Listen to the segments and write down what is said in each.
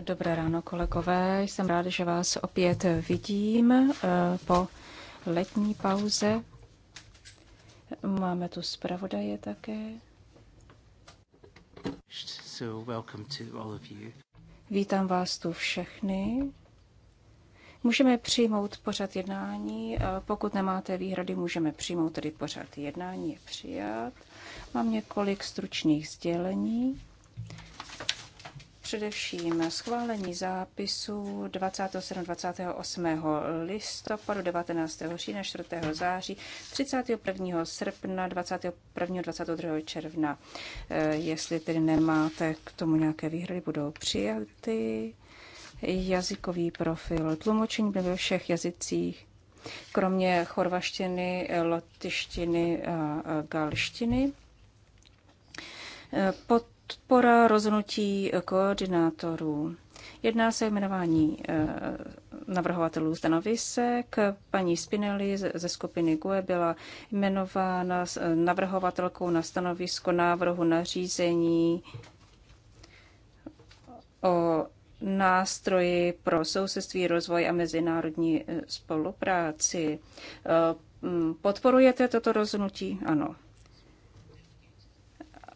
Dobré ráno, kolegové. Jsem rád, že vás opět vidím eh, po letní pauze. Máme tu zpravodaje také. So welcome to all of you. Vítám vás tu všechny. Můžeme přijmout pořad jednání. Eh, pokud nemáte výhrady, můžeme přijmout tedy pořad jednání. Je přijat. Mám několik stručných sdělení. Především schválení zápisů 27. 28. listopadu, 19. října, 4. září, 31. srpna, 21. 22. června. Eh, jestli tedy nemáte k tomu nějaké výhrady, budou přijaty. Jazykový profil tlumočení ve všech jazycích, kromě chorvaštiny, lotištiny a galštiny. Eh, Pot podpora rozhodnutí koordinátorů. Jedná se o jmenování eh, navrhovatelů stanovisek. Paní Spinelli ze skupiny GUE byla jmenována eh, navrhovatelkou na stanovisko návrhu nařízení o nástroji pro sousedství, rozvoj a mezinárodní eh, spolupráci. Podporujete toto rozhodnutí? Ano.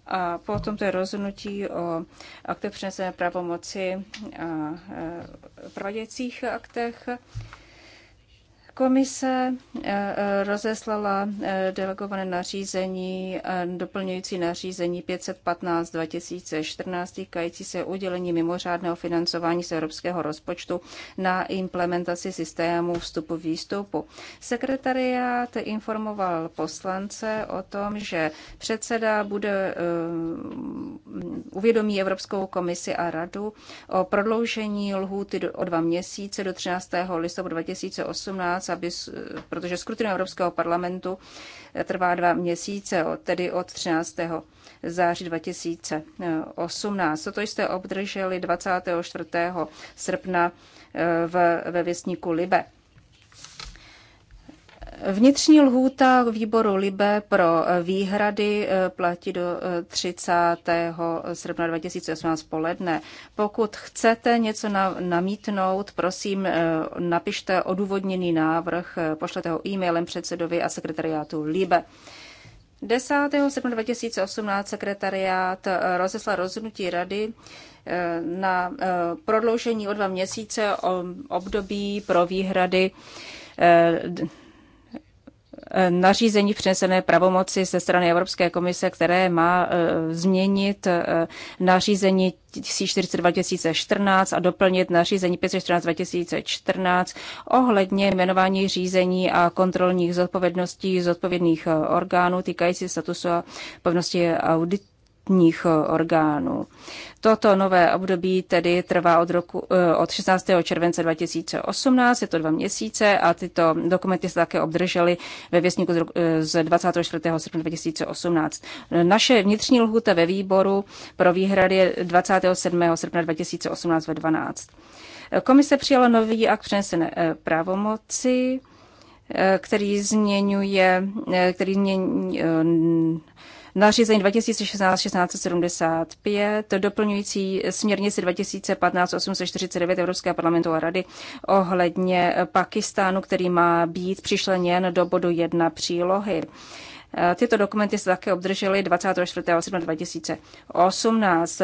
A potom to je rozhodnutí o aktech přenesené pravomoci a e, prováděcích aktech. Komise eh, eh, rozeslala eh, delegované nařízení, doplňující nařízení 515 2014 týkající se udělení mimořádného financování z evropského rozpočtu na implementaci systému vstupu výstupu. Sekretariát informoval poslance o tom, že předseda bude uvědomí Evropskou komisi a radu o prodloužení lhůty o dva měsíce do 13. listopadu 2018 nás, aby, protože skrutina Evropského parlamentu trvá dva měsíce, tedy od 13. září 2018. Toto jste obdrželi 24. srpna eh, v, ve věstníku Libe. Vnitřní lhůta výboru Libe pro eh, výhrady eh, platí do 30. Eh, srpna 2018 poledne. Pokud chcete něco namítnout, prosím, napište odůvodněný návrh, pošlete ho e-mailem předsedovi a sekretariátu Libe. 10. srpna 2018 sekretariát rozeslal rozhodnutí rady na prodloužení o dva měsíce období pro výhrady Eh, nařízení přenesené pravomoci ze strany Evropské komise, které má eh, změnit eh, nařízení 1042-2014 a doplnit nařízení 514-2014 ohledně jmenování řízení a kontrolních zodpovědností zodpovědných orgánů týkající statusu a povinnosti audit státních eh, orgánů. Toto nové období tedy trvá od, roku, eh, od 16. července 2018, je to dva měsíce a tyto dokumenty se také obdržely ve věstníku z 24. Eh, srpna 2018. Naše vnitřní lhuta ve výboru pro výhrady je 27. srpna 2018 ve 12. Komise přijala nový akt přenesené pravomoci, který změňuje, který změní nařízení 2016-1675, doplňující směrnici 2015-849 Evropského parlamentu a rady ohledně Pakistánu, který má být přišleněn do bodu 1 přílohy. Eh, tyto dokumenty se také obdržely 24. 7. 2018.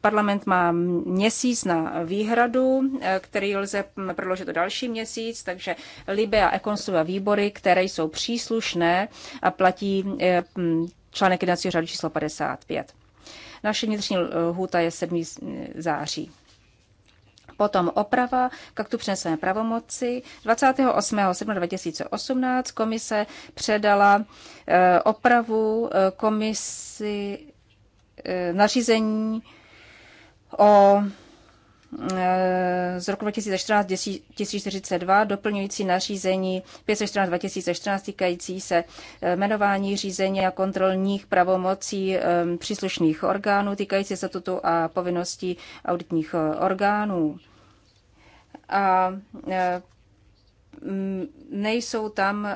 Parlament má měsíc na výhradu, eh, který lze mm, prodloužit o další měsíc, takže Libe a Ekonstova výbory, které jsou příslušné a platí eh, mm, článek jednacího řádu číslo 55. Naše vnitřní eh, lhůta je 7. září. Potom oprava, jak tu přeneseme pravomoci. 28. 7. 2018 komise předala eh, opravu eh, komisi nařízení o z roku 2014 1042 doplňující nařízení 514 2014 týkající se eh, jmenování řízení a kontrolních pravomocí eh, příslušných orgánů týkající se tuto a povinností auditních eh, orgánů. A nejsou tam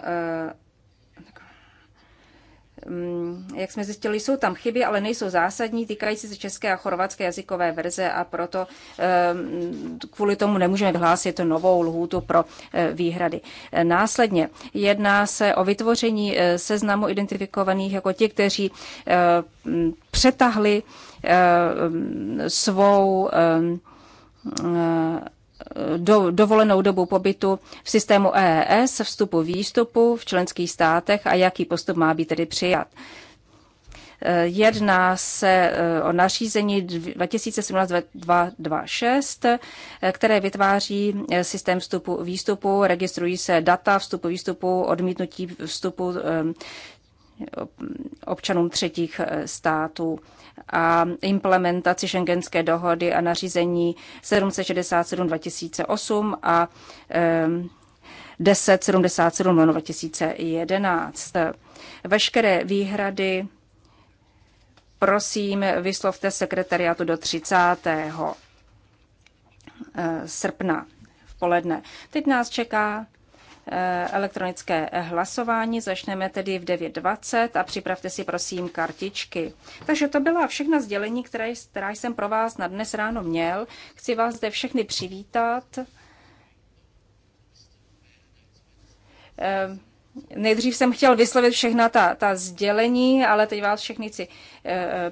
Mm, jak jsme zjistili, jsou tam chyby, ale nejsou zásadní, týkající se české a chorvatské jazykové verze a proto ehm, kvůli tomu nemůžeme vyhlásit novou lhůtu pro eh, výhrady. Eh, následně jedná se o vytvoření eh, seznamu identifikovaných jako ti, kteří přetahli svou ehm, do, dovolenou dobu pobytu v systému EES, vstupu výstupu v členských státech a jaký postup má být tedy přijat. Eh, jedná se eh, o nařízení 2017-226, eh, které vytváří systém vstupu výstupu, registrují se data vstupu výstupu, odmítnutí vstupu občanům třetích eh, států a implementaci šengenské dohody a nařízení 767 2008 a 1077 ehm, 2011. Veškeré výhrady prosím vyslovte sekretariátu do 30. Eh, srpna v poledne. Teď nás čeká Eh, elektronické eh, hlasování. Začneme tedy v 9.20 a připravte si prosím kartičky. Takže to byla všechna sdělení, která, která jsem pro vás na dnes ráno měl. Chci vás zde všechny přivítat. Eh, nejdřív jsem chtěl vyslovit všechna ta, ta sdělení, ale teď vás všechny chci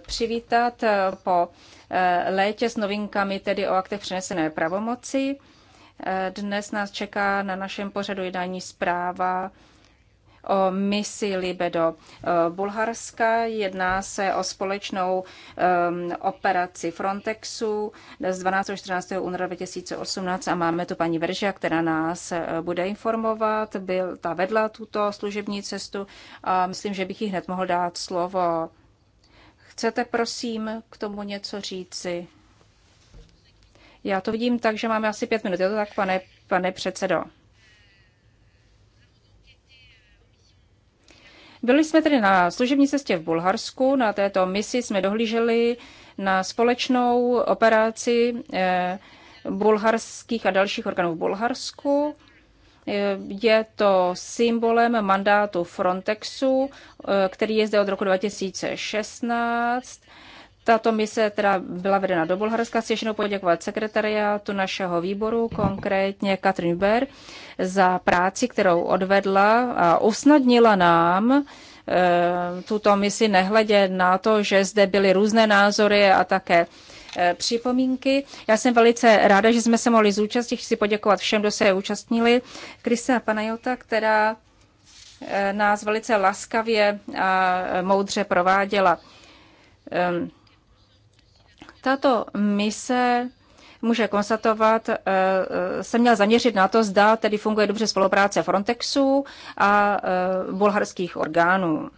přivítat po létě s novinkami, tedy o aktech přenesené pravomoci. Dnes nás čeká na našem pořadu jednání zpráva o misi Libedo Bulharska. Jedná se o společnou um, operaci Frontexu z 12. a 14. února 2018 a máme tu paní Veržia, která nás uh, bude informovat. Byl, ta vedla tuto služební cestu a myslím, že bych jí hned mohl dát slovo. Chcete prosím k tomu něco říci? Já to vidím tak, že máme asi pět minut. Je to tak, pane, pane předsedo? Byli jsme tedy na služební cestě v Bulharsku. Na této misi jsme dohlíželi na společnou operaci eh, bulharských a dalších orgánů v Bulharsku. Eh, je to symbolem mandátu Frontexu, eh, který je zde od roku 2016. Tato mise teda byla vedena do Bulharska. Chci ještě poděkovat sekretariátu našeho výboru, konkrétně Katrin Ber, za práci, kterou odvedla a usnadnila nám e, tuto misi nehledě na to, že zde byly různé názory a také e, připomínky. Já jsem velice ráda, že jsme se mohli zúčastnit. Chci poděkovat všem, kdo se účastnili. Krista Panajota, která e, nás velice laskavě a moudře prováděla. Tato mise může konstatovat, eh, eh, se měl zaměřit na to, zda tedy funguje dobře spolupráce Frontexu a eh, bulharských orgánů.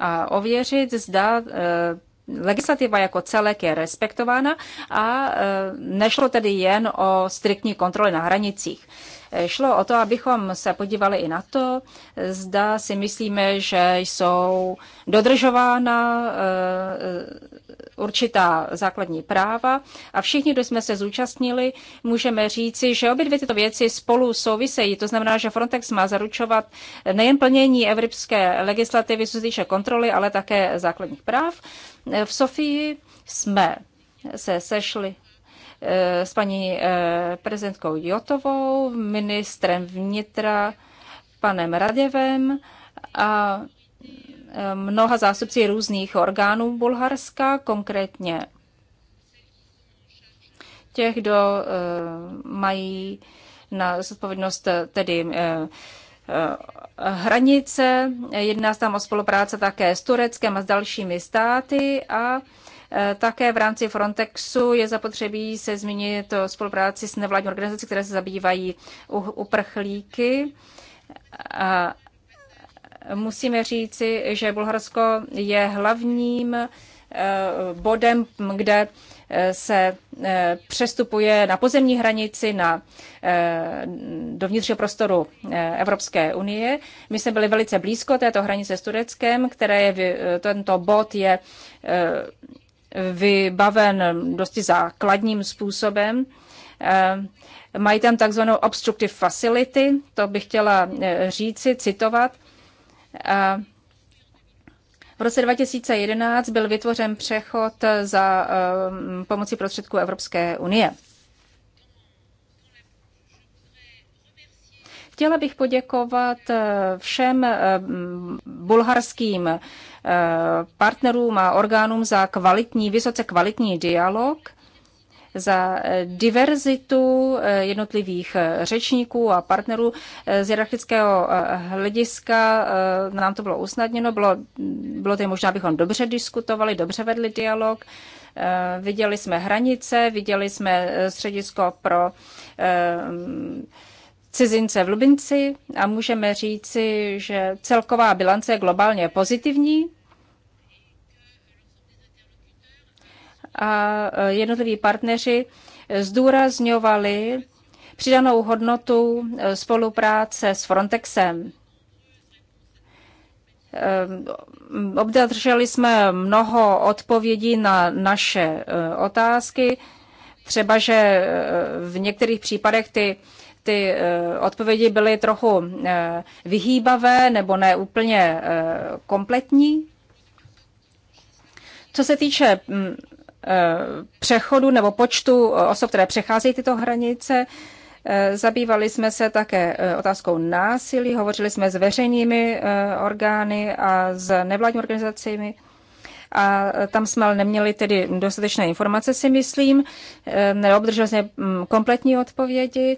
A ověřit, zda legislativa jako celek je respektována a nešlo tedy jen o striktní kontroly na hranicích. Šlo o to, abychom se podívali i na to, zda si myslíme, že jsou dodržována určitá základní práva a všichni, kdo jsme se zúčastnili, můžeme říci, že obě dvě tyto věci spolu souvisejí. To znamená, že Frontex má zaručovat nejen plnění evropské legislativy, co se týče kontroly, ale také základních práv. V Sofii jsme se sešli eh, s paní eh, prezidentkou Jotovou, ministrem vnitra, panem Raděvem a Ehm, mnoha zástupci různých orgánů Bulharska, konkrétně těch, kdo ehm, mají na zodpovědnost eh, tedy ehm, eh, hranice. Jedná se tam o spolupráce také s Tureckem a s dalšími státy a eh, také v rámci Frontexu je zapotřebí se zmínit o spolupráci s nevládní organizací, které se zabývají uprchlíky musíme říci, že Bulharsko je hlavním eh, bodem, kde eh, se eh, přestupuje na pozemní hranici na, do vnitřního prostoru Evropské unie. My jsme byli velice blízko této hranice s Tureckem, které je, tento bod je vybaven dosti základním způsobem. Mají tam takzvanou obstructive facility, to bych chtěla říci, citovat v roce 2011 byl vytvořen přechod za um, pomocí prostředků Evropské unie. Chtěla bych poděkovat eh, všem eh, bulharským eh, partnerům a orgánům za kvalitní, vysoce kvalitní dialog za eh, diverzitu eh, jednotlivých eh, řečníků a partnerů. Z hierarchického hlediska nám to bylo usnadněno, bylo, bylo to možná, abychom dobře diskutovali, dobře vedli dialog. Viděli jsme hranice, viděli jsme středisko pro cizince v Lubinci a můžeme říci, že celková bilance je globálně pozitivní a e, jednotliví partneři zdůrazňovali přidanou hodnotu e, spolupráce s Frontexem. Ehm, obdrželi jsme mnoho odpovědí na naše e, otázky, třeba že v některých případech ty ty odpovědi byly trochu vyhýbavé nebo neúplně kompletní. Co se týče Eh, přechodu nebo počtu eh, osob, které přecházejí tyto hranice. Eh, zabývali jsme se také otázkou násilí, hovořili jsme s veřejnými orgány a s nevládními organizacemi a tam jsme ale neměli tedy dostatečné informace, si myslím, neobdrželi jsme mm, kompletní odpovědi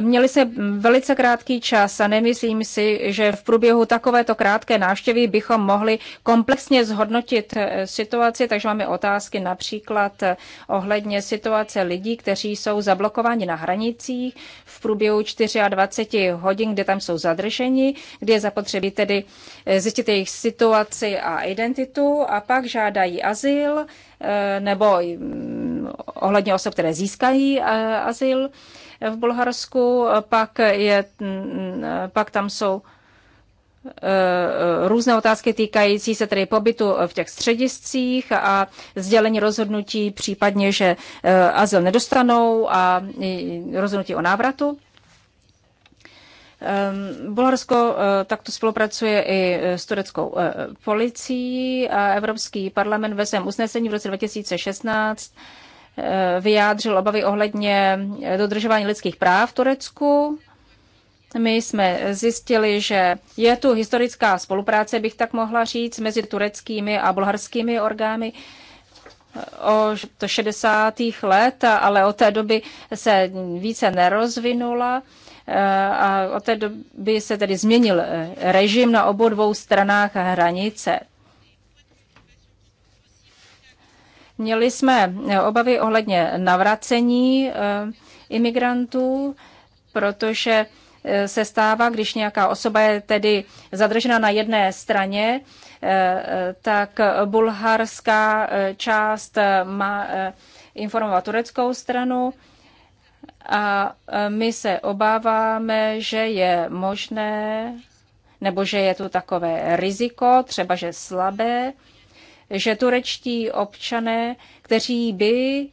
Měli se velice krátký čas a nemyslím si, že v průběhu takovéto krátké návštěvy bychom mohli komplexně zhodnotit eh, situaci, takže máme otázky například eh, ohledně situace lidí, kteří jsou zablokováni na hranicích v průběhu 24 hodin, kde tam jsou zadrženi, kde je zapotřebí tedy eh, zjistit jejich situaci a identitu a pak žádají azyl nebo mm, ohledně osob, které získají azyl v Bulharsku, pak, je, pak tam jsou e, e, různé otázky týkající se tedy pobytu v těch střediscích a sdělení rozhodnutí, případně, že e, azyl nedostanou a rozhodnutí o návratu. Ehm, Bulharsko takto spolupracuje i s tureckou policií a Evropský parlament ve svém usnesení v roce 2016 vyjádřil obavy ohledně dodržování lidských práv v Turecku. My jsme zjistili, že je tu historická spolupráce, bych tak mohla říct, mezi tureckými a bulharskými orgány od 60. let, ale od té doby se více nerozvinula a od té doby se tedy změnil režim na obou dvou stranách hranice. Měli jsme eh, obavy ohledně navracení eh, imigrantů, protože eh, se stává, když nějaká osoba je tedy zadržena na jedné straně, tak bulharská část má informovat tureckou stranu a my se obáváme, že je možné, nebo že je tu takové riziko, třeba že slabé, že turečtí občané, kteří by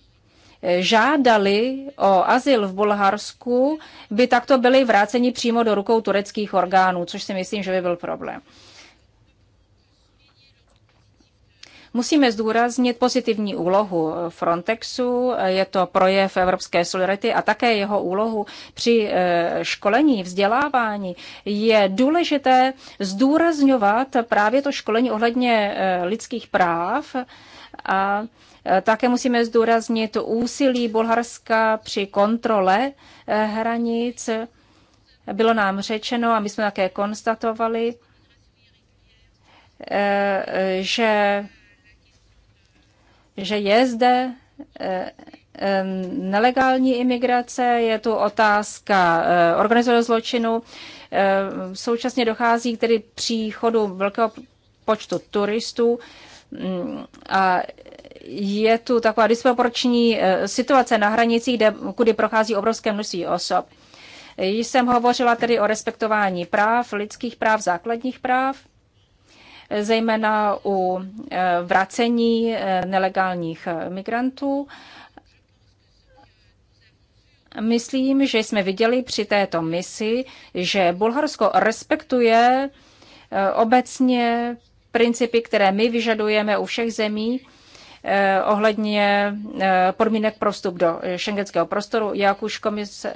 eh, žádali o azyl v Bulharsku, by takto byli vráceni přímo do rukou tureckých orgánů, což si myslím, že by byl problém. Musíme zdůraznit pozitivní úlohu Frontexu, je to projev evropské solidarity a také jeho úlohu při eh, školení, vzdělávání. Je důležité zdůrazňovat právě to školení ohledně eh, lidských práv a eh, také musíme zdůraznit úsilí Bulharska při kontrole hranic. Bylo nám řečeno a my jsme také konstatovali, že že je zde eh, nelegální imigrace, je tu otázka eh, organizovaného zločinu. Eh, současně dochází k tedy příchodu velkého počtu turistů mm, a je tu taková disproporční situace na hranicích, kde, kudy prochází obrovské množství osob. Jsem hovořila tedy o respektování práv, lidských práv, základních práv zejména u eh, vracení eh, nelegálních migrantů. Myslím, že jsme viděli při této misi, že Bulharsko respektuje eh, obecně principy, které my vyžadujeme u všech zemí ohledně podmínek prostup do šengenského prostoru. Jak už komise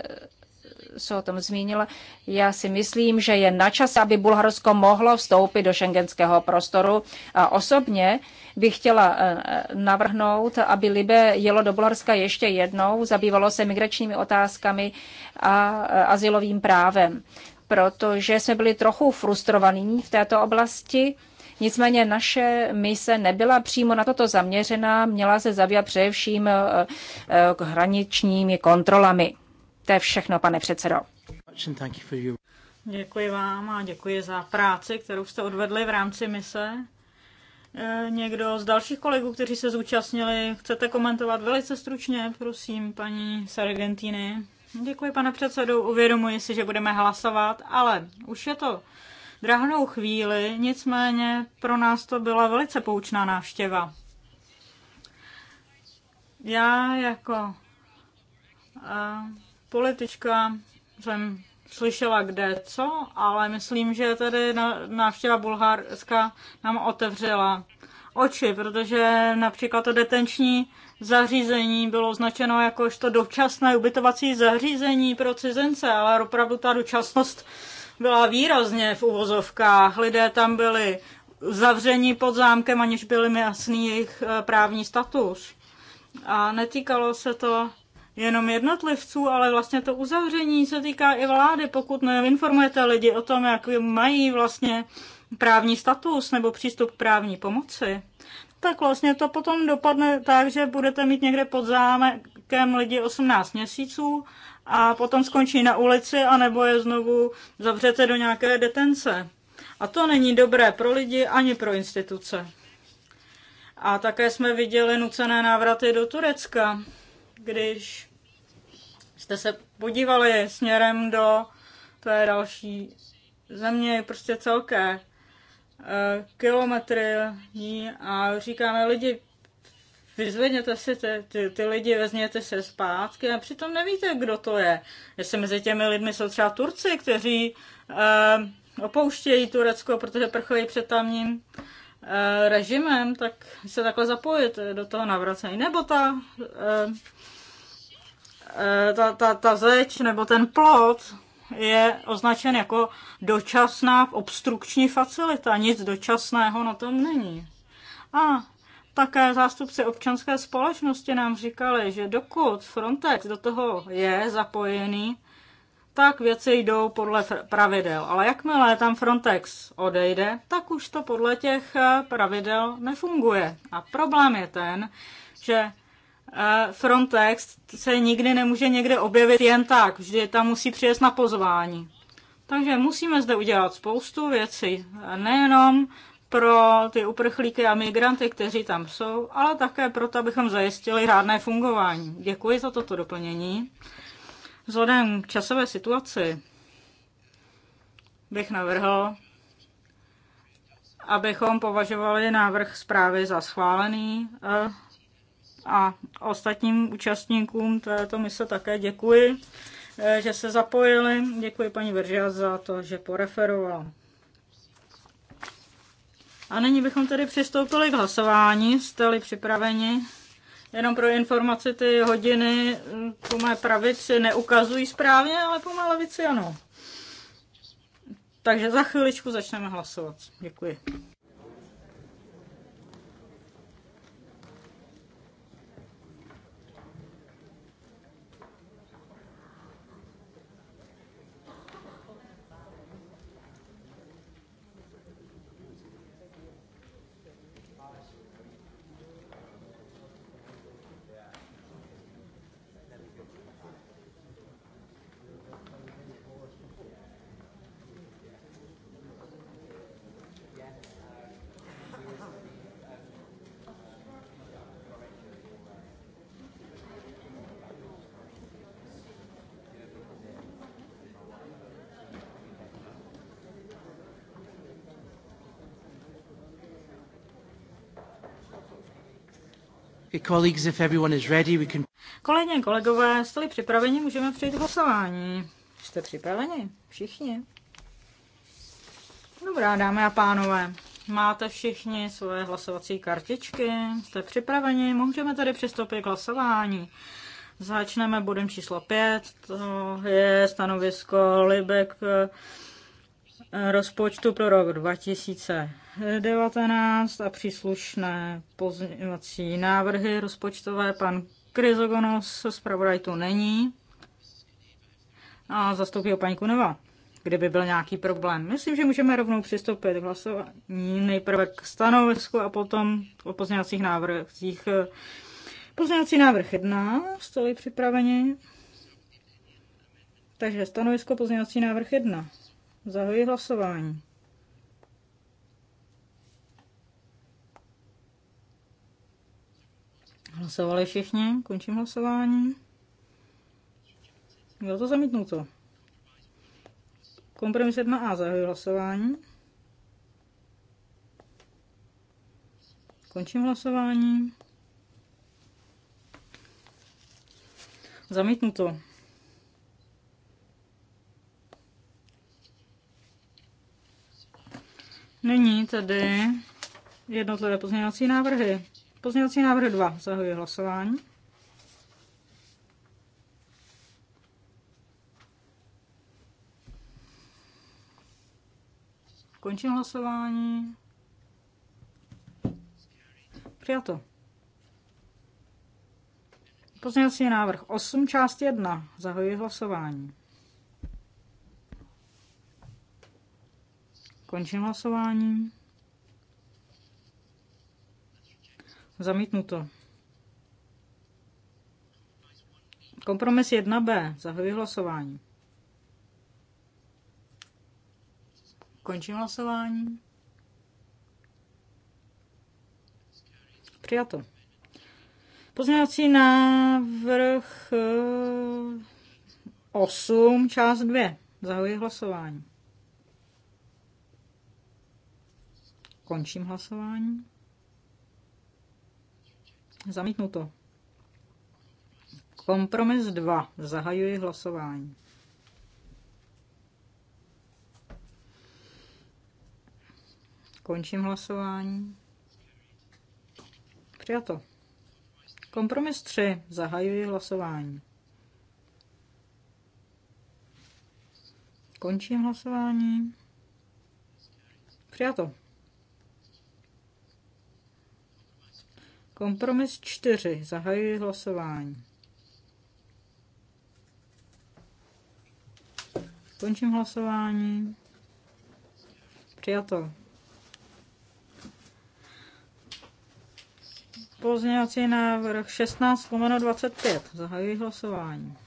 se o tom zmínila. Já si myslím, že je na čas, aby Bulharsko mohlo vstoupit do šengenského prostoru. A osobně bych chtěla e, navrhnout, aby Libe jelo do Bulharska ještě jednou, zabývalo se migračními otázkami a e, asilovým právem, protože jsme byli trochu frustrovaní v této oblasti. Nicméně naše mise nebyla přímo na toto zaměřená, měla se zabývat především e, hraničními kontrolami. To je všechno, pane předsedo. Děkuji vám a děkuji za práci, kterou jste odvedli v rámci mise. E, někdo z dalších kolegů, kteří se zúčastnili, chcete komentovat velice stručně, prosím, paní Sargentini. Argentiny. Děkuji, pane předsedo. Uvědomuji si, že budeme hlasovat, ale už je to drahnou chvíli, nicméně pro nás to byla velice poučná návštěva. Já jako uh, Politička jsem slyšela kde co, ale myslím, že tady návštěva Bulharska nám otevřela oči, protože například to detenční zařízení bylo označeno to dočasné ubytovací zařízení pro cizince, ale opravdu ta dočasnost byla výrazně v uvozovkách. Lidé tam byli zavření pod zámkem, aniž byl jim jasný jejich eh, právní status. A netýkalo se to jenom jednotlivců, ale vlastně to uzavření se týká i vlády, pokud neinformujete lidi o tom, jak mají vlastně právní status nebo přístup k právní pomoci, tak vlastně to potom dopadne tak, že budete mít někde pod zámekem lidi 18 měsíců a potom skončí na ulici a nebo je znovu zavřete do nějaké detence. A to není dobré pro lidi ani pro instituce. A také jsme viděli nucené návraty do Turecka když jste se podívali směrem do té další země, prostě celké eh, kilometry ní a říkáme lidi, vyzvedněte si ty, ty, ty lidi, vezměte se zpátky a přitom nevíte, kdo to je. Jestli mezi těmi lidmi jsou třeba Turci, kteří eh, opouštějí Turecko, protože prchají před tamním eh, režimem, tak se takhle zapojit do toho navracení. Nebo ta eh, Eh, ta, ta, ta zeď nebo ten plot je označen jako dočasná obstrukční facilita. Nic dočasného na tom není. A také zástupci občanské společnosti nám říkali, že dokud Frontex do toho je zapojený, tak věci jdou podle pravidel. Ale jakmile tam Frontex odejde, tak už to podle těch eh, pravidel nefunguje. A problém je ten, že Frontex se nikdy nemůže někde objevit jen tak, vždy tam musí přijet na pozvání. Takže musíme zde udělat spoustu věcí, nejenom pro ty uprchlíky a migranty, kteří tam jsou, ale také proto, abychom zajistili řádné fungování. Děkuji za toto doplnění. Vzhledem k časové situaci bych navrhl, abychom považovali návrh zprávy za schválený a ostatním účastníkům této mise také děkuji, eh, že se zapojili. Děkuji paní Verža za to, že poreferovala. A nyní bychom tedy přistoupili k hlasování. Jste-li připraveni? Jenom pro informaci, ty hodiny po hm, mé pravici neukazují správně, ale po mé levici ano. Takže za chviličku začneme hlasovat. Děkuji. Colleagues, if everyone is ready, we can... Kolegyně, kolegové, jste-li připraveni, můžeme přejít k hlasování. Jste připraveni? Všichni? Dobrá, dámy a pánové, máte všichni svoje hlasovací kartičky, jste připraveni, můžeme tady přistoupit k hlasování. Začneme bodem číslo 5, to je stanovisko Libek rozpočtu pro rok 2019 a příslušné pozměňovací návrhy rozpočtové. Pan Kryzogonos z tu není a zastoupí ho paní Kuneva, kdyby byl nějaký problém. Myslím, že můžeme rovnou přistoupit k hlasování nejprve k stanovisku a potom o pozměňovacích návrhcích. Pozměňovací návrh 1, stojí připraveni? Takže stanovisko pozměňovací návrh 1. Zahajuji hlasování. Hlasovali všichni, končím hlasování. Bylo to zamítnuto. Kompromis 1A, zahajuji hlasování. Končím hlasování. Zamítnuto. Nyní tady jednotlivé pozměňovací návrhy. Pozměňovací návrh 2. Zahajuji hlasování. Končím hlasování. Přijato. Pozměňovací návrh 8, část 1. Zahajuji hlasování. Končím hlasování. Zamítnuto. Kompromis 1b. Zahajuji hlasování. Končím hlasování. Přijato. Pozměňovací návrh 8, eh, část 2. Zahajuji hlasování. Končím hlasování. Zamítnuto. Kompromis 2. Zahajuji hlasování. Končím hlasování. Přijato. Kompromis 3. Zahajuji hlasování. Končím hlasování. Přijato. Kompromis 4. Zahajuji hlasování. Končím hlasování. Přijato. Pozměňovací návrh 16 lomeno 25. Zahajuji hlasování.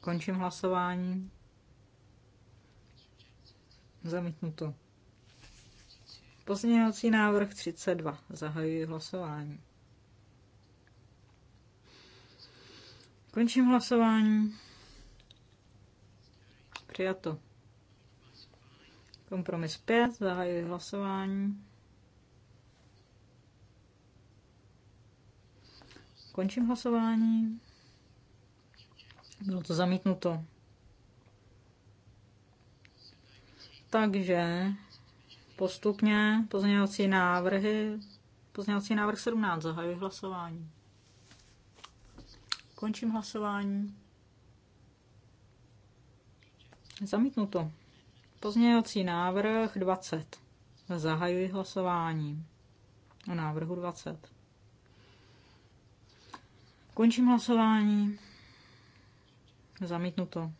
Končím hlasování. Zamítnuto. Pozměňovací návrh 32. Zahajuji hlasování. Končím hlasování. Přijato. Kompromis 5. Zahajuji hlasování. Končím hlasování. Bylo to zamítnuto. Takže postupně pozměňovací návrhy. Pozměňovací návrh 17. Zahajuji hlasování. Končím hlasování. Zamítnuto. Pozměňovací návrh 20. Zahajuji hlasování o návrhu 20. Končím hlasování. Zamítnuto.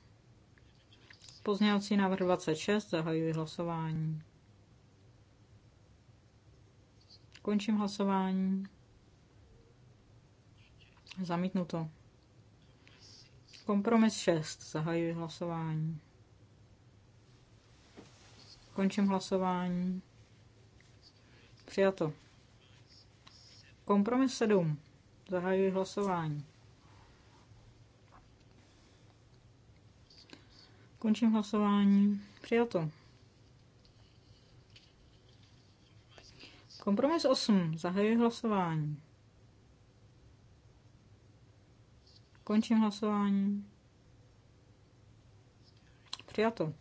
Pozměňovací návrh 26. Zahajuji hlasování. Končím hlasování. Zamítnuto. Kompromis 6. Zahajuji hlasování. Končím hlasování. Přijato. Kompromis 7. Zahajuji hlasování. Končím hlasování. Přijato. Kompromis 8. Zahajuji hlasování. Končím hlasování. Přijato.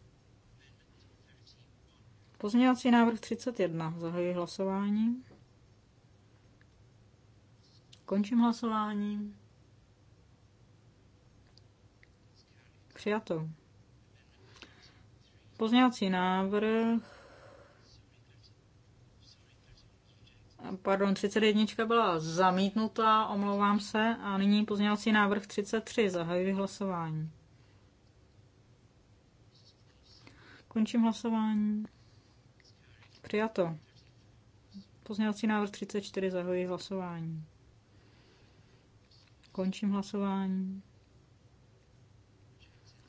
Pozměňovací návrh 31. Zahajuji hlasování. Končím hlasování. Přijato. Pozměňovací návrh pardon, 31 byla zamítnutá, omlouvám se, a nyní pozměňovací návrh 33, zahajuji hlasování. Končím hlasování. Přijato. Pozměňovací návrh 34, zahajuji hlasování. Končím hlasování.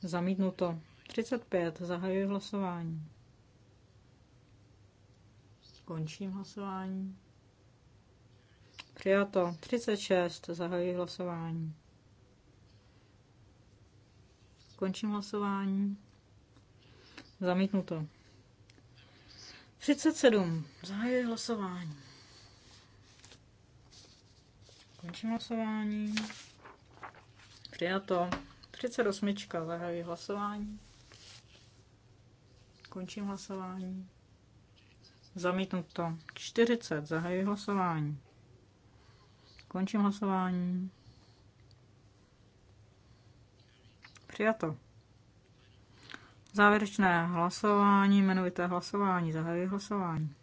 Zamítnuto. 35, zahajuji hlasování. Končím hlasování. Přijato. 36. Zahajuji hlasování. Končím hlasování. Zamítnuto. 37. Zahajuji hlasování. Končím hlasování. Přijato. 38. Zahajuji hlasování. Končím hlasování. Zamítnuto. 40. Zahajuji hlasování. Končím hlasování. Přijato. Závěrečné hlasování, jmenovité hlasování, zahajuji hlasování.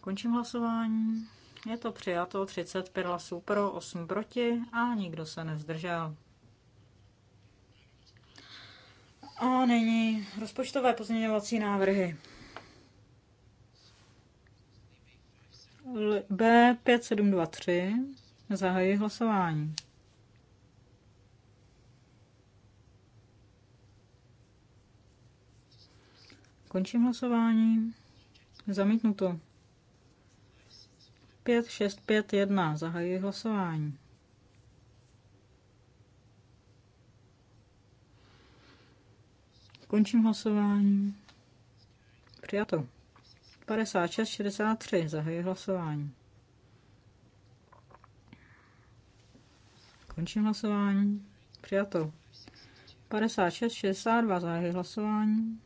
Končím hlasování. Je to přijato 35 hlasů pro, 8 proti a nikdo se nezdržel. A nyní rozpočtové pozměňovací návrhy. B5723. Zahajuji hlasování. Končím hlasování. Zamítnuto. 1. Zahajuji hlasování. Končím hlasování. Přijato. 5663. Zahají hlasování. Končím hlasování. Přijato. 5662. Zahají hlasování.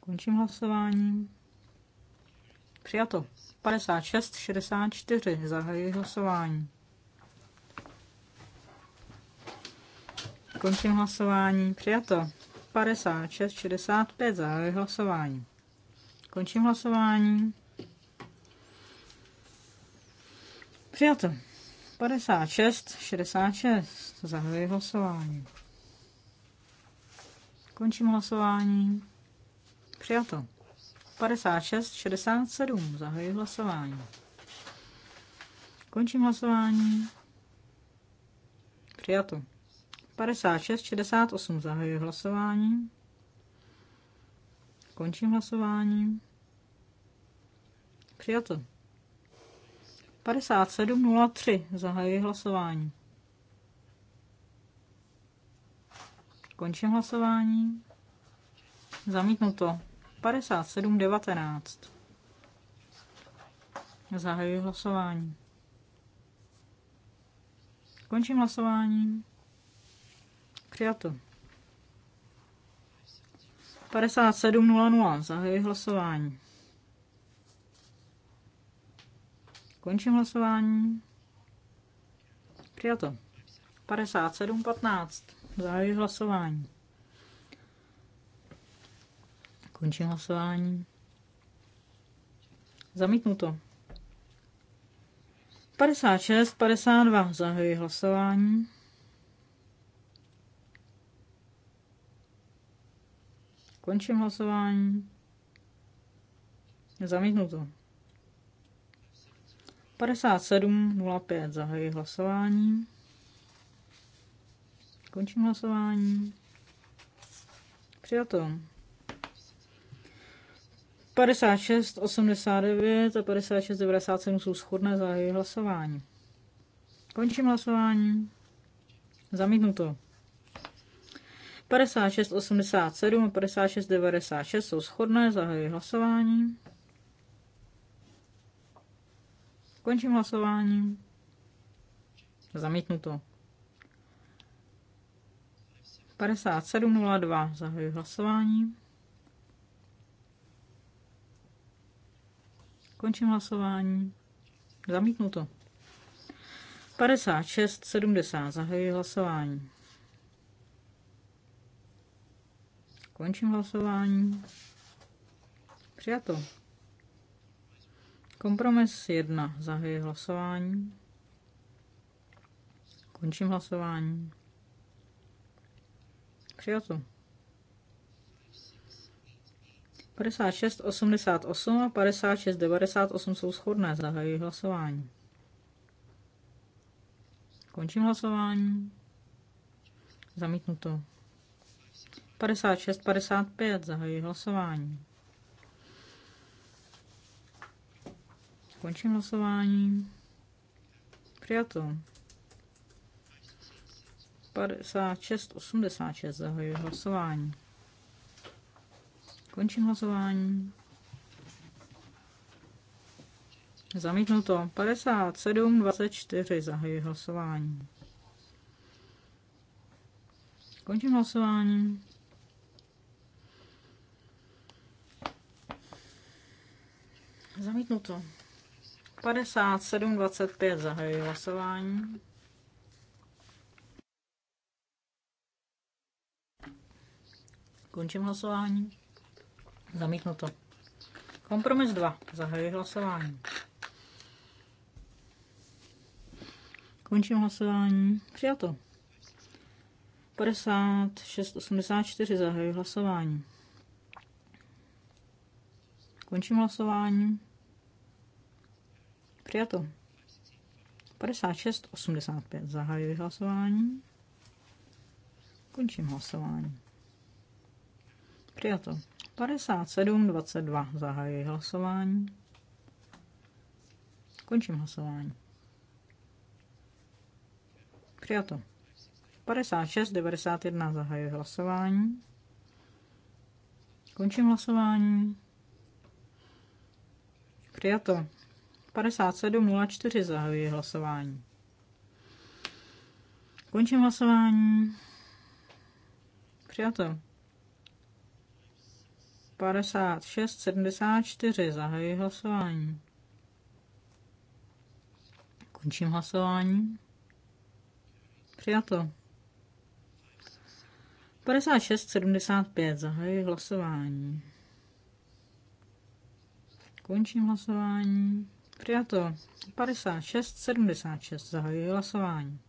Končím hlasování. Přijato. 5664. Zahají hlasování. Končím hlasování. Přijato. 56, 65. Zahajuji hlasování. Končím hlasování. Přijato. 56, 66. Zahajuji hlasování. Končím hlasování. Přijato. 56, 67. Zahajuji hlasování. Končím hlasování. Přijato. 56, 68 zahajuji hlasování. Končím hlasování. Přijato. 03 zahajuji hlasování. Končím hlasování. Zamítnuto. 19 Zahajuji hlasování. Končím hlasování. Přijato. 57.00. Zahajuji hlasování. Končím hlasování. Přijato. 57.15. Zahajuji hlasování. Končím hlasování. Zamítnuto. 56, 52. Zahajuji hlasování. Končím hlasování. Zamítnu to. 57.05 zahajuji hlasování. Končím hlasování. Přijato. 56, 89 a 56, 97 jsou shodné za hlasování. Končím hlasování. Zamítnu to. 56,87 a 56,96 jsou shodné, zahajuji hlasování. Končím hlasování. Zamítnuto. 57,02 zahajuji hlasování. Končím hlasování. Zamítnuto. 56,70 zahajuji hlasování. Končím hlasování. Přijato. Kompromis 1. Zahajuji hlasování. Končím hlasování. Přijato. 56, 88 a 56, 98 jsou shodné. Zahajuji hlasování. Končím hlasování. Zamítnuto. 56, 55, zahajuji hlasování. Končím hlasování. Přijato. 56, 86, zahajuji hlasování. Končím hlasování. Zamítnuto. 57, 24, zahajuji hlasování. Končím hlasování. Zamítnuto. 57.25 zahajuji hlasování. Končím hlasování. Zamítnuto. Kompromis 2. Zahajuji hlasování. Končím hlasování. Přijato. 56.84 zahajuji hlasování. Končím hlasování. Přijato. 56, 85. Zahajuji hlasování. Končím hlasování. Přijato. 57, 22. Zahajuji hlasování. Končím hlasování. Přijato. 56, 91. Zahajuji hlasování. Končím hlasování. Přijato. 5704 zahajuji hlasování. Končím hlasování. Přijato. 5674 zahajuji hlasování. Končím hlasování. Přijato. 56,75. Zahajuji hlasování. Končím hlasování. Přijato 56, 76. Zahajuji hlasování.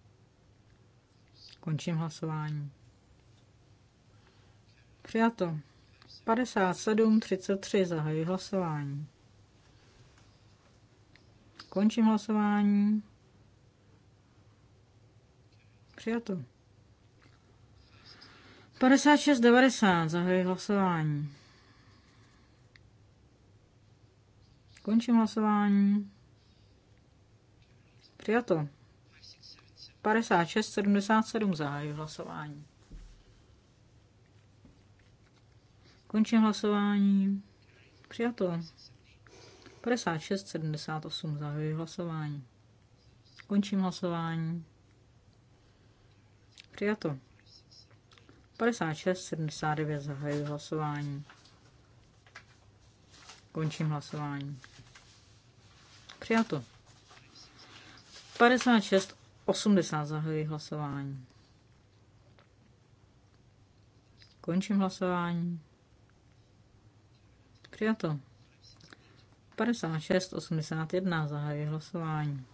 Končím hlasování. Přijato 57, 33. Zahajuji hlasování. Končím hlasování. Přijato. 56, 90. Zahajuji hlasování. Končím hlasování. Přijato. 56,77 77 zahájí hlasování. Končím hlasování. Přijato. 56,78 78 zahájí hlasování. Končím hlasování. Přijato. 56,79 79 zahájí hlasování. Končím hlasování. Přijato. 56, 80 zahajuji hlasování. Končím hlasování. Přijato. 56, 81 zahajuji hlasování.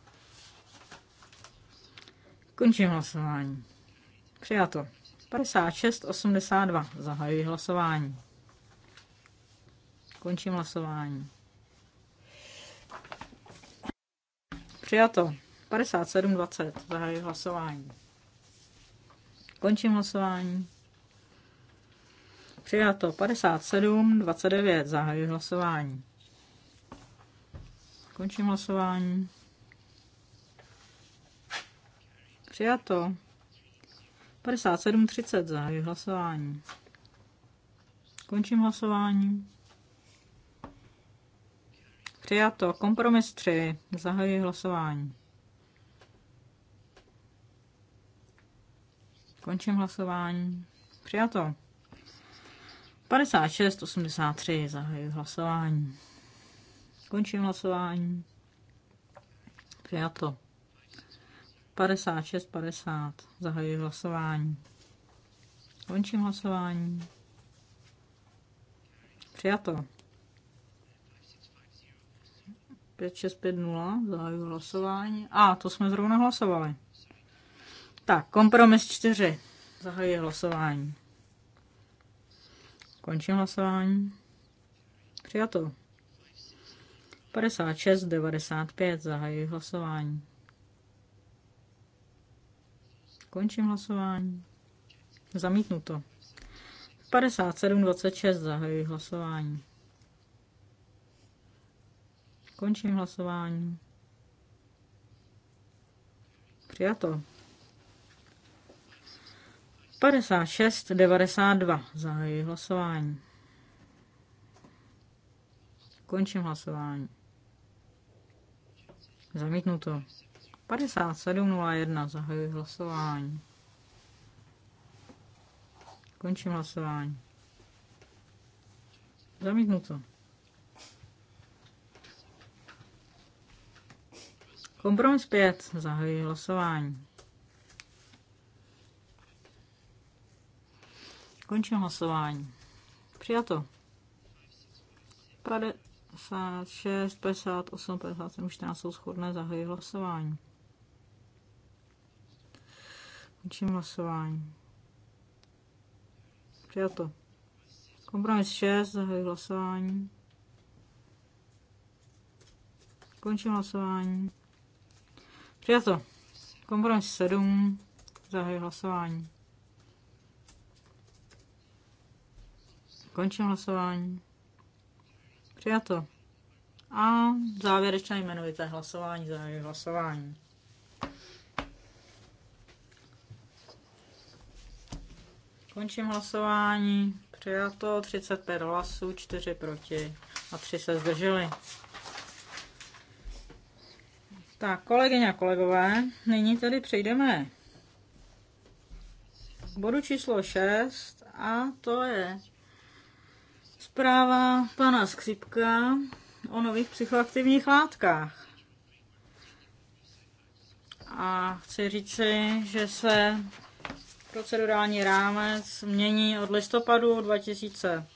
Končím hlasování. Přijato. 56, 82 zahajuji hlasování. Končím hlasování. Přijato. 57.20. Zahajuji hlasování. Končím hlasování. Přijato. 57.29. Zahajuji hlasování. Končím hlasování. Přijato. 57.30. Zahajuji hlasování. Končím hlasování. Přijato. Kompromis 3. Zahajuji hlasování. Končím hlasování. Přijato. 56, 83. Zahajuji hlasování. Končím hlasování. Přijato. 56, 50. Zahajuji hlasování. Končím hlasování. Přijato. 5650, zahajuji hlasování. A, to jsme zrovna hlasovali. Tak, kompromis 4, zahajuji hlasování. Končím hlasování. Přijato. 5695, zahajuji hlasování. Končím hlasování. Zamítnuto. 5726, zahajuji hlasování. Končím hlasování. Přijato. 56,92. Zahajuji hlasování. Končím hlasování. Zamítnuto. 57,01. Zahajuji hlasování. Končím hlasování. Zamítnuto. Kompromis 5. Zahajuji hlasování. Končím hlasování. Přijato. 56, 58, 57, 14 jsou schodné. Zahajuji hlasování. Končím hlasování. Přijato. Kompromis 6. Zahajuji hlasování. Končím hlasování. Přijato. Kompromis 7. Zahajuji hlasování. Končím hlasování. Přijato. A závěrečné jmenovité hlasování. Zahajuji hlasování. Končím hlasování. Přijato 35 hlasů, 4 proti a 3 se zdrželi. Tak, kolegyně a kolegové, nyní tedy přejdeme k bodu číslo 6 a to je zpráva pana Skřipka o nových psychoaktivních látkách. A chci říci, že se procedurální rámec mění od listopadu 2000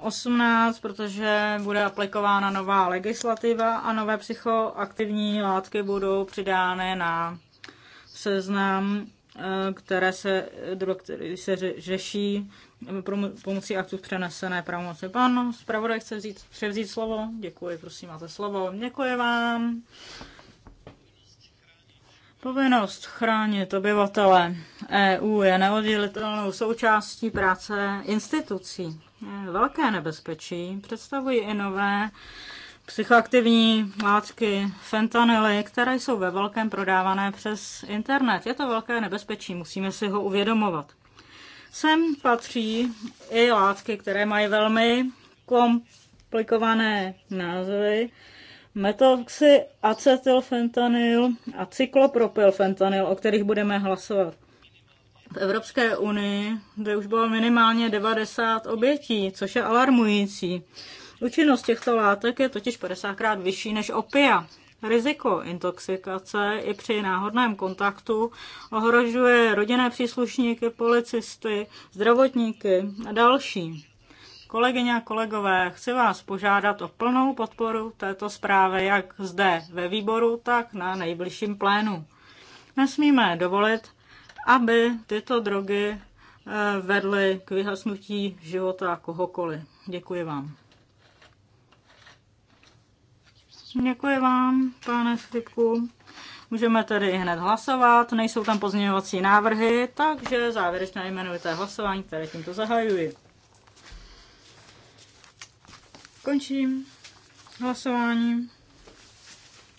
18, protože bude aplikována nová legislativa a nové psychoaktivní látky budou přidány na seznam, eh, které se, který se řeší pomocí aktu přenesené pravomoci. Pan zpravodaj chce vzít, převzít slovo. Děkuji, prosím, máte slovo. Děkuji vám. Povinnost chránit obyvatele EU je neoddělitelnou součástí práce institucí velké nebezpečí představují i nové psychoaktivní látky, fentanyly, které jsou ve velkém prodávané přes internet. Je to velké nebezpečí, musíme si ho uvědomovat. Sem patří i látky, které mají velmi komplikované názvy. Metoxy, acetylfentanyl a cyklopropylfentanyl, o kterých budeme hlasovat v Evropské unii, kde už bylo minimálně 90 obětí, což je alarmující. Účinnost těchto látek je totiž 50krát vyšší než opia. Riziko intoxikace i při náhodném kontaktu ohrožuje rodinné příslušníky, policisty, zdravotníky a další. Kolegyně a kolegové, chci vás požádat o plnou podporu této zprávy jak zde ve výboru, tak na nejbližším plénu. Nesmíme dovolit, aby tyto drogy eh, vedly k vyhasnutí života kohokoliv. Děkuji vám. Děkuji vám, pane Filipku. Můžeme tedy hned hlasovat, nejsou tam pozměňovací návrhy, takže závěrečné jmenovité hlasování, které tímto zahajuji. Končím hlasování.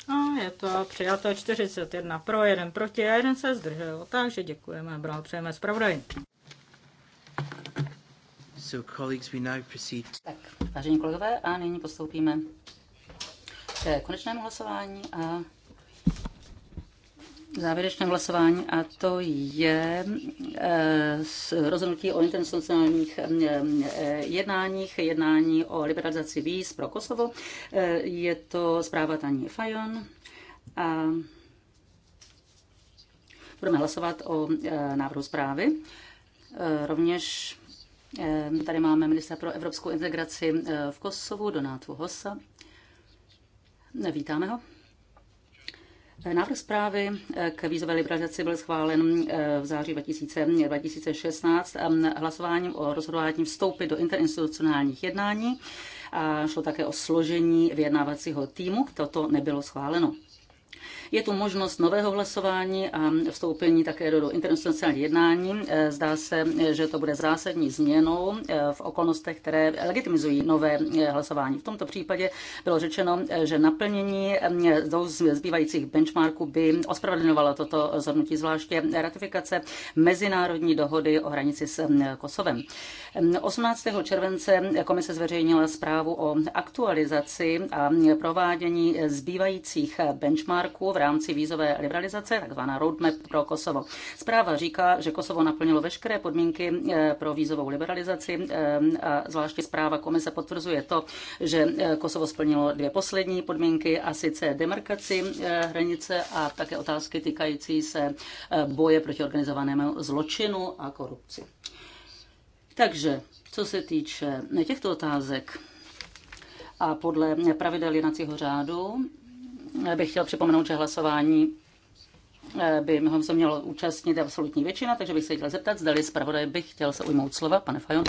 A je to přijaté 41 pro, jeden, proti a jeden se zdržel. Takže děkujeme bral přejeme zpravodaj. So colleagues, we now proceed. Tak, vážení kolegové, a nyní postoupíme ke konečnému hlasování a závěrečné hlasování a to je eh, rozhodnutí o internacionálních eh, eh, jednáních, jednání o liberalizaci víz pro Kosovo. Je to zpráva Taní Fajon a budeme hlasovat o návrhu zprávy. Rovněž tady máme ministra pro evropskou integraci v Kosovu, Donátu Hosa. Vítáme ho. Návrh zprávy eh, k vízové liberalizaci byl schválen eh, v září 2016 hlasováním o rozhodování vstoupit do interinstitucionálních jednání a šlo také o složení vyjednávacího týmu. Toto nebylo schváleno. Je tu možnost nového hlasování a vstoupení také do, do internacionálních jednání. Eh, zdá se, že to bude zásadní změnou eh, v okolnostech, které legitimizují nové eh, hlasování. V tomto případě bylo řečeno, že naplnění zbývajících benchmarků by ospravedlňovalo toto rozhodnutí, zvláště ratifikace mezinárodní dohody o hranici s Kosovem. 18. Ehm, července komise zveřejnila zprávu o aktualizaci a provádění zbývajících benchmarků v rámci vízové liberalizace, takzvaná roadmap pro Kosovo. Zpráva říká, že Kosovo naplnilo veškeré podmínky eh, pro vízovou liberalizaci eh, a zvláště zpráva komise potvrzuje to, že eh, Kosovo splnilo dvě poslední podmínky a sice demarkaci hranice a také otázky týkající se boje proti organizovanému zločinu a korupci. Takže, co se týče těchto otázek, a podle pravidel jednacího řádu bych chtěl připomenout, že hlasování eh, by se mělo účastnit absolutní většina, takže bych se chtěl zeptat, zdali zpravodaj bych chtěl se ujmout slova, pane Fajon.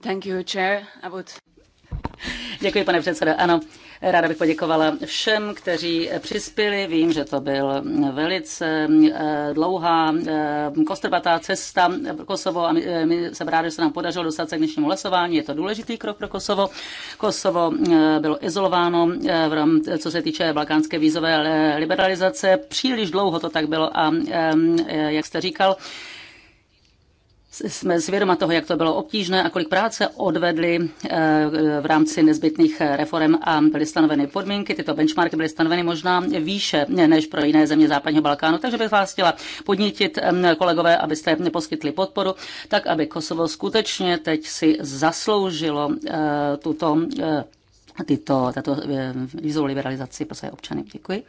Thank you, chair. I would... Děkuji, pane předsedo. Ano, Ráda bych poděkovala všem, kteří přispěli. Vím, že to byl velice eh, dlouhá, eh, kostrbatá cesta pro Kosovo a my, eh, my jsem že se nám podařilo dostat se k dnešnímu lesování. Je to důležitý krok pro Kosovo. Kosovo bylo izolováno, co se týče balkánské vízové liberalizace. Příliš dlouho to tak bylo a jak jste říkal, jsme zvědoma toho, jak to bylo obtížné a kolik práce odvedli eh, v rámci nezbytných reform a byly stanoveny podmínky. Tyto benchmarky byly stanoveny možná výše než pro jiné země západního Balkánu, takže bych vás chtěla podnítit, eh, kolegové, abyste poskytli podporu, tak aby Kosovo skutečně teď si zasloužilo eh, tuto, tyto, tato vízovou liberalizaci pro své občany. Děkuji.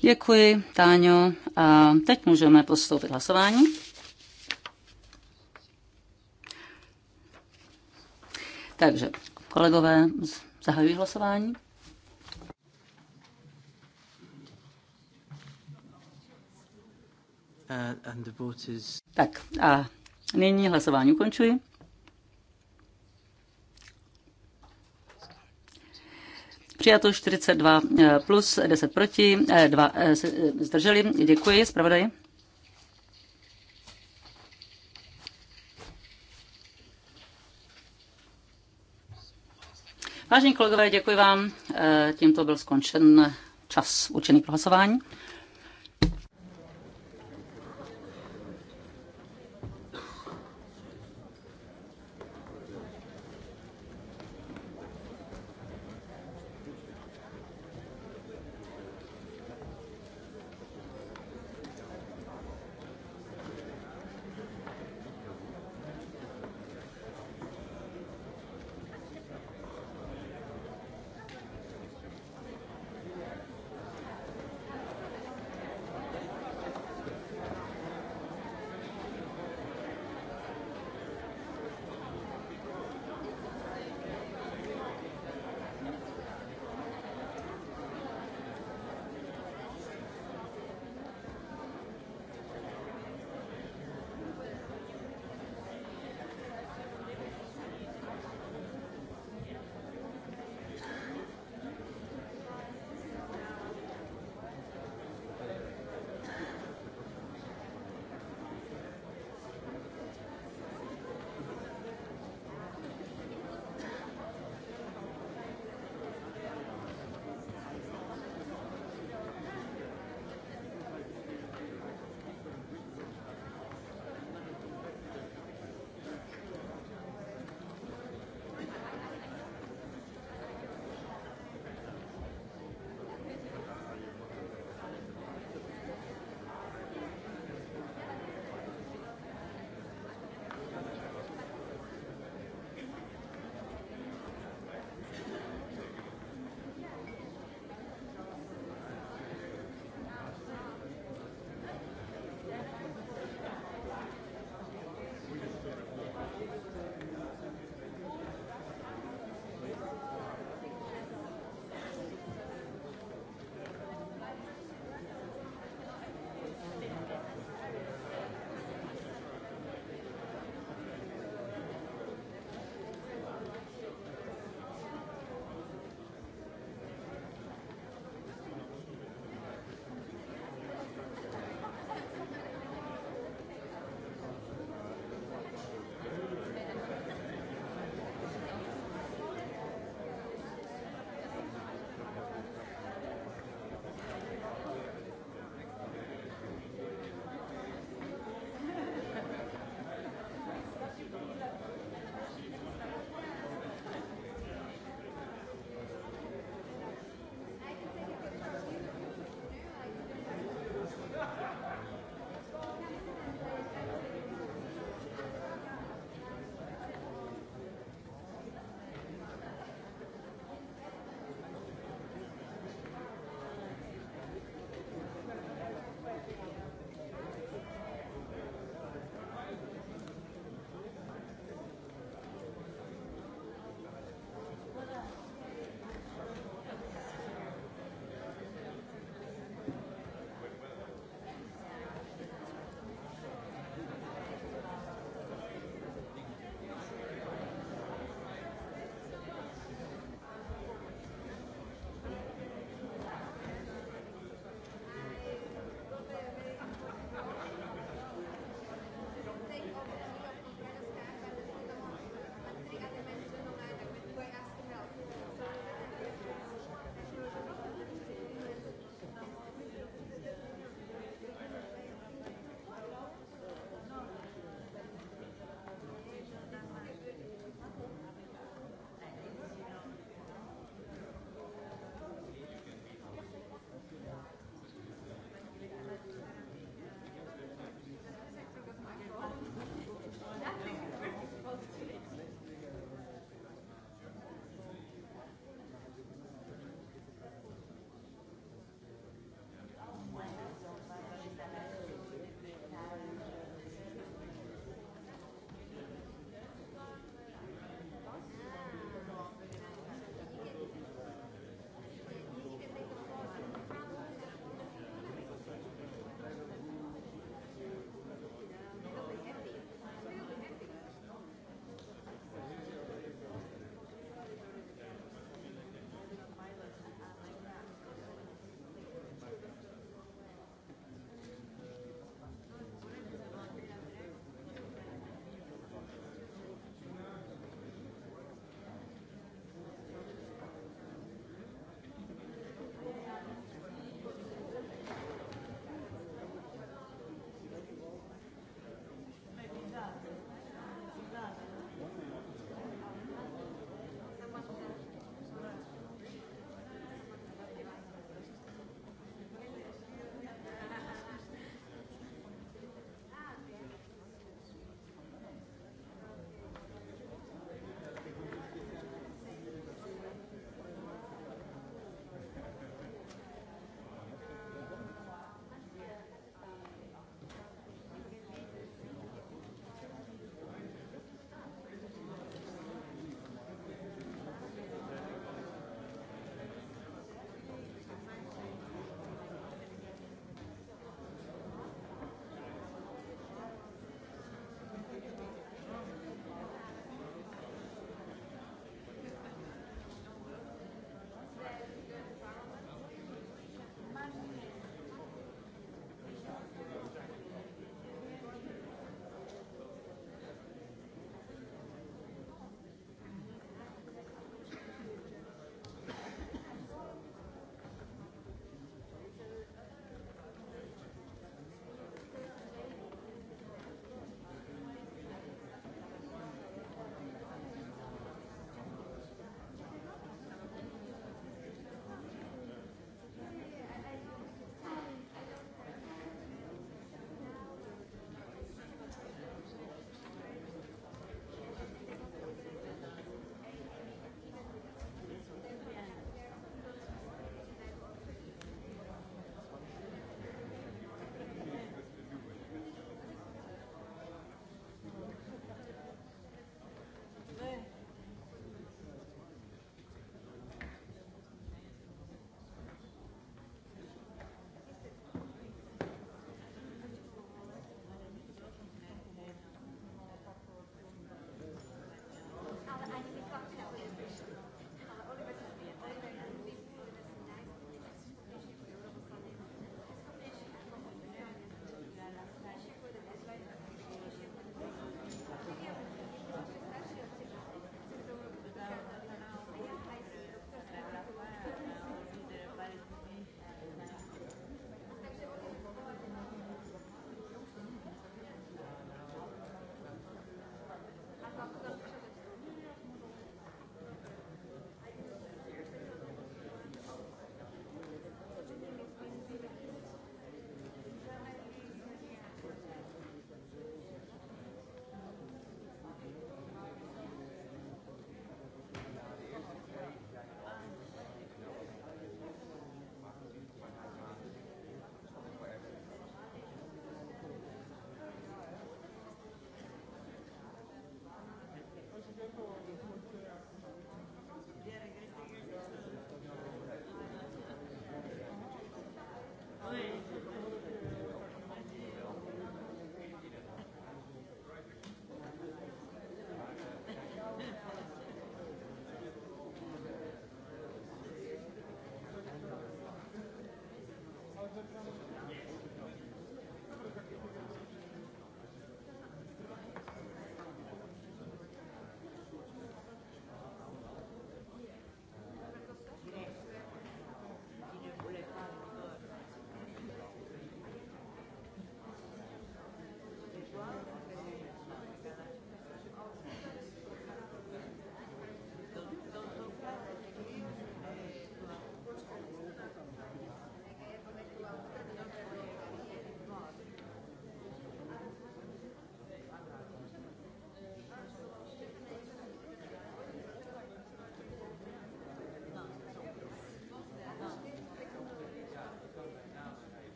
Děkuji, Táňo. A teď můžeme postoupit hlasování. Takže, kolegové, zahajuji hlasování. Uh, And the vote is... Tak a nyní hlasování ukončuji. Přijato 42 eh, plus 10 proti, 2 eh, eh, zdrželi. Děkuji, zpravodaji. Vážení kolegové, děkuji vám. Eh, Tímto byl skončen čas určený pro hlasování.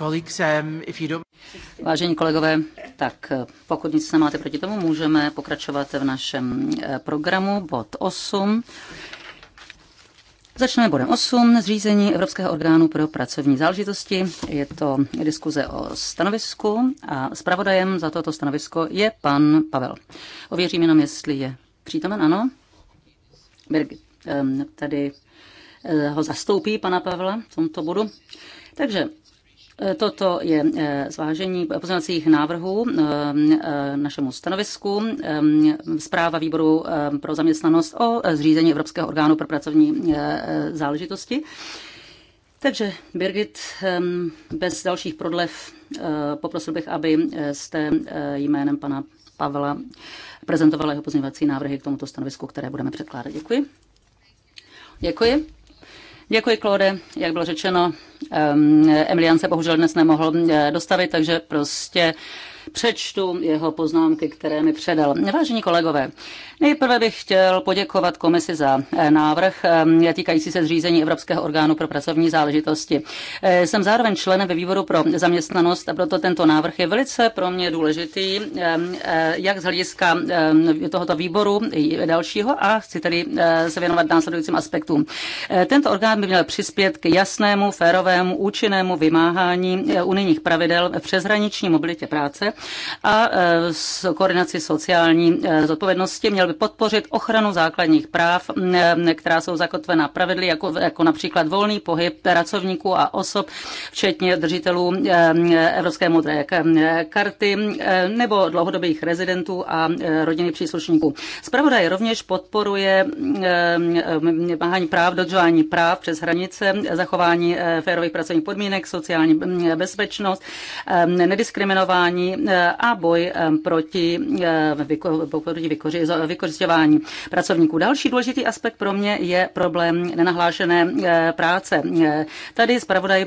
Um, Vážení kolegové, tak eh, pokud nic nemáte proti tomu, můžeme pokračovat v našem eh, programu bod 8. Začneme bodem 8, zřízení Evropského orgánu pro pracovní záležitosti. Je to diskuze o stanovisku a zpravodajem za toto stanovisko je pan Pavel. Ověřím jenom, jestli je přítomen, ano. Birgit, ehm, tady eh, ho zastoupí pana Pavla v tomto bodu. Takže Eh, toto je eh, zvážení poznacích návrhů eh, našemu stanovisku. Zpráva výboru pro zaměstnanost o zřízení Evropského orgánu pro pracovní záležitosti. Takže Birgit, bez dalších prodlev poprosil bych, aby jste jménem pana Pavla prezentovala jeho pozměňovací návrhy k tomuto stanovisku, které budeme předkládat. Děkuji. Děkuji. Děkuji, Klode. Jak bylo řečeno, Emilian se bohužel dnes nemohl eh, dostavit, takže prostě přečtu jeho poznámky, které mi předal. Vážení kolegové, nejprve bych chtěl poděkovat komisi za eh, návrh eh, týkající se zřízení Evropského orgánu pro pracovní záležitosti. Eh, jsem zároveň členem ve výboru pro zaměstnanost a proto tento návrh je velice pro mě důležitý, jak z hlediska tohoto výboru i dalšího a chci tedy se věnovat následujícím aspektům. Tento orgán by měl přispět k jasnému, férovému, účinnému vymáhání unijních pravidel v přeshraniční mobilitě práce a e, s koordinaci sociální e, zodpovědnosti měl by podpořit ochranu základních práv, e, která jsou zakotvena pravidly, jako, jako například volný pohyb pracovníků a osob, včetně držitelů Evropské modré karty nebo dlouhodobých rezidentů a rodiny příslušníků. Spravodaj rovněž podporuje vymáhání práv, dodržování práv přes hranice, zachování férových pracovních podmínek, sociální bezpečnost, nediskriminování Eh, a boj eh, proti, eh, vykořišťování pracovníků. Další důležitý aspekt pro mě je problém nenahlášené práce. Tady zpravodaj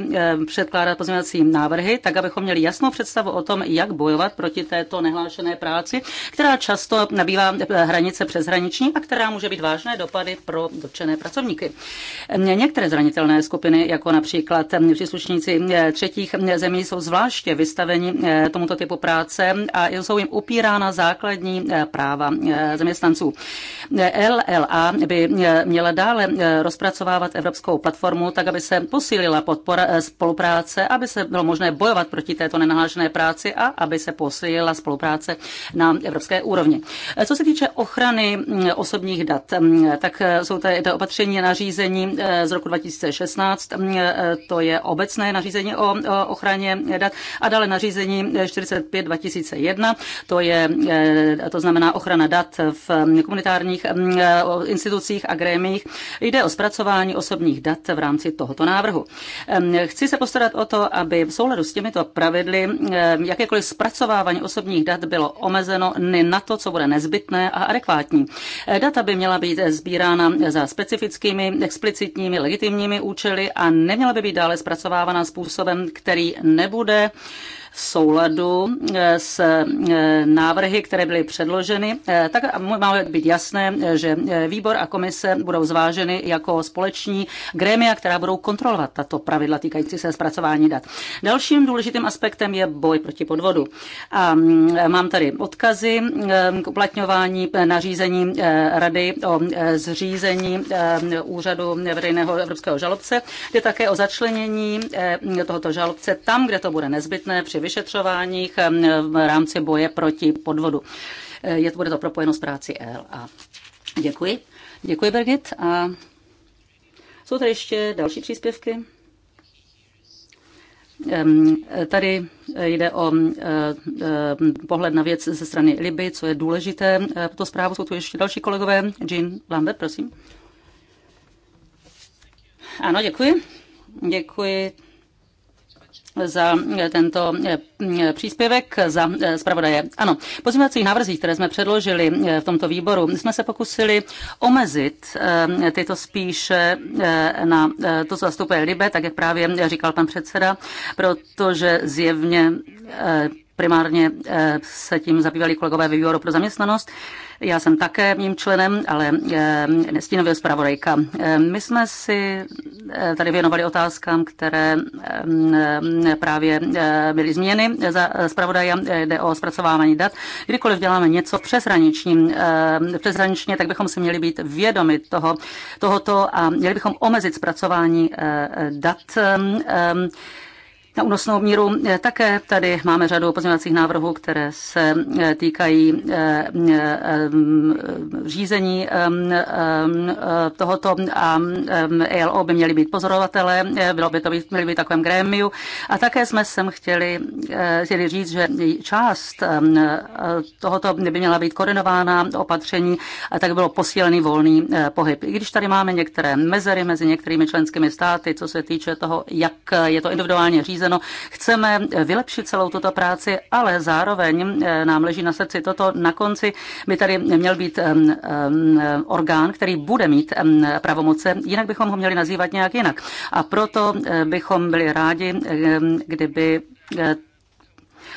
předkládá pozměňovací návrhy, tak abychom měli jasnou představu o tom, jak bojovat proti této nehlášené práci, která často nabývá hranice přeshraniční a která může být vážné dopady pro dotčené pracovníky. Některé zranitelné skupiny, jako například příslušníci třetích zemí, jsou zvláště vystaveni tomuto typu práce práce a jsou jim upírána základní eh, práva eh, zaměstnanců. Eh, LLA by měla dále rozpracovávat evropskou platformu, tak aby se posílila podpora spolupráce, aby se bylo možné bojovat proti této nenahážené práci a aby se posílila spolupráce na evropské úrovni. Co se týče ochrany mm, osobních dat, mm, tak jsou to opatření nařízení z roku 2016, mm, to je obecné nařízení o ochraně dat a dále nařízení 45 5 2001, to, je, eh, to znamená ochrana dat v mm, komunitárních mm, eh, institucích a grémiích, Jde o zpracování osobních dat v rámci tohoto návrhu. Chci se postarat o to, aby v souladu s těmito pravidly mm, jakékoliv zpracovávání osobních dat bylo omezeno na to, co bude nezbytné a adekvátní. Eh, data by měla být sbírána za specifickými, explicitními, legitimními účely a neměla by být dále zpracovávána způsobem, který nebude v souladu eh, s eh, návrhy, které byly předloženy, eh, tak máme být jasné, že výbor a komise budou zváženy jako společní grémia, která budou kontrolovat tato pravidla týkající se zpracování dat. Dalším důležitým aspektem je boj proti podvodu. A mm, mám tady odkazy k uplatňování nařízení Rady o zřízení úřadu veřejného evropského žalobce, kde také o začlenění tohoto žalobce tam, kde to bude nezbytné při při vyšetřováních v rámci boje proti podvodu. E, je, to bude to propojeno s práci ELA. Děkuji. Děkuji, Birgit. A jsou tady ještě další příspěvky? Tady jde o pohled na věc ze strany Liby, co je důležité. Tuto zprávu jsou tu ještě další kolegové. Jean Lambert, prosím. Ano, děkuji. Děkuji za tento eh, eh, příspěvek za eh, zpravodaje. Ano, pozměňovacích návrzí, které jsme předložili v tomto výboru, jsme se pokusili omezit tyto spíše na to, co zastupuje Libe, tak jak právě říkal pan předseda, protože zjevně primárně se tím zabývali kolegové výboru pro zaměstnanost. Já jsem také mým členem, ale nestínově eh, zpravodajka. Eh, my jsme si eh, tady věnovali otázkám, které mm, právě byly změny za zpravodaja, jde o zpracovávání dat. Kdykoliv děláme něco přeshraniční, přeshraničně, tak bychom si měli být vědomi toho, tohoto a měli bychom omezit zpracování dat na únosnou míru. Eh, také tady máme řadu pozměňovacích návrhů, které se eh, týkají eh, řízení tohoto a ELO by měly být pozorovatelé, bylo by to být, měly být takovém grémiu. A také jsme sem chtěli, chtěli říct, že část tohoto by měla být koordinována opatření a tak bylo posílený volný pohyb. I když tady máme některé mezery mezi některými členskými státy, co se týče toho, jak je to individuálně řízeno, podřízeno. Chceme vylepšit celou tuto práci, ale zároveň eh, nám leží na srdci toto. Na konci by tady měl být eh, eh, orgán, který bude mít pravomoce, jinak bychom ho měli nazývat nějak jinak. A proto bychom byli rádi, kdyby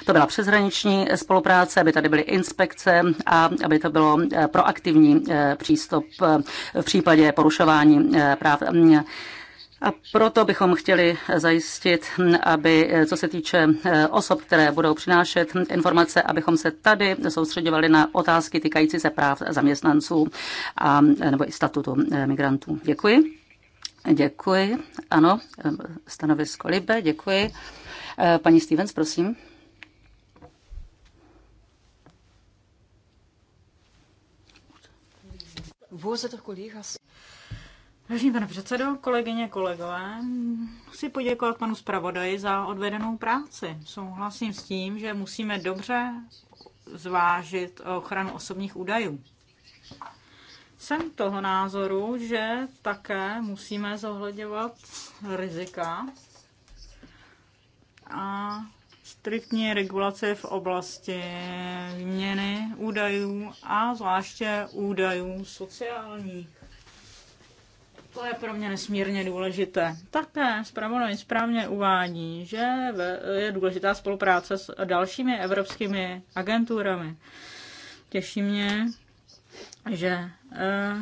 to byla přeshraniční spolupráce, aby tady byly inspekce a aby to bylo proaktivní přístup v případě porušování práv. A proto bychom chtěli zajistit, aby eh, co se týče eh, osob, které budou přinášet informace, abychom se tady soustředovali na otázky týkající se práv zaměstnanců a, eh, nebo i statutu migrantů. Děkuji. Děkuji. Ano, stanovisko Libe, děkuji. Paní Stevens, prosím. Voorzitter, kolíhas. Vážený pane předsedo, kolegyně, kolegové, chci poděkovat panu zpravodaji za odvedenou práci. Souhlasím s tím, že musíme dobře zvážit ochranu osobních údajů. Jsem toho názoru, že také musíme zohledňovat rizika a striktní regulace v oblasti výměny údajů a zvláště údajů sociálních to je pro mě nesmírně důležité. Také zpravodaj správně uvádí, že je důležitá spolupráce s dalšími evropskými agenturami. Těší mě, že eh,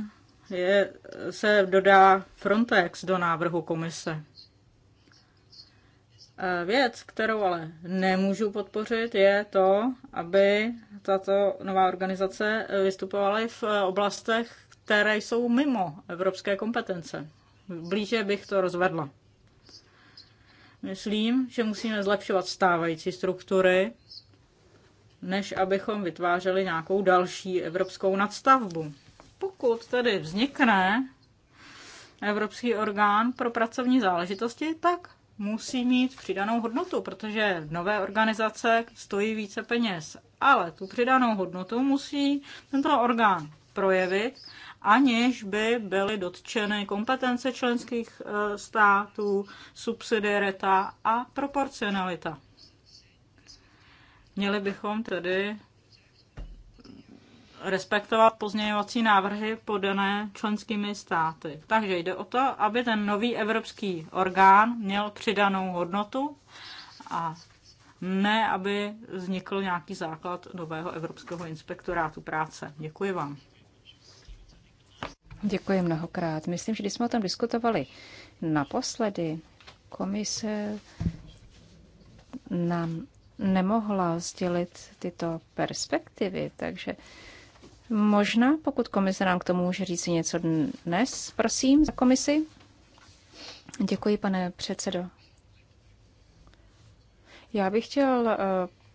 je, se dodá Frontex do návrhu komise. Eh, věc, kterou ale nemůžu podpořit, je to, aby tato nová organizace vystupovala i v oblastech, které jsou mimo evropské kompetence. Blíže bych to rozvedla. Myslím, že musíme zlepšovat stávající struktury, než abychom vytvářeli nějakou další evropskou nadstavbu. Pokud tedy vznikne Evropský orgán pro pracovní záležitosti, tak musí mít přidanou hodnotu, protože nové organizace stojí více peněz. Ale tu přidanou hodnotu musí tento orgán projevit aniž by byly dotčeny kompetence členských eh, států, subsidiarita a proporcionalita. Měli bychom tedy respektovat pozměňovací návrhy podané členskými státy. Takže jde o to, aby ten nový evropský orgán měl přidanou hodnotu a ne, aby vznikl nějaký základ nového Evropského inspektorátu práce. Děkuji vám. Děkuji mnohokrát. Myslím, že když jsme o tom diskutovali naposledy, komise nám nemohla sdělit tyto perspektivy, takže možná, pokud komise nám k tomu může říct něco dnes, prosím, za komisi. Děkuji, pane předsedo. Já bych chtěl eh,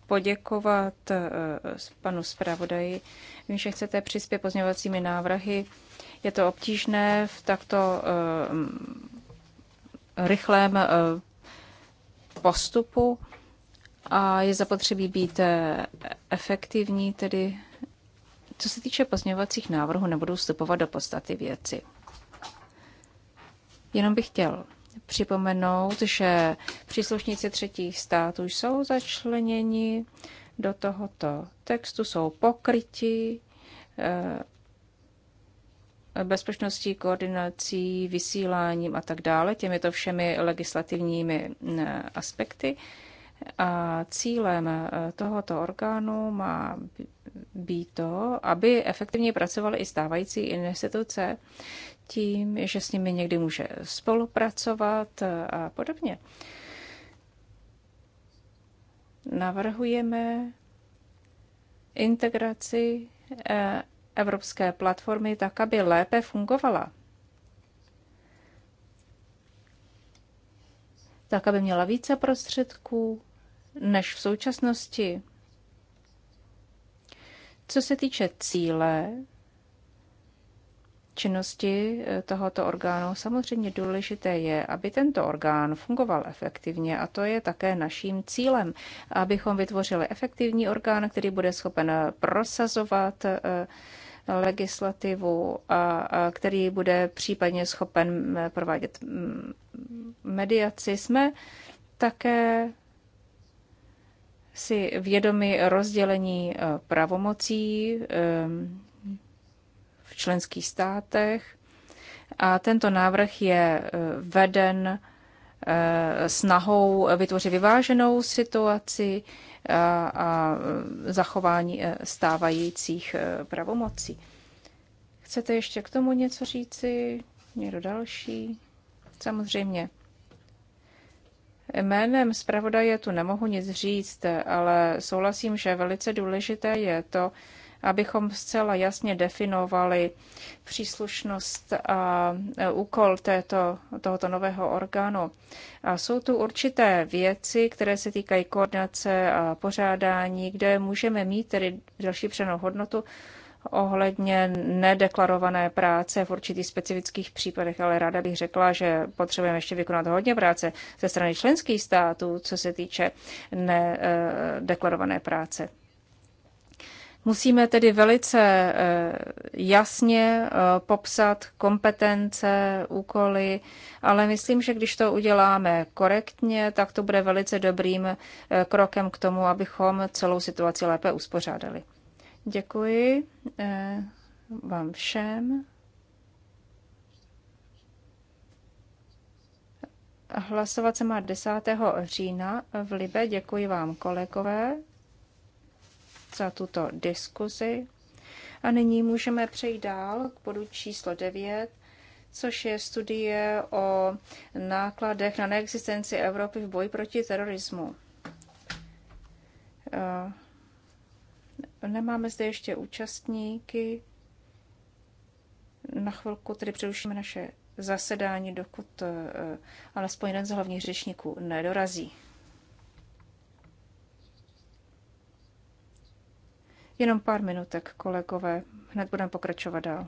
poděkovat eh, panu zpravodaji. Vím, že chcete přispět pozměňovacími návrhy je to obtížné v takto eh, rychlém eh, postupu a je zapotřebí být eh, efektivní, tedy co se týče pozměňovacích návrhů, nebudu vstupovat do podstaty věci. Jenom bych chtěl připomenout, že příslušníci třetích států jsou začleněni do tohoto textu, jsou pokryti bezpečností, koordinací, vysíláním a tak dále, těmito všemi legislativními mm, aspekty. A cílem eh, tohoto orgánu má být to, aby efektivně pracovaly i stávající instituce tím, že s nimi někdy může spolupracovat eh, a podobně. Navrhujeme integraci eh, evropské platformy tak, aby lépe fungovala. Tak, aby měla více prostředků než v současnosti. Co se týče cíle činnosti eh, tohoto orgánu, samozřejmě důležité je, aby tento orgán fungoval efektivně a to je také naším cílem, abychom vytvořili efektivní orgán, který bude schopen prosazovat eh, legislativu, a, a který bude případně schopen eh, provádět mm, mediaci. Jsme také si vědomi rozdělení eh, pravomocí eh, v členských státech a tento návrh je veden Eh, snahou vytvořit vyváženou situaci a, eh, a zachování eh, stávajících pravomocí. Chcete ještě k tomu něco říci? Někdo další? Samozřejmě. Jménem zpravodaje tu nemohu nic říct, ale souhlasím, že velice důležité je to, abychom zcela jasně definovali příslušnost a úkol této, tohoto nového orgánu. A jsou tu určité věci, které se týkají koordinace a pořádání, kde můžeme mít tedy další přenou hodnotu ohledně nedeklarované práce v určitých specifických případech, ale ráda bych řekla, že potřebujeme ještě vykonat hodně práce ze strany členských států, co se týče nedeklarované eh, práce. Musíme tedy velice eh, jasně eh, popsat kompetence, úkoly, ale myslím, že když to uděláme korektně, tak to bude velice dobrým eh, krokem k tomu, abychom celou situaci lépe uspořádali. Děkuji vám všem. Hlasovat se má 10. října v Libe. Děkuji vám, kolegové za tuto diskuzi. A nyní můžeme přejít dál k bodu číslo 9, což je studie o nákladech na neexistenci Evropy v boji proti terorismu. Nemáme zde ještě účastníky. Na chvilku tedy přerušíme naše zasedání, dokud eh, alespoň jeden z hlavních řečníků nedorazí. Jenom pár minutek, kolegové. Hned budeme pokračovat dál.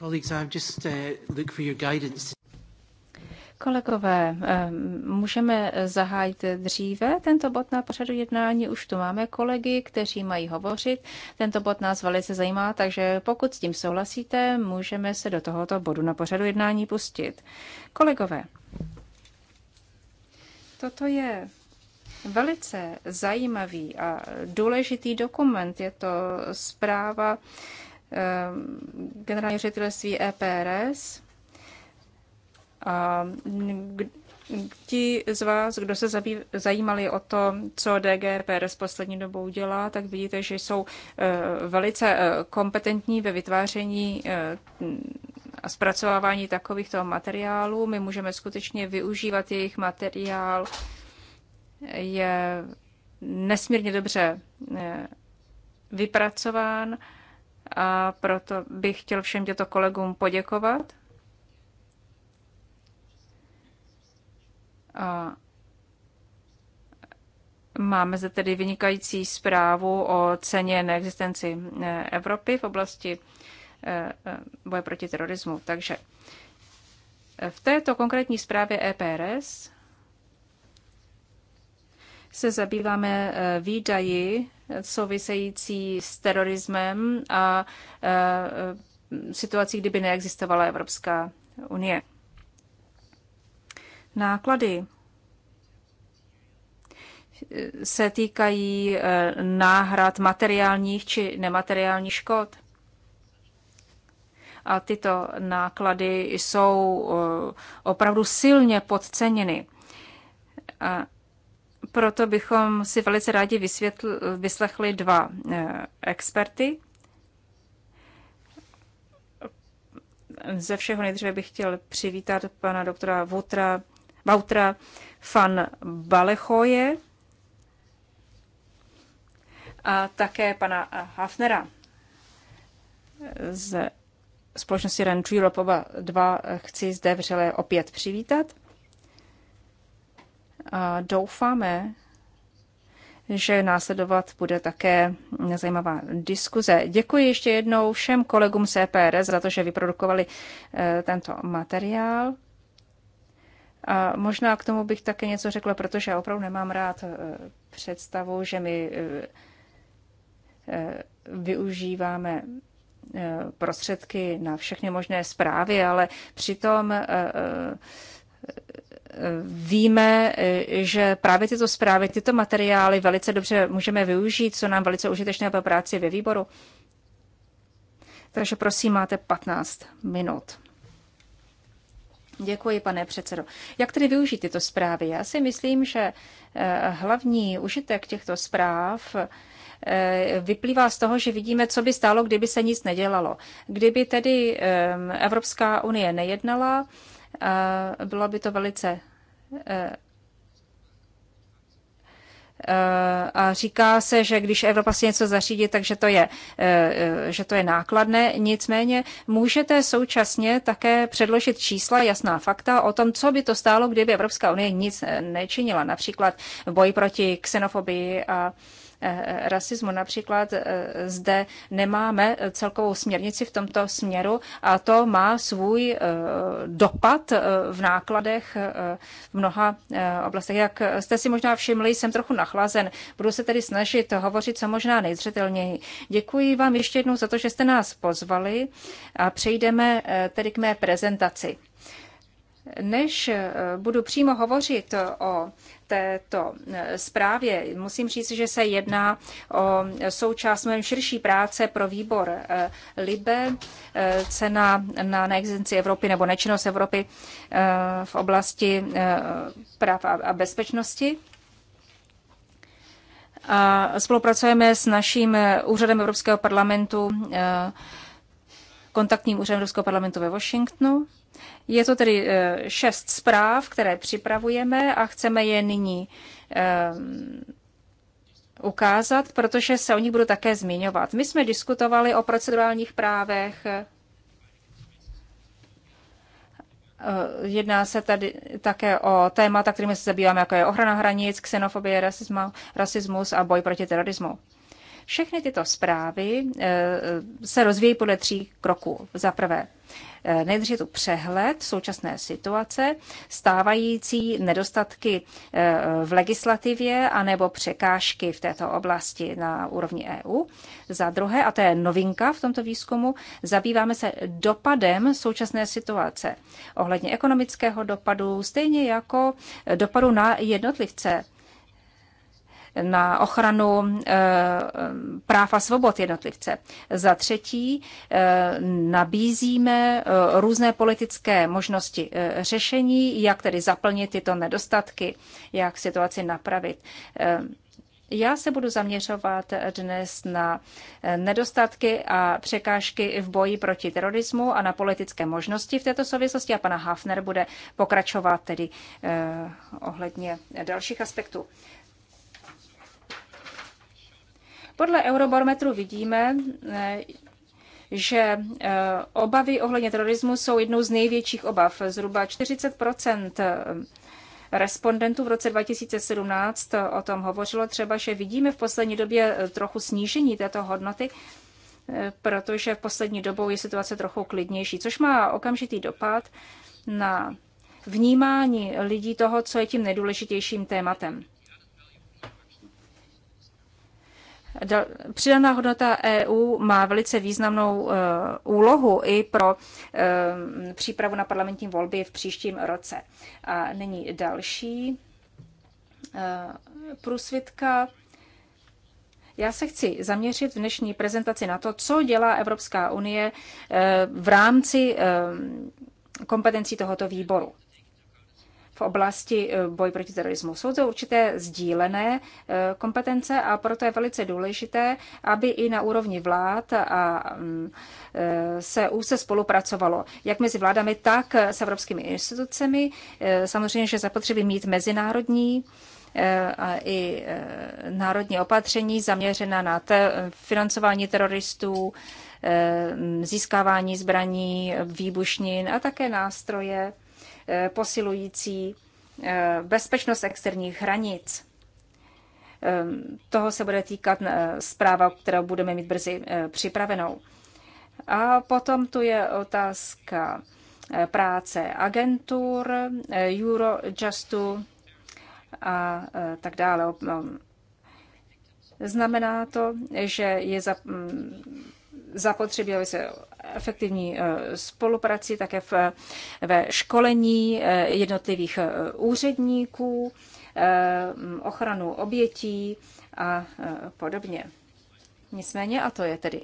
Uh, Kolegové, eh, můžeme zahájit dříve tento bod na pořadu jednání. Už tu máme kolegy, kteří mají hovořit. Tento bod nás velice zajímá, takže pokud s tím souhlasíte, můžeme se do tohoto bodu na pořadu jednání pustit. Kolegové, toto je velice zajímavý a důležitý dokument. Je to zpráva Ehm, generální ředitelství EPRS. A ti z vás, kdo se zajímali o to, co DGPRS poslední dobou dělá, tak vidíte, že jsou eh, velice eh, kompetentní ve vytváření eh, a zpracovávání takovýchto materiálů. My můžeme skutečně využívat jejich materiál. Je nesmírně dobře vypracován a proto bych chtěl všem těto kolegům poděkovat. A máme zde tedy vynikající zprávu o ceně neexistenci eh, Evropy v oblasti eh, eh, boje proti terorismu. Takže v této konkrétní zprávě EPRS se zabýváme výdaji související s terorismem a e, e, situací, kdyby neexistovala Evropská unie. Náklady se týkají e, náhrad materiálních či nemateriálních škod. A tyto náklady jsou opravdu silně podceněny. A proto bychom si velice rádi vysvětl, vyslechli dva eh, experty. Ze všeho nejdříve bych chtěl přivítat pana doktora Vutra, Vautra van Balechoje a také pana Hafnera z společnosti Rent Europe. Oba dva chci zde vřele opět přivítat. A doufáme, že následovat bude také zajímavá diskuze. Děkuji ještě jednou všem kolegům CPR e za to, že vyprodukovali eh, tento materiál. A možná k tomu bych také něco řekla, protože já opravdu nemám rád eh, představu, že my eh, využíváme prostředky na všechny možné zprávy, ale přitom víme, že právě tyto zprávy, tyto materiály velice dobře můžeme využít, co nám velice užitečné pro práci ve výboru. Takže prosím, máte 15 minut. Děkuji, pane předsedo. Jak tedy využít tyto zprávy? Já si myslím, že eh, hlavní užitek těchto zpráv eh, vyplývá z toho, že vidíme, co by stálo, kdyby se nic nedělalo. Kdyby tedy eh, Evropská unie nejednala, Eh, bylo by to velice eh, eh, a říká se, že když Evropa si něco zařídí, takže to je, že to je nákladné. Nicméně můžete současně také předložit čísla, jasná fakta o tom, co by to stálo, kdyby Evropská unie nic nečinila, například boj proti xenofobii a rasismu. Například eh, zde nemáme celkovou směrnici v tomto směru a to má svůj eh, dopad eh, v nákladech v mnoha oblastech. Jak jste si možná všimli, jsem trochu nachlazen. Budu se tedy snažit hovořit co možná nejzřetelněji. Děkuji vám ještě jednou za to, že jste nás pozvali a přejdeme tedy k mé prezentaci. Než budu přímo hovořit o této eh, zprávě. Musím říct, že se jedná o součást mnohem širší práce pro výbor eh, LIBE, eh, cena na neexistenci Evropy nebo nečinnost Evropy v oblasti práv a bezpečnosti. A spolupracujeme s naším úřadem Evropského parlamentu kontaktním úřadem Ruského parlamentu ve Washingtonu. Je to tedy eh, šest zpráv, které připravujeme a chceme je nyní eh, ukázat, protože se o nich budu také zmiňovat. My jsme diskutovali o procedurálních právech. Eh, jedná se tady také o témata, kterými se zabýváme, jako je ochrana hranic, xenofobie, rasismus a boj proti terorismu. Všechny tyto zprávy eh, se rozvíjí podle tří kroků. Za prvé, eh, nejdřív tu přehled současné situace, stávající nedostatky eh, v legislativě anebo překážky v této oblasti na úrovni EU. Za druhé, a to je novinka v tomto výzkumu, zabýváme se dopadem současné situace ohledně ekonomického dopadu, stejně jako dopadu na jednotlivce na ochranu eh, práv a svobod jednotlivce. Za třetí eh, nabízíme eh, různé politické možnosti řešení, jak tedy zaplnit tyto nedostatky, jak situaci napravit. Já se budu zaměřovat dnes na nedostatky a překážky v boji proti terorismu a na politické možnosti v této souvislosti a pana Hafner bude pokračovat tedy eh, ohledně dalších aspektů. Podle Eurobarometru vidíme, eh, že eh, obavy ohledně terorismu jsou jednou z největších obav. Zhruba 40 eh, respondentů v roce 2017 o tom hovořilo třeba, že vidíme v poslední době trochu snížení této hodnoty, protože v poslední dobou je situace trochu klidnější, což má okamžitý dopad na vnímání lidí toho, co je tím nejdůležitějším tématem. Přidaná hodnota EU má velice významnou eh, úlohu i pro eh, přípravu na parlamentní volby v příštím roce. A nyní další eh, průsvitka. Já se chci zaměřit v dnešní prezentaci na to, co dělá Evropská unie v rámci kompetencí tohoto výboru v oblasti eh, boje proti terorismu. Jsou to určité sdílené eh, kompetence a proto je velice důležité, aby i na úrovni vlád a mm, eh, se úzce spolupracovalo, jak mezi vládami, tak s evropskými institucemi. Samozřejmě, že zapotřebí mít mezinárodní a i národní opatření zaměřená na te- financování teroristů, získávání zbraní, výbušnin a také nástroje Eh, posilující eh, bezpečnost externích hranic. Eh, toho se bude týkat zpráva, kterou budeme mít brzy připravenou. A potom tu je otázka práce agentur, Eurojustu a tak dále. Znamená to, že je za, mm, zapotřebí, aby se efektivní eh, spolupráci také v, eh, ve školení eh, jednotlivých úředníků, ochranu obětí a podobně. Nicméně, a to je tedy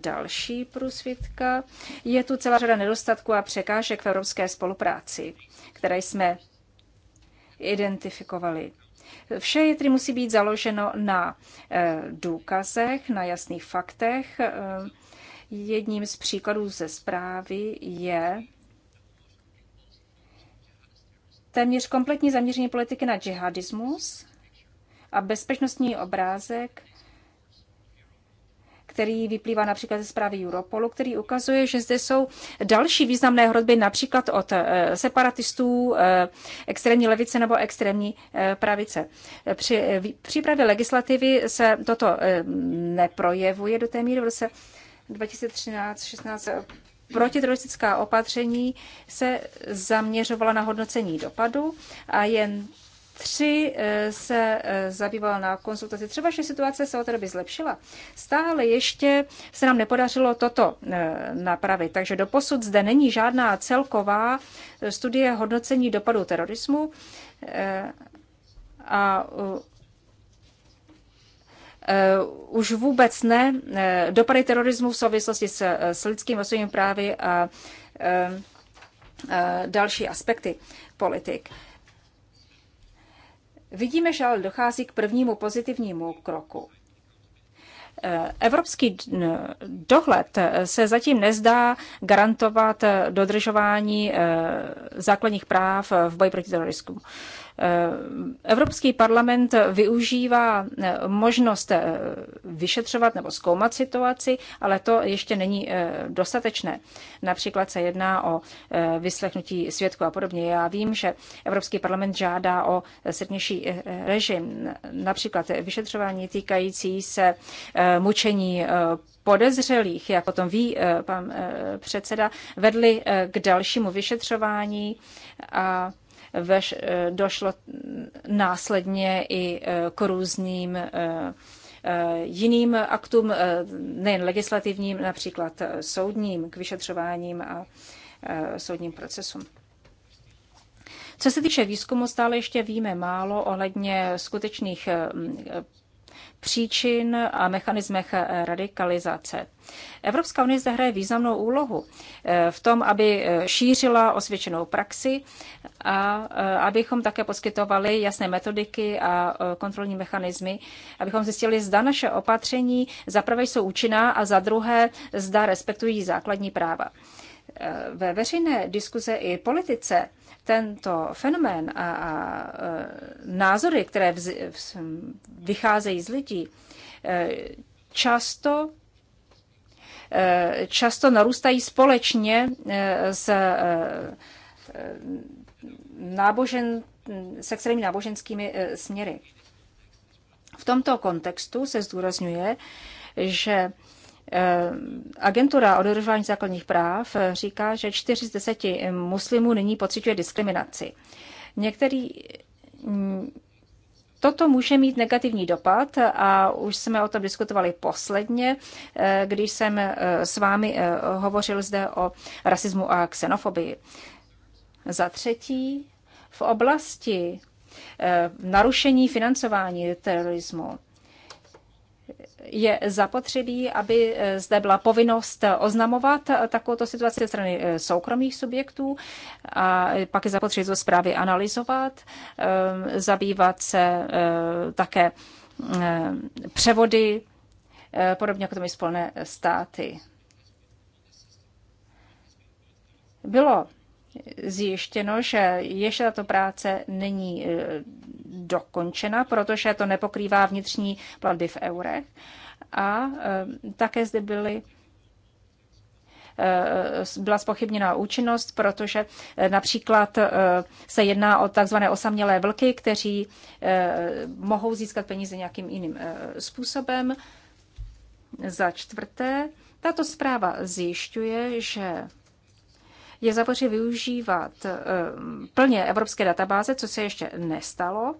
další průsvitka, je tu celá řada nedostatků a překážek v evropské spolupráci, které jsme identifikovali. Vše je tedy musí být založeno na eh, důkazech, na jasných faktech. Eh, jedním z příkladů ze zprávy je téměř kompletní zaměření politiky na džihadismus a bezpečnostní obrázek který vyplývá například ze zprávy Europolu, který ukazuje, že zde jsou další významné hrozby, například od eh, separatistů, eh, extrémní levice nebo extrémní eh, pravice. Při přípravě legislativy se toto neprojevuje do té míry, v roce 2013-16 protiteroristická opatření se zaměřovala na hodnocení dopadu a jen Tři eh, se eh, zabýval na konsultaci. Třeba, že situace se od té doby zlepšila. Stále ještě se nám nepodařilo toto eh, napravit. Takže doposud zde není žádná celková studie hodnocení dopadů terorismu. A už vůbec ne dopady terorismu v souvislosti s, s lidským osobním právy a a další aspekty politik. Vidíme, že ale dochází k prvnímu pozitivnímu kroku. Eh, evropský dohled se zatím nezdá garantovat dodržování eh, základních práv v boji proti terorismu. Evropský parlament využívá eh, možnost eh, vyšetřovat nebo zkoumat situaci, ale to ještě není eh, dostatečné. Například se jedná o vyslechnutí svědků a podobně. Já vím, že Evropský parlament žádá o srdnější režim, například vyšetřování týkající se mučení podezřelých, jak o tom ví pan předseda, vedli k dalšímu vyšetřování a veš, eh, došlo následně i eh, k různým eh, jiným aktům, nejen legislativním, například soudním, k vyšetřováním a soudním procesům. Co se týče výzkumu, stále ještě víme málo ohledně skutečných příčin a mechanismech radikalizace. Evropská unie zde hraje významnou úlohu eh, v tom, aby eh, šířila osvědčenou praxi a eh, abychom také poskytovali jasné metodiky a kontrolní mechanismy, abychom zjistili, zda naše opatření za prvé jsou účinná a za druhé, zda respektují základní práva. Ve veřejné diskuze i politice tento fenomén a, a e, názory, které vz, vycházejí z lidí, e, často e, často narůstají společně s nábožen, s extrémní náboženskými směry. V tomto kontextu se zdůrazňuje, že Eh, agentura o dodržování základních práv eh, říká, že 4 z 10 muslimů nyní pociťuje diskriminaci. Některý, mm, Toto může mít negativní dopad a už jsme o tom diskutovali posledně, eh, když jsem s vámi hovořil zde o rasismu a xenofobii. Za třetí, v oblasti narušení financování terorismu je zapotřebí, aby eh, zde byla povinnost oznamovat eh, takovouto situaci ze strany eh, soukromých subjektů a pak je zapotřebí to zprávy analyzovat, zabývat se také převody, podobně jako to mají státy. Bylo zjištěno, že ještě tato práce není e, dokončena, protože to nepokrývá vnitřní platby v eurech. A e, také zde byly e, byla spochybněna účinnost, protože například se jedná o takzvané osamělé vlky, kteří mohou získat peníze nějakým jiným způsobem. Za čtvrté, tato zpráva zjišťuje, že je zapotřebí využívat eh, plně evropské databáze, co se ještě nestalo.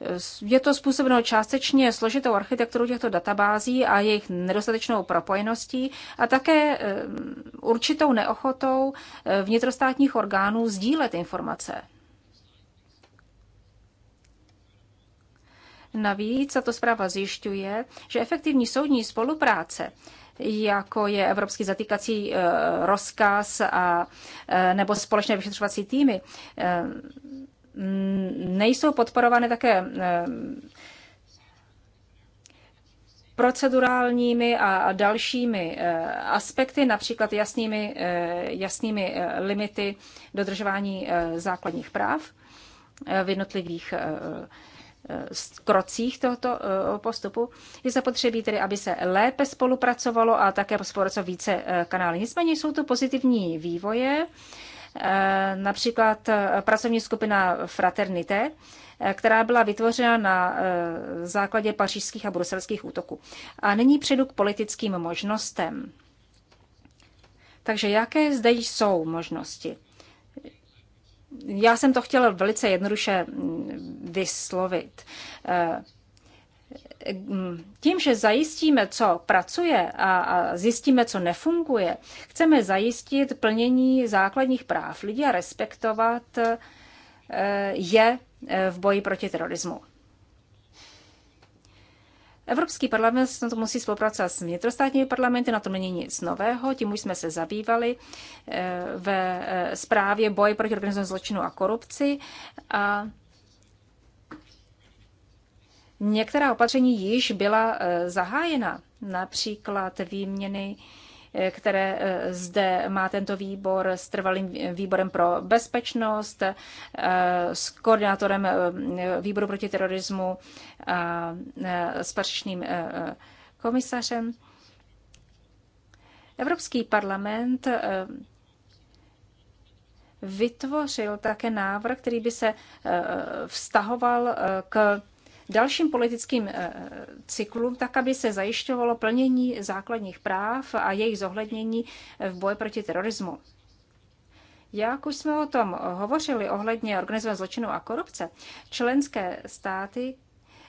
Eh, je to způsobeno částečně složitou architekturu těchto databází a jejich nedostatečnou propojeností a také eh, určitou neochotou vnitrostátních orgánů sdílet informace. Navíc a to zpráva zjišťuje, že efektivní soudní spolupráce jako je Evropský zatýkací e, rozkaz a, e, nebo společné vyšetřovací týmy, e, nejsou podporovány také procedurálními a dalšími aspekty, například jasnými, jasnými limity dodržování základních práv v jednotlivých Eh, krocích tohoto eh, postupu. Je zapotřebí tedy, aby se lépe spolupracovalo a také spolupracovalo více eh, kanály. Nicméně jsou to pozitivní vývoje, například pracovní skupina Fraternité, která byla vytvořena na základě pařížských a bruselských útoků. A nyní přejdu k politickým možnostem. Takže jaké zde jsou možnosti? já jsem to chtěla velice jednoduše mm, vyslovit. Eh, mm, tím, že zajistíme, co pracuje a, zjistíme, co nefunguje, chceme zajistit plnění základních práv lidí a respektovat eh, je eh, v boji proti terorismu. Evropský parlament na to musí spolupracovat s vnitrostátními parlamenty, na to není nic nového, tím už jsme se zabývali eh, ve eh, zprávě boj proti organizovanému zločinu a korupci. A některá opatření již byla eh, zahájena, například výměny které eh, zde má tento výbor s trvalým výborem pro bezpečnost, eh, s koordinátorem eh, výboru proti terorismu a s patřičným komisařem. Evropský parlament vytvořil také návrh, který by se vztahoval k dalším politickým eh, cyklům, tak aby se zajišťovalo plnění základních práv a jejich zohlednění v boji proti terorismu. Jak už jsme o tom hovořili ohledně organizovaného zločinu a korupce, členské státy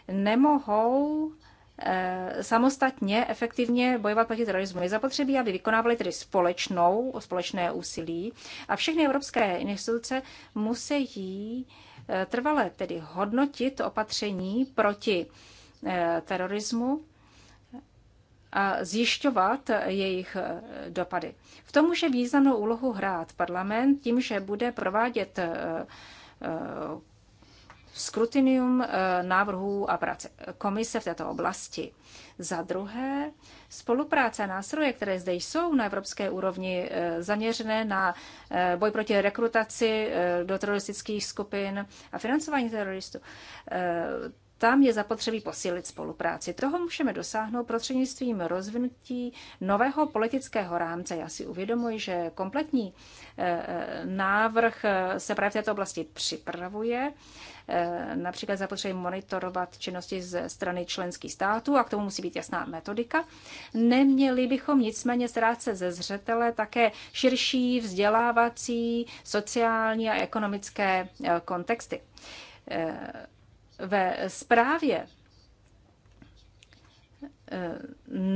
nemohou eh, samostatně efektivně bojovat proti terorismu. Je zapotřebí, aby vykonávali tedy společnou, společné úsilí a všechny evropské instituce musí Eh, trvale tedy hodnotit opatření proti eh, terorismu a zjišťovat jejich eh, dopady. V tom může významnou úlohu hrát parlament tím, že bude provádět skrutinium návrhů a práce komise v této oblasti. Za druhé, Spolupráce a nástroje, které zde jsou na evropské úrovni, eh, zaměřené na eh, boj proti rekrutaci eh, do teroristických skupin a financování teroristů, tam je zapotřebí posílit spolupráci. Toho můžeme dosáhnout prostřednictvím rozvinutí nového politického rámce. Já si uvědomuji, že kompletní e, e, návrh e, se právě v této oblasti připravuje. Například zapotřebí monitorovat činnosti ze strany členských států a k tomu musí být jasná metodika. Neměli bychom nicméně ztrácet ze zřetele také širší vzdělávací, sociální a ekonomické kontexty ve zprávě eh,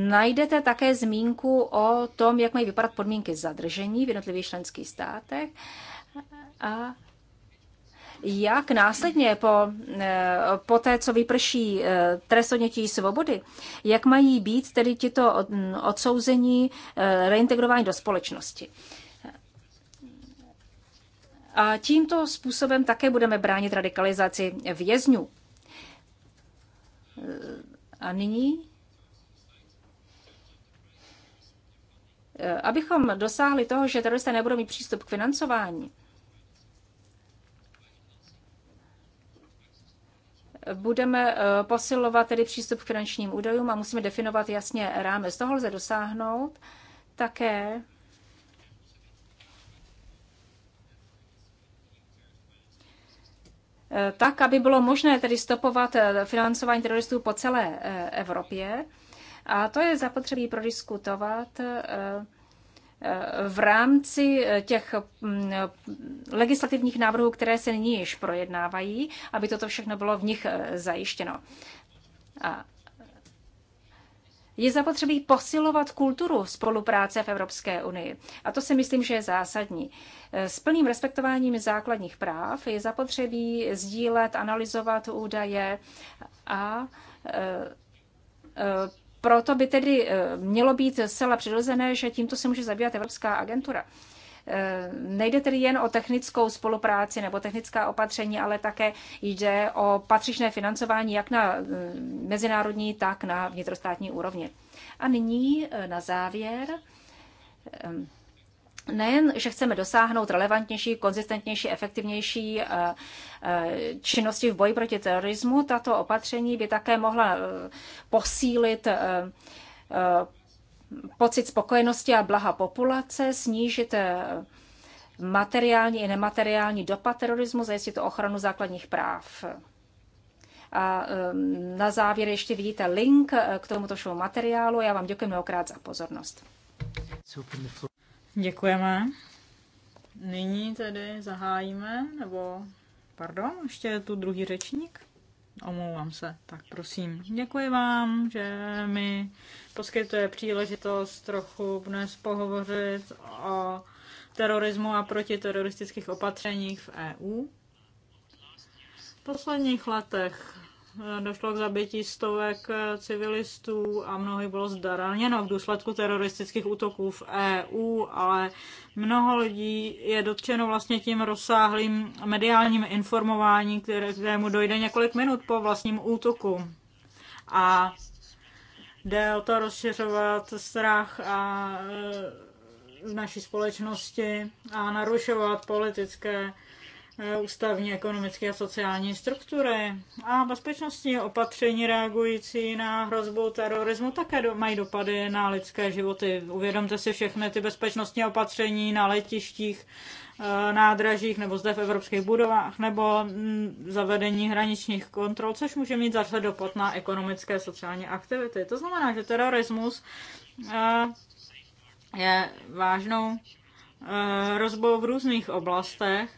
najdete také zmínku o tom, jak mají vypadat podmínky zadržení v jednotlivých členských státech a jak následně po, eh, po té, co vyprší eh, trest odnětí svobody, jak mají být tedy tyto mm, odsouzení reintegrování do společnosti. A tímto způsobem také budeme bránit radikalizaci vězňů. A nyní eh, abychom dosáhli toho, že teroristé nebudou mít přístup k financování, budeme eh, posilovat tedy přístup k finančním údajům a musíme definovat jasně rámec. Toho lze dosáhnout také Eh, tak, aby bylo možné tedy stopovat eh, financování teroristů po celé eh, Evropě. A to je zapotřebí prodiskutovat v rámci těch mm, legislativních návrhů, které se nyní již projednávají, aby toto všechno bylo v nich zajištěno. A je zapotřebí posilovat kulturu spolupráce v Evropské unii. A to si myslím, že je zásadní. S plným respektováním základních práv je zapotřebí sdílet, analyzovat údaje a e, e, proto by tedy e, mělo být zcela přirozené, že tímto se může zabývat Evropská agentura. Eh, nejde tedy jen o technickou spolupráci nebo technická opatření, ale také jde o patřičné financování jak na eh, mezinárodní, tak na vnitrostátní úrovni. A nyní eh, na závěr nejen, že chceme dosáhnout relevantnější, konzistentnější, efektivnější činnosti v boji proti terorismu, tato opatření by také mohla posílit pocit spokojenosti a blaha populace, snížit eh, materiální i nemateriální dopad terorismu, zajistit ochranu základních práv. A ehm, na závěr ještě vidíte link eh, k tomuto show materiálu. Já vám děkuji mnohokrát za pozornost. Děkujeme. Nyní tedy zahájíme, nebo pardon, ještě je tu druhý řečník. Omlouvám se, tak prosím. Děkuji vám, že mi poskytuje příležitost trochu dnes pohovořit o terorismu a protiteroristických opatřeních v EU. V posledních letech eh, došlo k zabití stovek eh, civilistů a mnohy bylo zdaraněno v důsledku teroristických útoků v EU, ale mnoho lidí je dotčeno vlastně tím rozsáhlým mediálním informováním, kterému dojde několik minut po vlastním útoku. A Jde o to rozšiřovat strach a e, v naší společnosti a narušovat politické, e, ústavní, ekonomické a sociální struktury. A bezpečnostní opatření reagující na hrozbu terorismu také mají dopady na lidské životy. Uvědomte si všechny ty bezpečnostní opatření na letištích, Eh, nádražích nebo zde v evropských budovách nebo mm, zavedení hraničních kontrol, což může mít zase dopad na ekonomické sociální aktivity. To znamená, že terorismus eh, je vážnou eh, rozbou v různých oblastech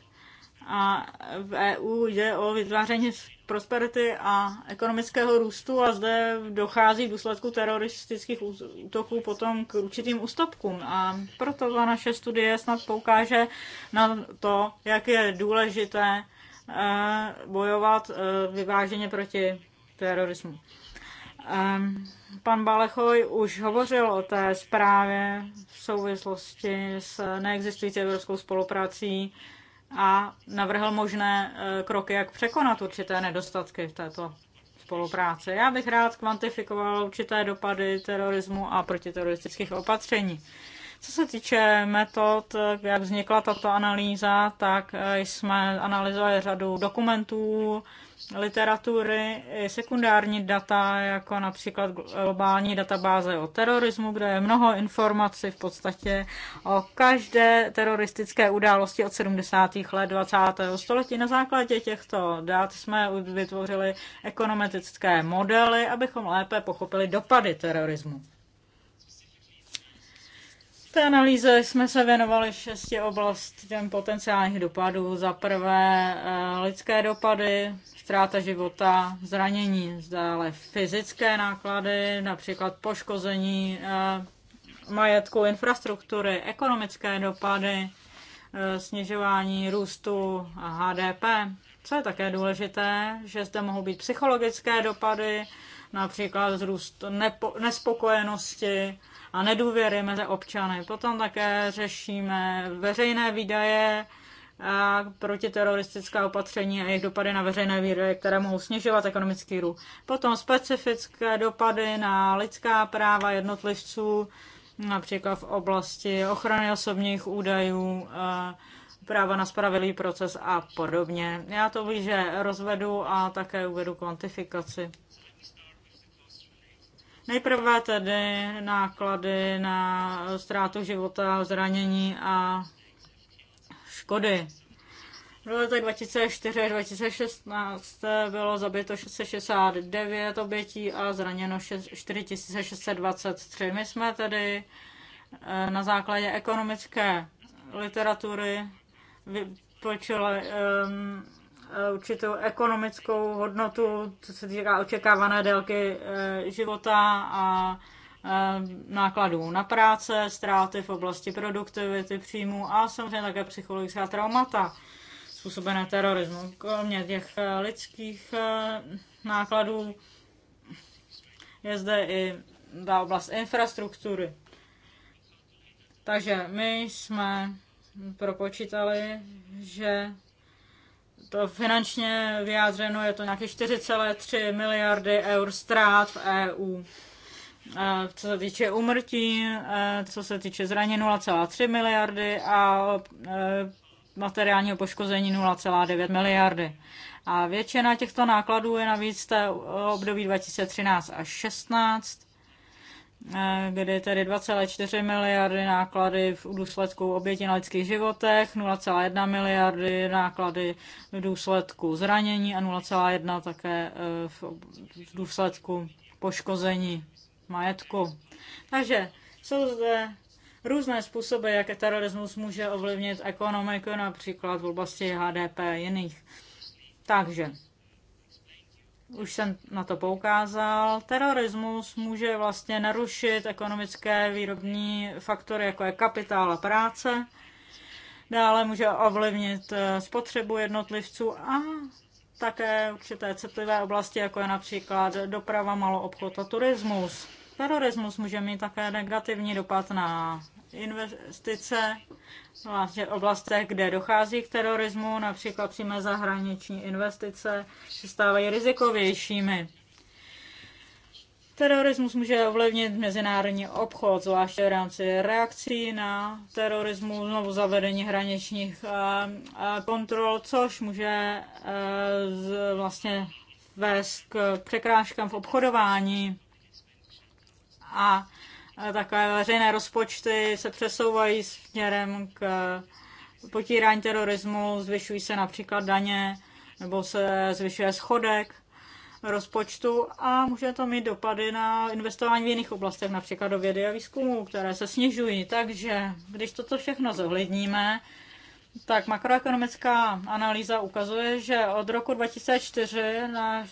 a v EU jde o vytváření prosperity a ekonomického růstu a zde dochází v důsledku teroristických útoků potom k určitým ústupkům. A proto ta naše studie snad poukáže na to, jak je důležité eh, bojovat eh, vyváženě proti terorismu. Ehm, pan Balechoj už hovořil o té zprávě v souvislosti s neexistující evropskou spoluprací a navrhl možné e, kroky, jak překonat určité nedostatky v této spolupráci. Já bych rád kvantifikoval určité dopady terorismu a protiteroristických opatření. Co se týče metod, jak vznikla tato analýza, tak e, jsme analyzovali řadu dokumentů, literatury i sekundární data, jako například globální databáze o terorismu, kde je mnoho informací v podstatě o každé teroristické události od 70. let 20. století. Na základě těchto dat jsme vytvořili ekonometrické modely, abychom lépe pochopili dopady terorismu. V té analýze jsme se věnovali šesti oblastem potenciálních dopadů. Za prvé eh, lidské dopady, ztráta života, zranění, dále fyzické náklady, například poškození eh, majetku, infrastruktury, ekonomické dopady, eh, snižování růstu a HDP. Co je také důležité, že zde mohou být psychologické dopady, například zrůst nepo, nespokojenosti a nedůvěry mezi občany. Potom také řešíme veřejné výdaje, a protiteroristická opatření a jejich dopady na veřejné výdaje, které mohou snižovat ekonomický růst. Potom specifické dopady na lidská práva jednotlivců, například v oblasti ochrany osobních údajů, práva na spravedlivý proces a podobně. Já to blíže rozvedu a také uvedu kvantifikaci. Nejprve tedy náklady na ztrátu života, zranění a škody. V letech 2004 2016 bylo zabito 669 obětí a zraněno 4623. My jsme tedy eh, na základě ekonomické literatury vypočili um, určitou ekonomickou hodnotu, co se týká očekávané délky eh, života a Eh, nákladů na práce, ztráty v oblasti produktivity, příjmů a samozřejmě také psychologická traumata způsobené terorismu. Kromě těch eh, lidských eh, nákladů je zde i ta oblast infrastruktury. Takže my jsme propočítali, že to finančně vyjádřeno je to nějaké 4,3 miliardy eur ztrát v EU co se týče umrtí, co se týče zranění 0,3 miliardy a e, materiálního poškození 0,9 miliardy. A většina těchto nákladů je navíc té období 2013 až 16, e, kdy tedy 2,4 miliardy náklady v důsledku oběti na lidských životech, 0,1 miliardy náklady v důsledku zranění a 0,1 také e, v důsledku poškození majetku. Takže jsou zde různé způsoby, jak terorismus může ovlivnit ekonomiku, například v oblasti HDP a jiných. Takže, už jsem na to poukázal, terorismus může vlastně narušit ekonomické výrobní faktory, jako je kapitál a práce, dále může ovlivnit eh, spotřebu jednotlivců a také určité citlivé oblasti, jako je například doprava, maloobchod a turismus. Terorismus může mít také negativní dopad na investice vlastně v oblastech, kde dochází k terorismu, například přímé zahraniční investice, se stávají rizikovějšími. Terorismus může ovlivnit mezinárodní obchod, zvláště v rámci reakcí na terorismu, znovu zavedení hraničních eh, eh, kontrol, což může eh, vlastně vést k překrážkám v obchodování a takové veřejné rozpočty se přesouvají směrem k potírání terorismu, zvyšují se například daně nebo se zvyšuje schodek rozpočtu a může to mít dopady na investování v jiných oblastech, například do vědy a výzkumu, které se snižují. Takže když toto všechno zohledníme, tak makroekonomická analýza ukazuje, že od roku 2004 náš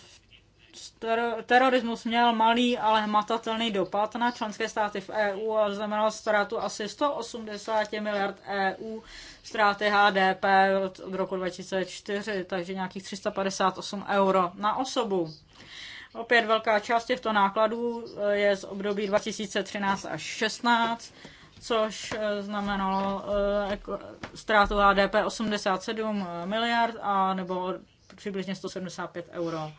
terorismus měl malý, ale hmatatelný dopad na členské státy v EU a znamenal ztrátu asi 180 miliard EU, ztráty HDP od roku 2004, takže nějakých 358 euro na osobu. Opět velká část těchto nákladů eh, je z období 2013 až 16, což eh, znamenalo eh, ztrátu HDP 87 miliard a nebo přibližně 175 euro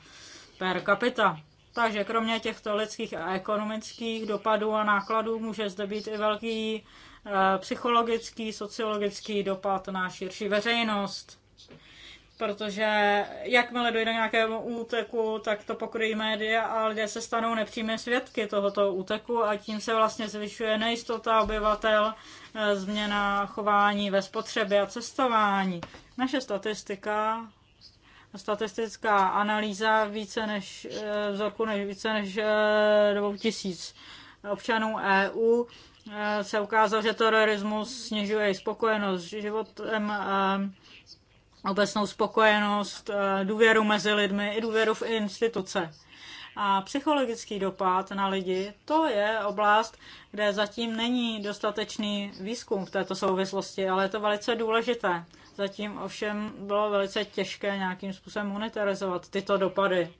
per capita. Takže kromě těchto lidských a ekonomických dopadů a nákladů může zde být i velký eh, psychologický, sociologický dopad na širší veřejnost. Protože jakmile dojde nějakému úteku, tak to pokryjí média a lidé se stanou nepřímé svědky tohoto úteku a tím se vlastně zvyšuje nejistota obyvatel, eh, změna chování ve spotřebě a cestování. Naše statistika statistická analýza více než eh, vzorku než více než 2000 eh, občanů EU eh, se ukázalo, že terorismus snižuje spokojenost s životem, obecnou spokojenost, důvěru mezi lidmi i důvěru v instituce. A psychologický dopad na lidi, to je oblast, kde zatím není dostatečný výzkum v této souvislosti, ale je to velice důležité. Zatím ovšem bylo velice těžké nějakým způsobem monitorizovat tyto dopady.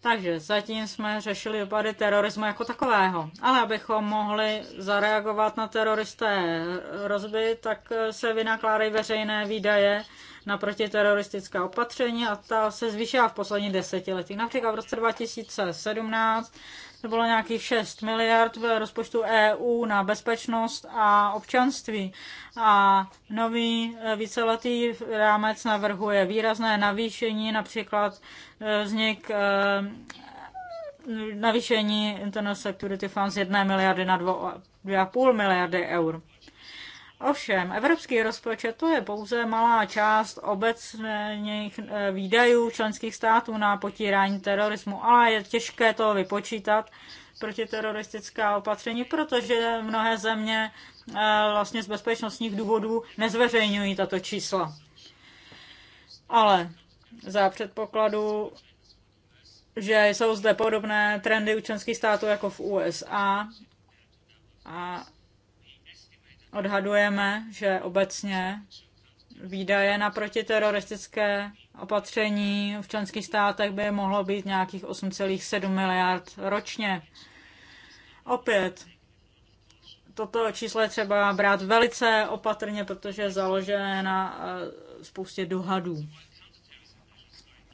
Takže zatím jsme řešili dopady terorismu jako takového. Ale abychom mohli zareagovat na teroristé rozby, tak se vynakládají veřejné výdaje na protiteroristická opatření a ta se zvýšila v posledních desetiletí. Například v roce 2017 to bylo nějakých 6 miliard v rozpočtu EU na bezpečnost a občanství. A nový e, víceletý rámec navrhuje výrazné navýšení, například e, vznik e, navýšení Internet Security Fund z 1 miliardy na 2,5 miliardy eur. Ovšem, evropský rozpočet to je pouze malá část obecných eh, výdajů členských států na potírání terorismu, ale je těžké to vypočítat protiteroristická opatření, protože mnohé země eh, vlastně z bezpečnostních důvodů nezveřejňují tato čísla. Ale za předpokladu, že jsou zde podobné trendy u členských států jako v USA a Odhadujeme, že obecně výdaje na protiteroristické opatření v členských státech by mohlo být nějakých 8,7 miliard ročně. Opět, toto číslo je třeba brát velice opatrně, protože je založené na eh, spoustě dohadů.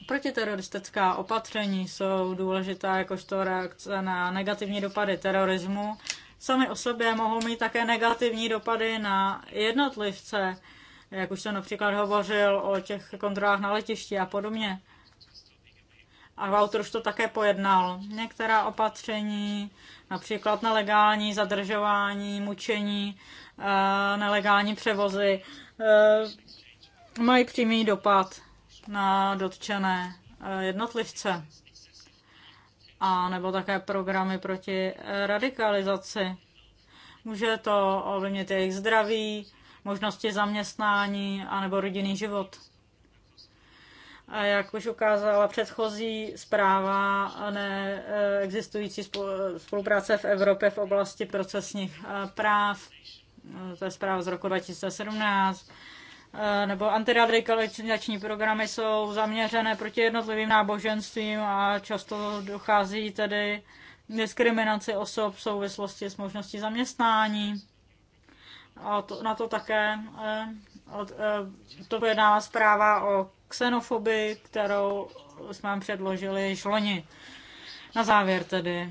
Protiteroristická opatření jsou důležitá jakožto reakce na negativní dopady terorismu sami o sobě mohou mít také negativní dopady na jednotlivce, jak už jsem například hovořil o těch kontrolách na letišti a podobně. A autor už to také pojednal. Některá opatření, například nelegální zadržování, mučení, eh, nelegální převozy, eh, mají přímý dopad na dotčené eh, jednotlivce a nebo také programy proti radikalizaci. Může to ovlivnit jejich zdraví, možnosti zaměstnání a nebo rodinný život. A jak už ukázala předchozí zpráva, neexistující spolupráce v Evropě v oblasti procesních eh, práv, to je zpráva z roku 2017, Eh, nebo antiradikalizační programy jsou zaměřené proti jednotlivým náboženstvím a často dochází tedy diskriminaci osob v souvislosti s možností zaměstnání. A to, na to také eh, eh, to pojednává zpráva o xenofobii, kterou jsme předložili již loni. Na závěr tedy.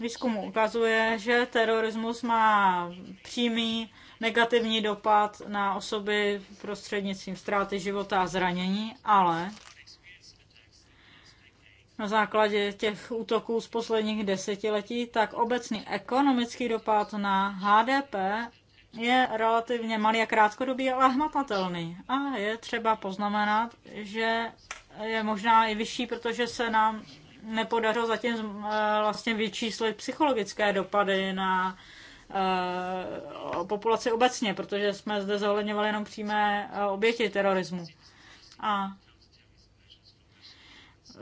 Výzkum ukazuje, že terorismus má přímý negativní dopad na osoby prostřednictvím ztráty života a zranění, ale na základě těch útoků z posledních desetiletí, tak obecný ekonomický dopad na HDP je relativně malý a krátkodobý, ale hmatatelný. A je třeba poznamenat, že je možná i vyšší, protože se nám nepodařilo zatím eh, vlastně vyčíslit psychologické dopady na Eh, o populaci obecně, protože jsme zde zohledňovali jenom přímé eh, oběti terorismu. A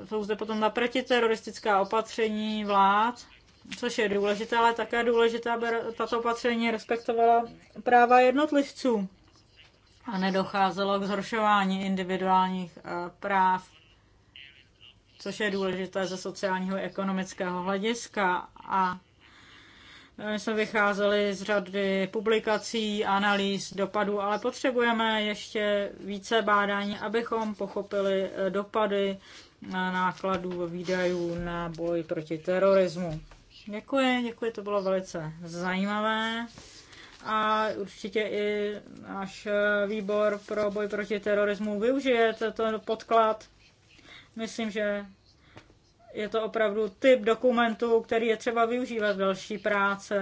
jsou zde potom ta protiteroristická opatření vlád, což je důležité, ale také důležité, aby tato opatření respektovala práva jednotlivců a nedocházelo k zhoršování individuálních eh, práv, což je důležité ze sociálního a ekonomického hlediska. A my jsme vycházeli z řady publikací, analýz, dopadů, ale potřebujeme ještě více bádání, abychom pochopili eh, dopady eh, nákladů výdajů na boj proti terorismu. Děkuji, děkuji, to bylo velice zajímavé. A určitě i náš eh, výbor pro boj proti terorismu využije tento podklad. Myslím, že je to opravdu typ dokumentu, který je třeba využívat v další práci.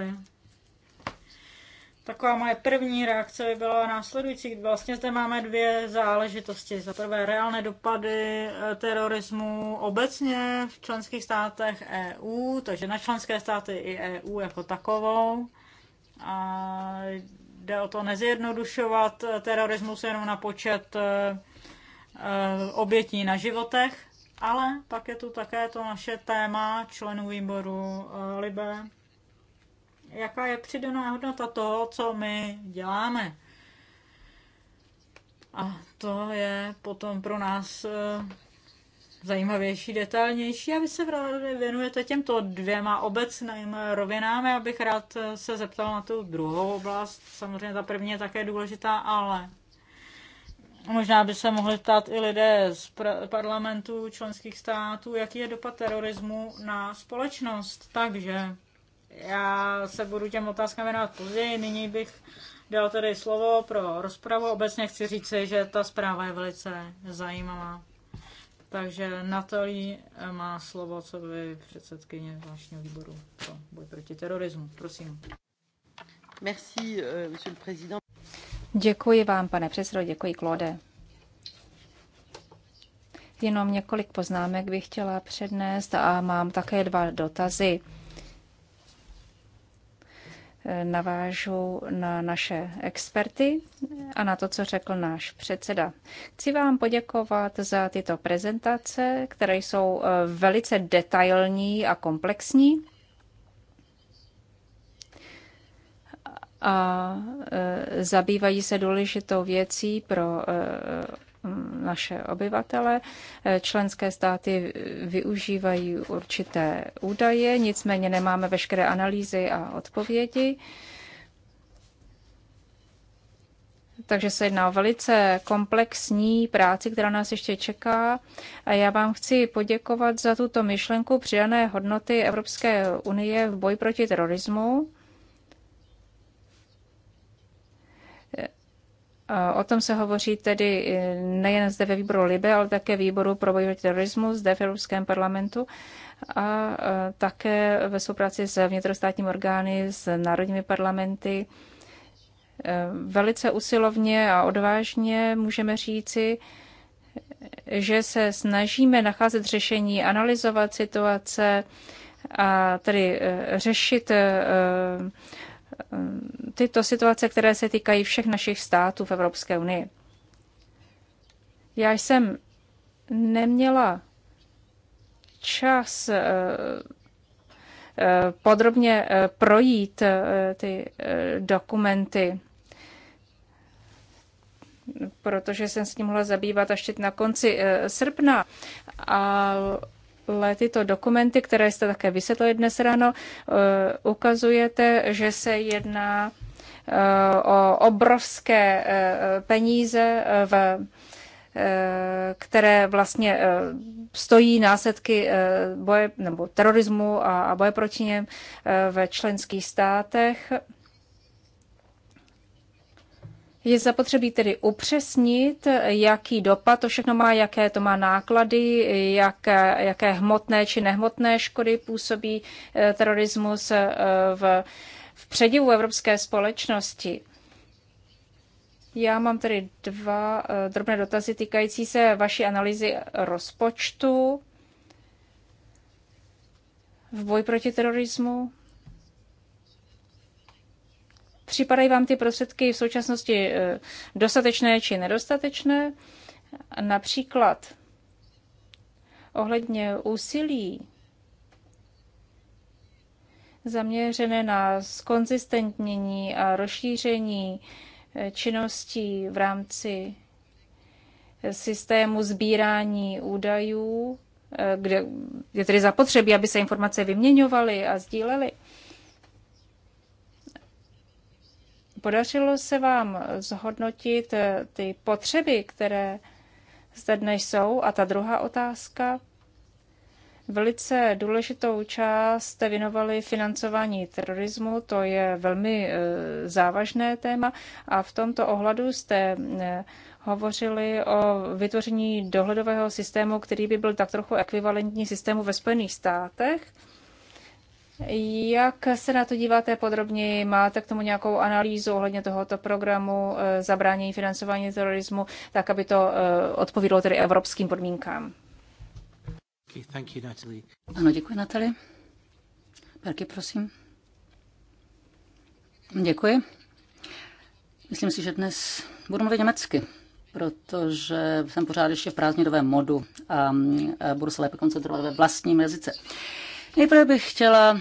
Taková moje první reakce by byla následující. Vlastně zde máme dvě záležitosti. Za prvé reálné dopady eh, terorismu obecně v členských státech EU, takže na členské státy i EU jako takovou. A jde o to nezjednodušovat eh, terorismus jenom na počet eh, obětí na životech, ale pak je tu také to naše téma členů výboru eh, Libe. Jaká je přidaná hodnota toho, co my děláme? A to je potom pro nás eh, zajímavější, detailnější a vy se věnujete těmto dvěma obecným rovinám. Já bych rád eh, se zeptal na tu druhou oblast. Samozřejmě ta první je také důležitá, ale Možná by se mohli ptát i lidé z parlamentu členských států, jaký je dopad terorismu na společnost. Takže já se budu těm otázkám věnovat později. Nyní bych dal tedy slovo pro rozpravu. Obecně chci říct, že ta zpráva je velice zajímavá. Takže Natalí eh, má slovo, co by předsedkyně zvláštního výboru pro boj proti terorismu. Prosím. Merci, euh, monsieur le président. Děkuji vám, pane předsedo, děkuji, Klode. Jenom několik poznámek bych chtěla přednést a mám také dva dotazy. Navážu na naše experty a na to, co řekl náš předseda. Chci vám poděkovat za tyto prezentace, které jsou eh, velice detailní a komplexní. a e, zabývají se důležitou věcí pro e, naše obyvatele. E, členské státy využívají určité údaje, nicméně nemáme veškeré analýzy a odpovědi. Takže se jedná o velice komplexní práci, která nás ještě čeká. A já vám chci poděkovat za tuto myšlenku přidané hodnoty Evropské unie v boji proti terorismu. O tom se hovoří tedy e, nejen zde ve výboru Libe, ale také výboru pro boj proti terorismu zde v Evropském parlamentu a e, také ve spolupráci s vnitrostátními orgány, s národními parlamenty. E, velice usilovně a odvážně můžeme říci, že se snažíme nacházet řešení, analyzovat situace a tedy řešit Ehm, tyto situace, které se týkají všech našich států v Evropské unii. Já jsem neměla čas eh, eh, podrobně eh, projít ty dokumenty, protože jsem s tím mohla zabývat až na konci srpna. A ale tyto dokumenty, které jste také vysvětlili dnes ráno, eh, ukazujete, že se jedná eh, o obrovské eh, peníze, v, které vlastně stojí následky boje nebo terorismu a boje proti něm ve členských státech. Je zapotřebí tedy upřesnit, jaký dopad to všechno má, jaké to má náklady, jaké, jaké hmotné či nehmotné škody působí eh, terorismus eh, v, v předivu evropské společnosti. Já mám tedy dva eh, drobné dotazy týkající se vaší analýzy rozpočtu v boji proti terorismu. Připadají vám ty prostředky v současnosti eh, dostatečné či nedostatečné? Například ohledně úsilí zaměřené na skonzistentnění a rozšíření eh, činností v rámci eh, systému sbírání údajů, kde je tedy zapotřebí, aby se informace vyměňovaly a sdílely. Podařilo se vám zhodnotit eh, ty potřeby, které zde dnes jsou? A ta druhá otázka. Velice důležitou část jste věnovali financování terorismu, to je velmi eh, závažné téma a v tomto ohledu jste eh, hovořili o vytvoření dohledového systému, který by byl tak trochu ekvivalentní systému ve Spojených státech jak se na to díváte podrobněji? Máte k tomu nějakou analýzu ohledně tohoto programu eh, zabránění financování terorismu, tak aby to eh, odpovídalo tedy evropským podmínkám? thank you, Natalie. Ano, děkuji, Natalie. Perky, prosím. Děkuji. Myslím si, že dnes budu mluvit německy, protože jsem pořád ještě v prázdninovém modu a eh, budu se lépe koncentrovat ve vlastním jazyce. Nejprve bych chtěla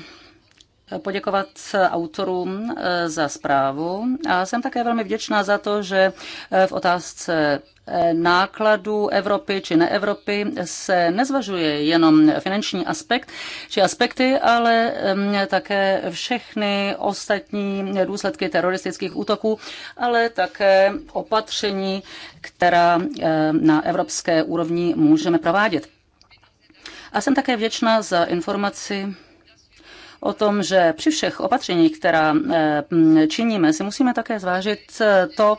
poděkovat autorům eh, za zprávu a jsem také velmi vděčná za to, že eh, v otázce eh, nákladů Evropy či neevropy se nezvažuje jenom finanční aspekt či aspekty, ale ehm, také všechny ostatní důsledky teroristických útoků, ale také opatření, která na evropské úrovni můžeme provádět. A jsem také vděčná za informaci o tom, že při všech opatřeních, která eh, činíme, si musíme také zvážit eh, to,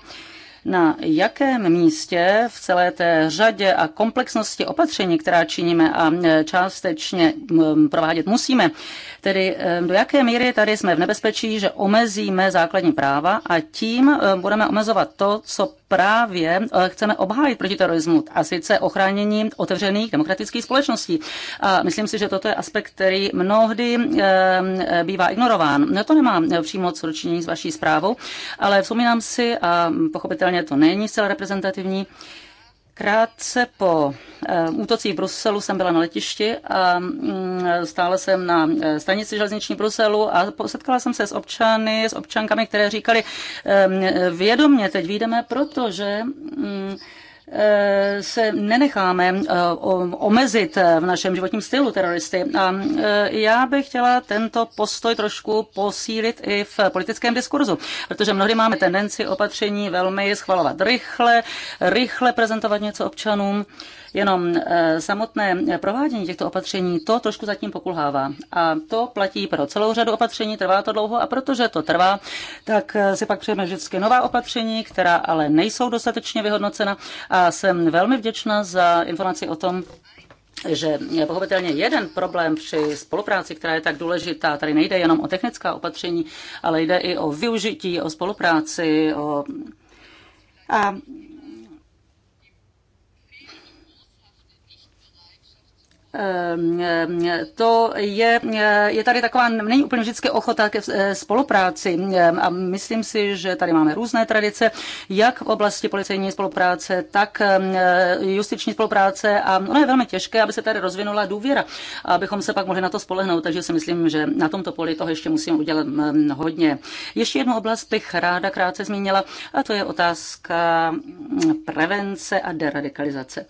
na jakém místě v celé té řadě a komplexnosti opatření, která činíme a eh, částečně provádět musíme, tedy do jaké míry tady jsme v nebezpečí, že omezíme základní práva a tím budeme omezovat to, co právě eh, chceme obhájit proti terorismu, a sice ochránění otevřených demokratických společností. A myslím si, že toto je aspekt, který mnohdy eh, bývá ignorován. No, to nemá eh, přímo co dočinění s vaší zprávou, ale vzpomínám si, a pochopitelně to není zcela reprezentativní, Krátce po eh, útocích v Bruselu jsem byla na letišti a mm, stála jsem na eh, stanici železniční Bruselu a setkala jsem se s občany, s občankami, které říkali, ehm, vědomě teď výjdeme, protože mm, Eh, se nenecháme eh, omezit eh, v našem životním stylu teroristy. A já bych chtěla tento postoj trošku posílit i v politickém diskurzu, protože mnohdy máme tendenci opatření velmi schvalovat rychle, rychle prezentovat něco občanům. Jenom samotné provádění těchto opatření, to trošku zatím pokulhává. A to platí pro celou řadu opatření, trvá to dlouho a protože to trvá, tak si pak přejeme vždycky nová opatření, která ale nejsou dostatečně vyhodnocena a jsem velmi vděčná za informaci o tom, že pochopitelně jeden problém při spolupráci, která je tak důležitá, tady nejde jenom o technická opatření, ale jde i o využití, o spolupráci, o... A Ehm, ehm, to je, je tady taková, není úplně vždycky ochota ke eh, spolupráci ehm, a myslím si, že tady máme různé tradice, jak v oblasti policejní spolupráce, tak eh, justiční spolupráce a ono je velmi těžké, aby se tady rozvinula důvěra, abychom se pak mohli na to spolehnout, takže si myslím, že na tomto poli toho ještě musíme udělat hodně. Ještě jednu oblast bych ráda krátce zmínila a to je otázka mm, prevence a deradikalizace.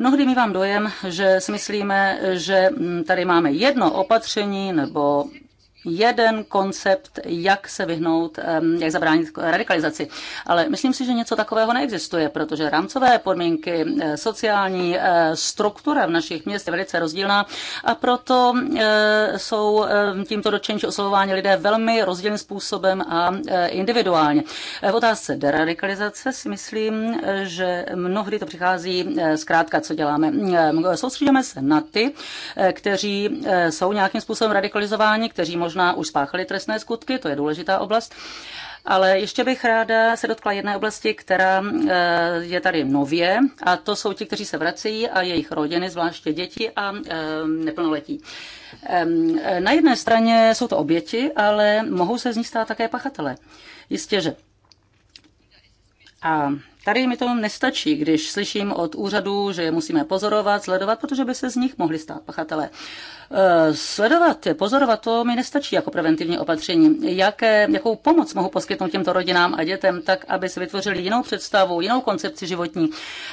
Mnohdy mi vám dojem, že si myslíme, že mm, tady máme jedno opatření nebo jeden koncept, jak se vyhnout, jak zabránit radikalizaci. Ale myslím si, že něco takového neexistuje, protože rámcové podmínky, sociální struktura v našich městech je velice rozdílná a proto jsou tímto dotčenči oslovování lidé velmi rozdílným způsobem a individuálně. V otázce deradikalizace si myslím, že mnohdy to přichází zkrátka, co děláme. Soustředíme se na ty, kteří jsou nějakým způsobem radikalizováni, kteří možná možná už spáchali trestné skutky, to je důležitá oblast. Ale ještě bych ráda se dotkla jedné oblasti, která eh, je tady nově, a to jsou ti, kteří se vrací a jejich rodiny, zvláště děti a eh, neplnoletí. Na jedné straně jsou to oběti, ale mohou se z nich stát také pachatele. Jistě, že. A Tady mi to nestačí, když slyším od úřadů, že je musíme pozorovat, sledovat, protože by se z nich mohli stát pachatelé. Eh, sledovat, pozorovat, to mi nestačí jako preventivní opatření. Jaké, jakou pomoc mohu poskytnout těmto rodinám a dětem, tak aby se vytvořili jinou představu, jinou koncepci životní,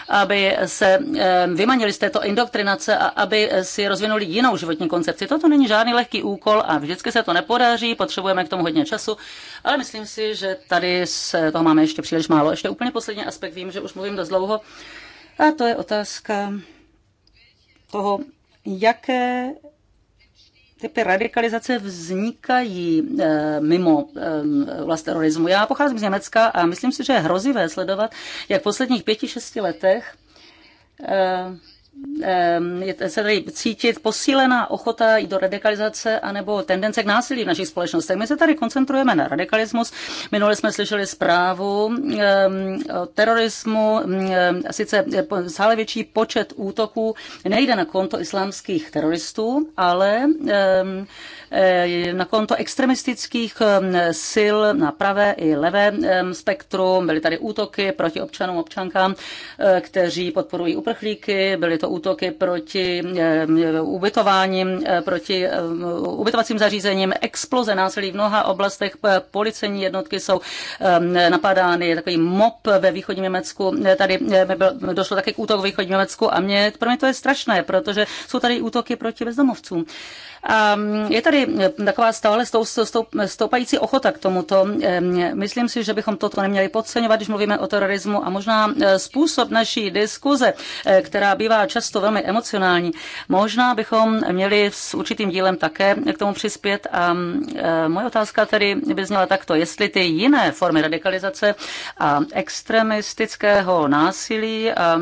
aby se eh, vymanili z této indoktrinace a aby si rozvinuli jinou životní koncepci. Toto není žádný lehký úkol a vždycky se to nepodaří, potřebujeme k tomu hodně času, ale myslím si, že tady se toho máme ještě příliš málo. Ještě úplně poslední aspekt, vím, že už mluvím dost dlouho, a to je otázka toho, jaké typy radikalizace vznikají eh, mimo vlast eh, terorismu. Já pocházím z Německa a myslím si, že je hrozivé sledovat, jak v posledních pěti, šesti letech eh, Ehm, je se tady cítit posílená ochota i do radikalizace anebo tendence k násilí v našich společnostech. My se tady koncentrujeme na radikalismus. Minule jsme slyšeli zprávu ehm, o terorismu. Ehm, sice e, stále větší počet útoků nejde na konto islámských teroristů, ale Eh, na konto extremistických ehm, sil na pravé i levé ehm, spektru. Byly tady útoky proti občanům, občankám, eh, kteří podporují uprchlíky, byly to útoky proti ehm, ubytováním, eh, proti ubytovacím zařízením, exploze násilí v mnoha oblastech, policejní jednotky jsou napadány, takový mob ve východním Německu, tady došlo také k útoku v východním Německu a mě, pro mě to je strašné, protože jsou tady útoky proti bezdomovcům. A ehm, je tady eh, taková stále stoupající ochota k tomuto. Ehm, myslím si, že bychom toto neměli podceňovat, když mluvíme o terorismu a možná eh, způsob naší diskuze, eh, která bývá často velmi emocionální, možná bychom měli s určitým dílem také k tomu přispět. A ehm, moje otázka tedy by zněla takto, jestli ty jiné formy radikalizace a extremistického násilí, a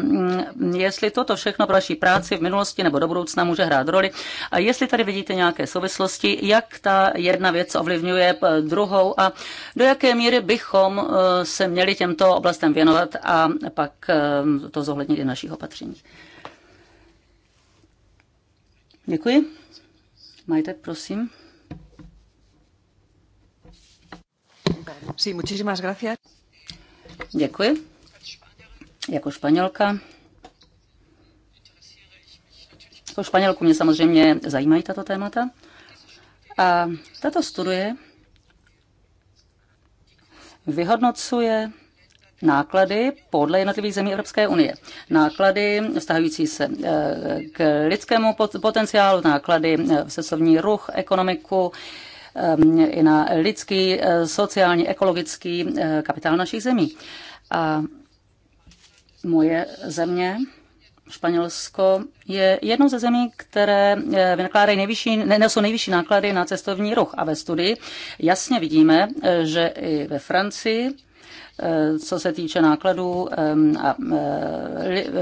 jestli toto všechno pro vaší práci v minulosti nebo do budoucna může hrát roli a jestli tady vidíte vidíte nějaké souvislosti, jak ta jedna věc ovlivňuje eh, druhou a do jaké míry bychom eh, se měli těmto oblastem věnovat a pak eh, to zohlednit i v našich opatřeních. Děkuji. Majte, prosím. Sí, muchísimas gracias. Děkuji. Jako španělka to Španělku mě samozřejmě zajímají tato témata. A tato studie vyhodnocuje náklady podle jednotlivých zemí Evropské unie. Náklady vztahující se eh, k lidskému potenciálu, náklady v eh, cestovní ruch, ekonomiku, eh, i na lidský, sociální, ekologický kapitál našich zemí. A moje země Španělsko je jednou ze zemí, které eh, vynakládají nejvyšší, nesou nejvyšší náklady na cestovní ruch. A ve studii jasně vidíme, eh, že i ve Francii eh, co se týče nákladů a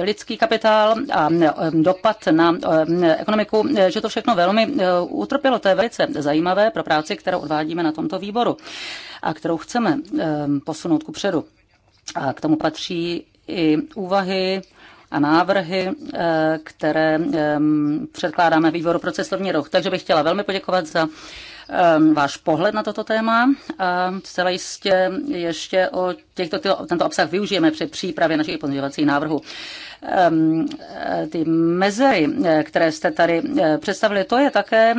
lidský kapitál a dopad na ekonomiku, že to všechno velmi utrpělo. To je velice zajímavé pro práci, kterou odvádíme na tomto výboru a kterou chceme posunout ku předu. A k tomu patří i úvahy a návrhy, eh, které eh, předkládáme výboru pro cestovní ruch. Takže bych chtěla velmi poděkovat za ehm, váš pohled na toto téma. A zcela jistě ještě o těchto, tento obsah využijeme při přípravě našich pozměňovacích návrhů. Ehm, eh, ty mezery, eh, které jste tady eh, představili, to je také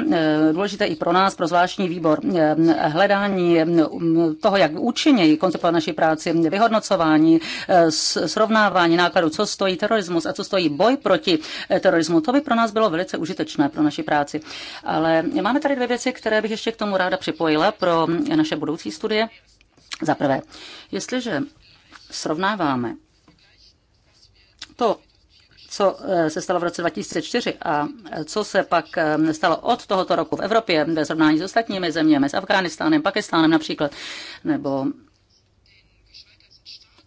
důležité i pro nás, pro zvláštní výbor. Ehm, hledání ehm, toho, jak účinněji koncipovat naši práci, vyhodnocování, srovnávání nákladů, co stojí terorismus a co stojí boj proti terorismu, to by pro nás bylo velice užitečné pro naši práci. Ale máme tady dvě věci, které bych ještě k tomu ráda připojila pro naše budoucí studie. Za prvé, jestliže srovnáváme to, co eh, se stalo v roce 2004 a co se pak eh, stalo od tohoto roku v Evropě ve srovnání s ostatními zeměmi, s Afghánistánem, Pakistánem například, nebo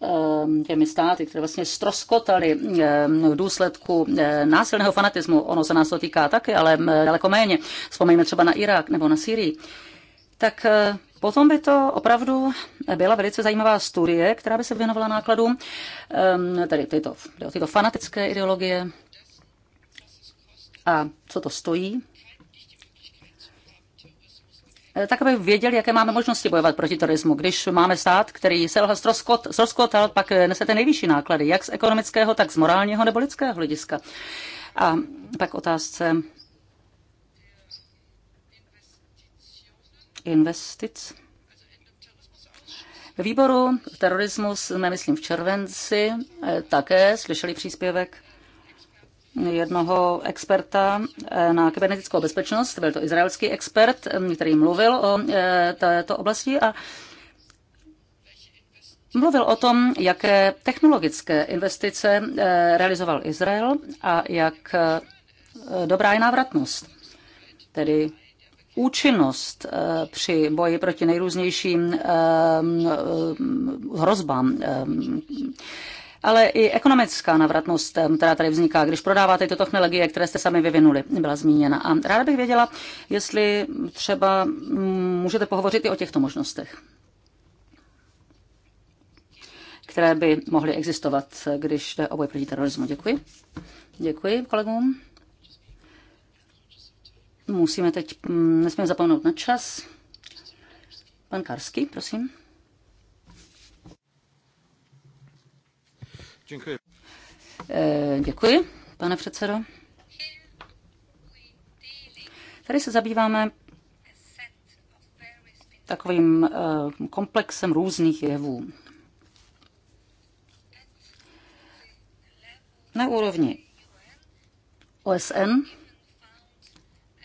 ehm, těmi státy, které vlastně stroskotaly ehm, v důsledku eh, násilného fanatismu. Ono se nás to týká taky, ale daleko méně. Vzpomeňme třeba na Irák nebo na Syrii. Tak Potom by to opravdu byla velice zajímavá studie, která by se věnovala nákladům, ehm, tedy tyto, tyto fanatické ideologie a co to stojí, eh, tak aby věděli, jaké máme možnosti bojovat proti terorismu. Když máme stát, který selhal zrozkotal, pak eh, nesete nejvyšší náklady, jak z ekonomického, tak z morálního nebo lidského hlediska. A pak otázce investic. Ve výboru terorismus jsme, myslím, v červenci eh, také slyšeli příspěvek jednoho experta eh, na kybernetickou bezpečnost, byl to izraelský expert, eh, který mluvil o této oblasti a mluvil o tom, jaké technologické investice realizoval Izrael a jak dobrá je návratnost, tedy účinnost eh, při boji proti nejrůznějším eh, eh, hrozbám ale i ekonomická navratnost, která tady vzniká, když prodáváte tyto technologie, které jste sami vyvinuli, byla zmíněna. A ráda bych věděla, jestli třeba mm, můžete pohovořit i o těchto možnostech které by mohly existovat, když jde o boj proti terorismu. Děkuji. Děkuji kolegům. Musíme teď, mm, nesmíme zapomenout na čas. Pan Karský, prosím. Děkuji. Eh, děkuji, pane předsedo. Tady se zabýváme takovým eh, komplexem různých jevů. Na úrovni OSN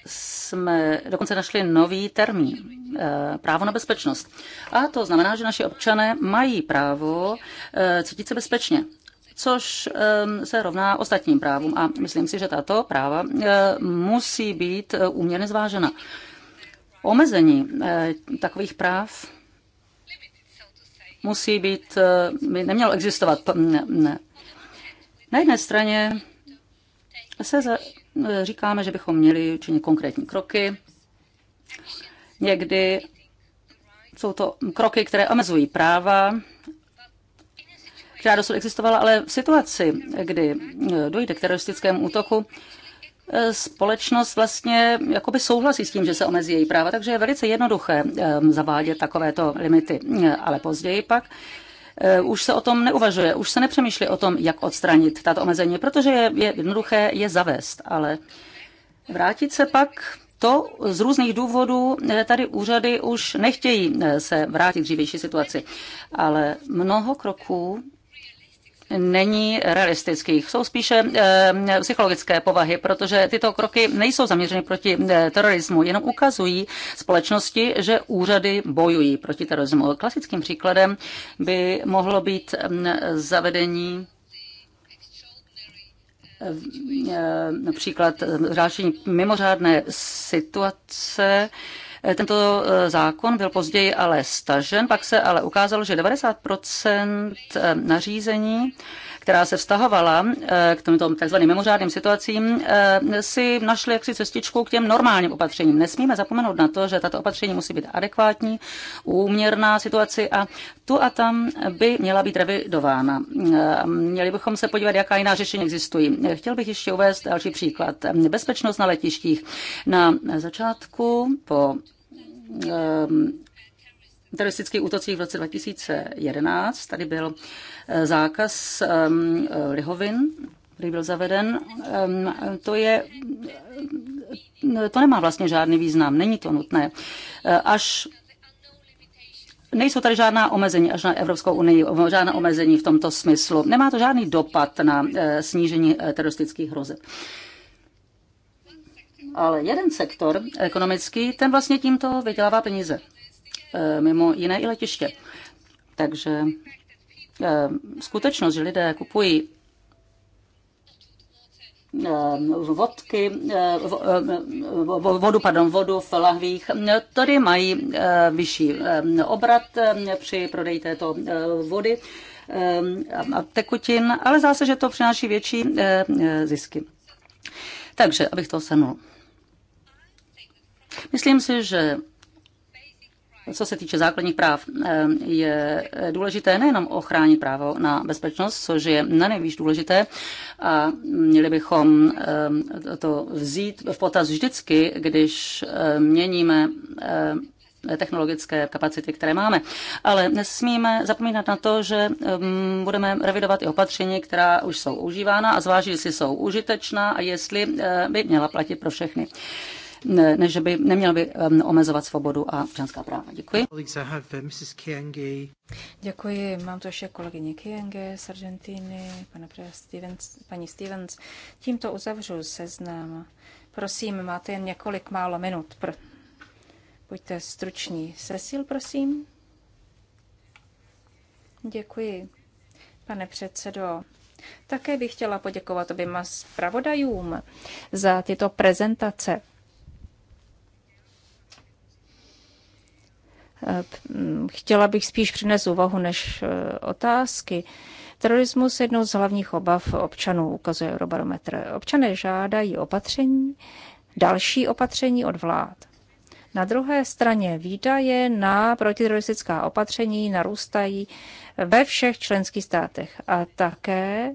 jsme dokonce našli nový termín eh, právo na bezpečnost. A to znamená, že naši občané mají právo eh, cítit se bezpečně což ehm, se rovná ostatním právům. A myslím si, že tato práva eh, musí být úměrně zvážena. Omezení takových práv musí být, by nemělo existovat. Hm, ne. Na jedné straně se za Eh, říkáme, že bychom měli činit konkrétní kroky. Někdy jsou to kroky, které omezují práva, která dosud existovala, ale v situaci, kdy eh, dojde k teroristickému útoku, eh, společnost vlastně jakoby souhlasí s tím, že se omezí její práva, takže je velice jednoduché zavádět takovéto limity. Ale později pak Eh, už se o tom neuvažuje, už se nepřemýšlí o tom, jak odstranit tato omezení, protože je, je jednoduché je zavést, ale vrátit se pak to z různých důvodů eh, tady úřady už nechtějí eh, se vrátit k dřívější situaci. Ale mnoho kroků není realistických. Jsou spíše eh, psychologické povahy, protože tyto kroky nejsou zaměřeny proti eh, terorismu, jenom ukazují společnosti, že úřady bojují proti terorismu. Klasickým příkladem by mohlo být mm, zavedení eh, například řešení mimořádné situace, Eh, tento eh, zákon byl později ale stažen, pak se ale ukázalo, že 90 eh, nařízení která se vztahovala eh, k těmto tzv. mimořádným situacím, eh, si našli jaksi cestičku k těm normálním opatřením. Nesmíme zapomenout na to, že tato opatření musí být adekvátní, úměrná situaci a tu a tam by měla být revidována. Eh, měli bychom se podívat, jaká jiná řešení existují. Chtěl bych ještě uvést další příklad. Bezpečnost na letištích. Na začátku po teroristických útocích v roce 2011. Tady byl eh, zákaz ehm, eh, lihovin, který byl zaveden. Ehm, to je eh, to nemá vlastně žádný význam, není to nutné. Až Nejsou tady žádná omezení až na Evropskou unii, žádná omezení v tomto smyslu. Nemá to žádný dopad na snížení teroristických hrozeb. Ale jeden sektor ekonomický, ten vlastně tímto vydělává peníze. Eh, mimo jiné i letiště. Takže eh, skutečnost, že lidé kupují eh, vodky, vodu, pardon, vodu v lahvích. Tady mají vyšší obrat při prodeji této vody a tekutin, ale zase, že to přináší větší zisky. Takže, abych to shrnul. Myslím si, že co se týče základních práv, eh, je důležité nejenom ochránit právo na bezpečnost, což je na nejvíc důležité, a měli bychom eh, to vzít v potaz vždycky, když eh, měníme technologické kapacity, které máme. Ale nesmíme zapomínat na to, že budeme revidovat i opatření, která už jsou užívána a zvážit, jestli jsou užitečná a jestli by měla platit pro všechny než by neměl by omezovat svobodu a občanská práva. Děkuji. Uh, Děkuji. Mám tu ještě kolegyně Kienge z Argentiny, pana Stevens, paní Stevens. Tímto uzavřu seznam. Prosím, máte jen několik málo minut. Pr- Buďte struční. Cecil, prosím. Děkuji, pane předsedo. Také bych chtěla poděkovat oběma zpravodajům za tyto prezentace. Chtěla bych spíš přinést úvahu než eh, otázky. Terorismus je jednou z hlavních obav občanů, ukazuje Eurobarometr. Občané žádají opatření, další opatření od vlád. Na druhé straně výdaje na protiteroristická opatření narůstají ve všech členských státech a také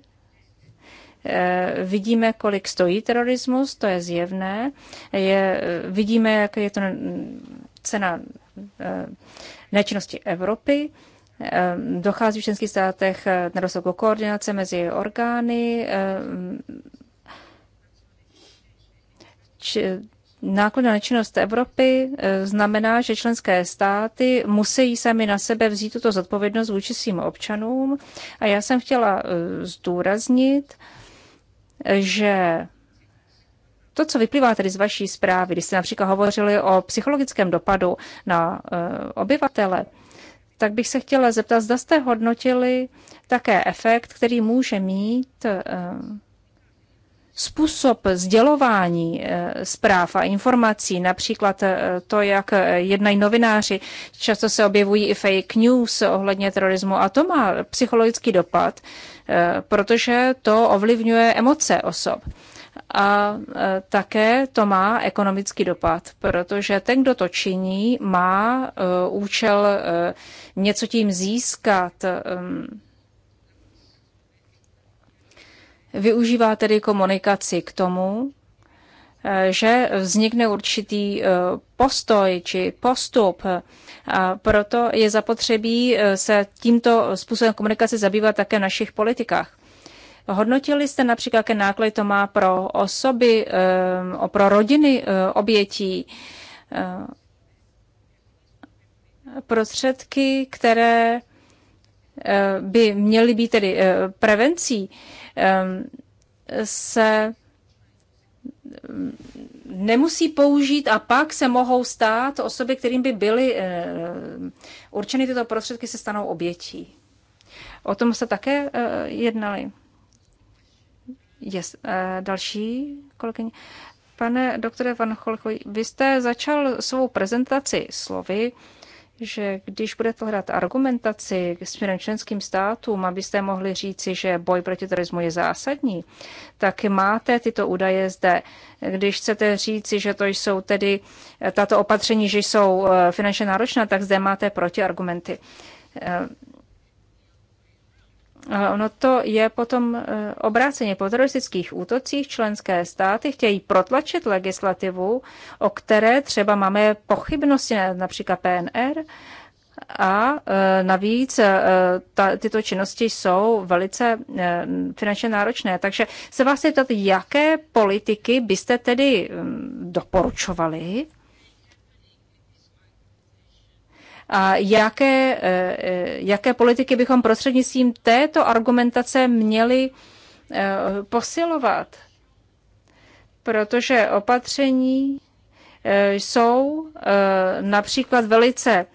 eh, vidíme, kolik stojí terorismus, to je zjevné. Je, eh, vidíme, jak je to cena Eh, nečinnosti Evropy. Eh, dochází v členských státech eh, nedostatku koordinace mezi orgány. Náklad na nečinnost Evropy znamená, že členské státy musí sami na sebe vzít tuto zodpovědnost vůči svým občanům. A já jsem chtěla zdůraznit, že to, co vyplývá tedy z vaší zprávy, když jste například hovořili o psychologickém dopadu na eh, obyvatele, tak bych se chtěla zeptat, zda jste hodnotili také efekt, který může mít eh, způsob sdělování eh, zpráv a informací, například to, jak jednají novináři, často se objevují i fake news ohledně terorismu a to má psychologický dopad, protože to ovlivňuje emoce osob a e, také to má ekonomický dopad, protože ten, kdo to činí, má e, účel e, něco tím získat. Využívá tedy komunikaci k tomu, že vznikne určitý postoj či postup. A proto je zapotřebí se tímto způsobem komunikace zabývat také v našich politikách. Hodnotili jste například, jaké náklady to má pro osoby, eh, pro rodiny eh, obětí, eh, prostředky, které by měly být tedy prevencí, se mm, nemusí použít a pak se mohou stát osoby, kterým by byly určeny tyto prostředky, se stanou obětí. O tom se také jednali. Yes. Eh, další kolegyně. Pane doktore Van Holko, vy jste začal svou prezentaci slovy, že když budete hledat argumentaci směrem členským státům, abyste mohli říci, že boj proti terorismu je zásadní, tak máte tyto údaje zde. Když chcete říci, že to jsou tedy eh, tato opatření, že jsou eh, finančně náročná, tak zde máte protiargumenty. Ale ono to je potom e, obráceně. Po teroristických útocích členské státy chtějí protlačit legislativu, o které třeba máme pochybnosti, například PNR, a e, navíc e, ta, tyto činnosti jsou velice finančně náročné. Takže se vás chci ptat, jaké politiky byste tedy mm, doporučovali a jaké, eh, eh, jaké politiky bychom prostřednictvím této argumentace měli eh, posilovat. Protože opatření jsou například velice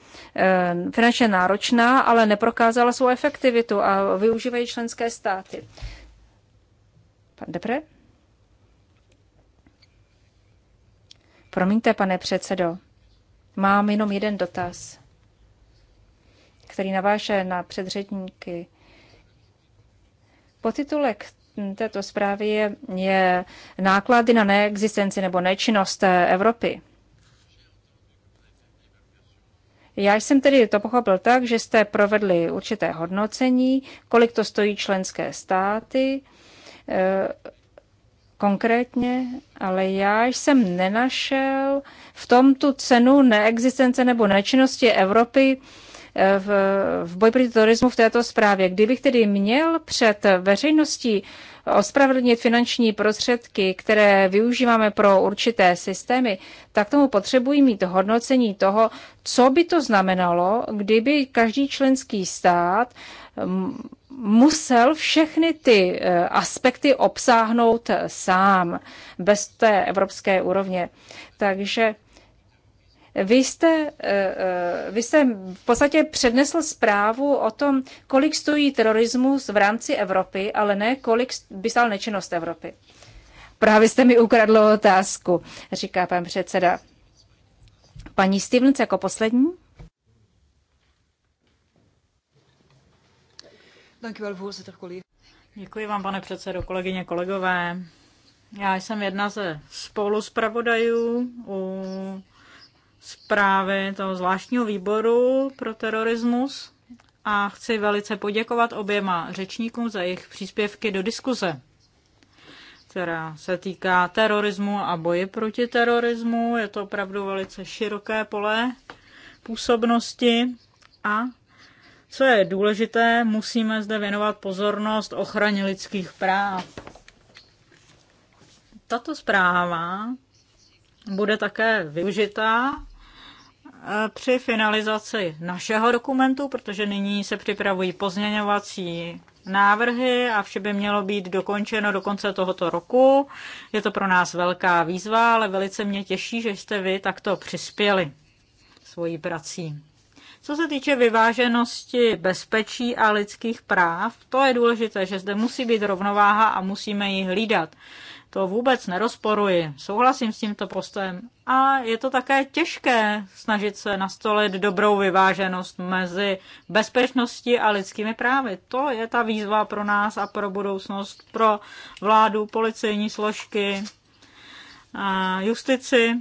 finančně náročná, ale neprokázala svou efektivitu a využívají členské státy. Pan Depre? Promiňte, pane předsedo, mám jenom jeden dotaz který naváže na předředníky. Potitulek této zprávy je, je náklady na neexistenci nebo nečinnost Evropy. Já jsem tedy to pochopil tak, že jste provedli určité hodnocení, kolik to stojí členské státy e, konkrétně, ale já jsem nenašel v tom tu cenu neexistence nebo nečinnosti Evropy v, v boji proti terorismu v této zprávě. Kdybych tedy měl před veřejností ospravedlnit finanční prostředky, které využíváme pro určité systémy, tak tomu potřebují mít hodnocení toho, co by to znamenalo, kdyby každý členský stát musel všechny ty eh, aspekty obsáhnout sám, bez té evropské úrovně. Takže vy jste, eh, eh, vy jste v podstatě přednesl zprávu o tom, kolik stojí terorismus v rámci Evropy, ale ne kolik by stál nečinnost Evropy. Právě jste mi ukradl otázku, říká pan předseda. Paní Stevens jako poslední. Děkuji vám, pane předsedo, kolegyně, kolegové. Já jsem jedna ze spoluzpravodajů u zprávy toho zvláštního výboru pro terorismus a chci velice poděkovat oběma řečníkům za jejich příspěvky do diskuze, která se týká terorismu a boje proti terorismu. Je to opravdu velice široké pole působnosti a co je důležité, musíme zde věnovat pozornost ochraně lidských práv. Tato zpráva bude také využitá při finalizaci našeho dokumentu, protože nyní se připravují pozměňovací návrhy a vše by mělo být dokončeno do konce tohoto roku. Je to pro nás velká výzva, ale velice mě těší, že jste vy takto přispěli svojí prací. Co se týče vyváženosti bezpečí a lidských práv, to je důležité, že zde musí být rovnováha a musíme ji hlídat. To vůbec nerozporuji. Souhlasím s tímto postojem. A je to také těžké snažit se nastolit dobrou vyváženost mezi bezpečností a lidskými právy. To je ta výzva pro nás a pro budoucnost, pro vládu, policejní složky, justici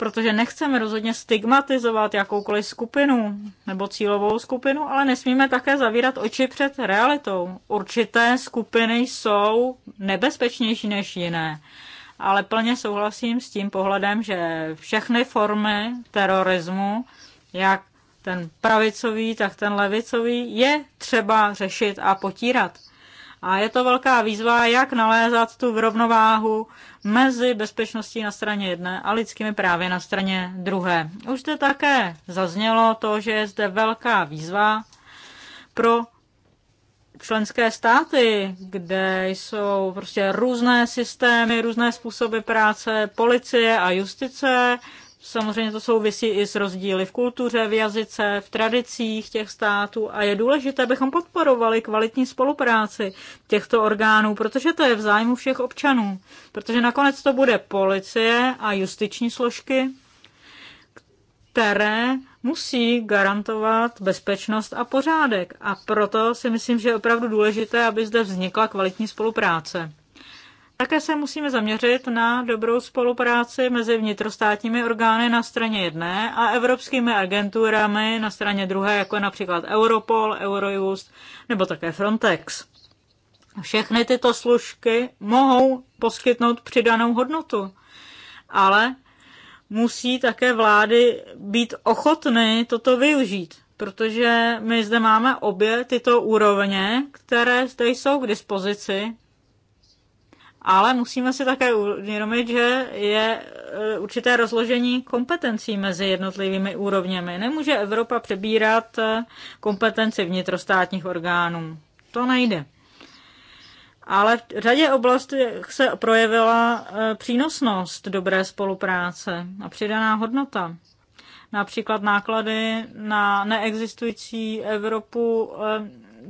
protože nechceme rozhodně stigmatizovat jakoukoliv skupinu nebo cílovou skupinu, ale nesmíme také zavírat oči před realitou. Určité skupiny jsou nebezpečnější než jiné, ale plně souhlasím s tím pohledem, že všechny formy terorismu, jak ten pravicový, tak ten levicový, je třeba řešit a potírat. A je to velká výzva, jak nalézat tu rovnováhu mezi bezpečností na straně jedné a lidskými právy na straně druhé. Už zde také zaznělo to, že je zde velká výzva pro členské státy, kde jsou prostě různé systémy, různé způsoby práce policie a justice, Samozřejmě to souvisí i s rozdíly v kultuře, v jazyce, v tradicích těch států a je důležité, abychom podporovali kvalitní spolupráci těchto orgánů, protože to je v zájmu všech občanů. Protože nakonec to bude policie a justiční složky, které musí garantovat bezpečnost a pořádek. A proto si myslím, že je opravdu důležité, aby zde vznikla kvalitní spolupráce. Také se musíme zaměřit na dobrou spolupráci mezi vnitrostátními orgány na straně jedné a evropskými agenturami na straně druhé, jako je například Europol, Eurojust nebo také Frontex. Všechny tyto služky mohou poskytnout přidanou hodnotu, ale musí také vlády být ochotny toto využít, protože my zde máme obě tyto úrovně, které zde jsou k dispozici ale musíme si také uvědomit, že je e, určité rozložení kompetencí mezi jednotlivými úrovněmi. Nemůže Evropa přebírat e, kompetenci vnitrostátních orgánů. To nejde. Ale v řadě oblastí se projevila e, přínosnost dobré spolupráce a přidaná hodnota. Například náklady na neexistující Evropu.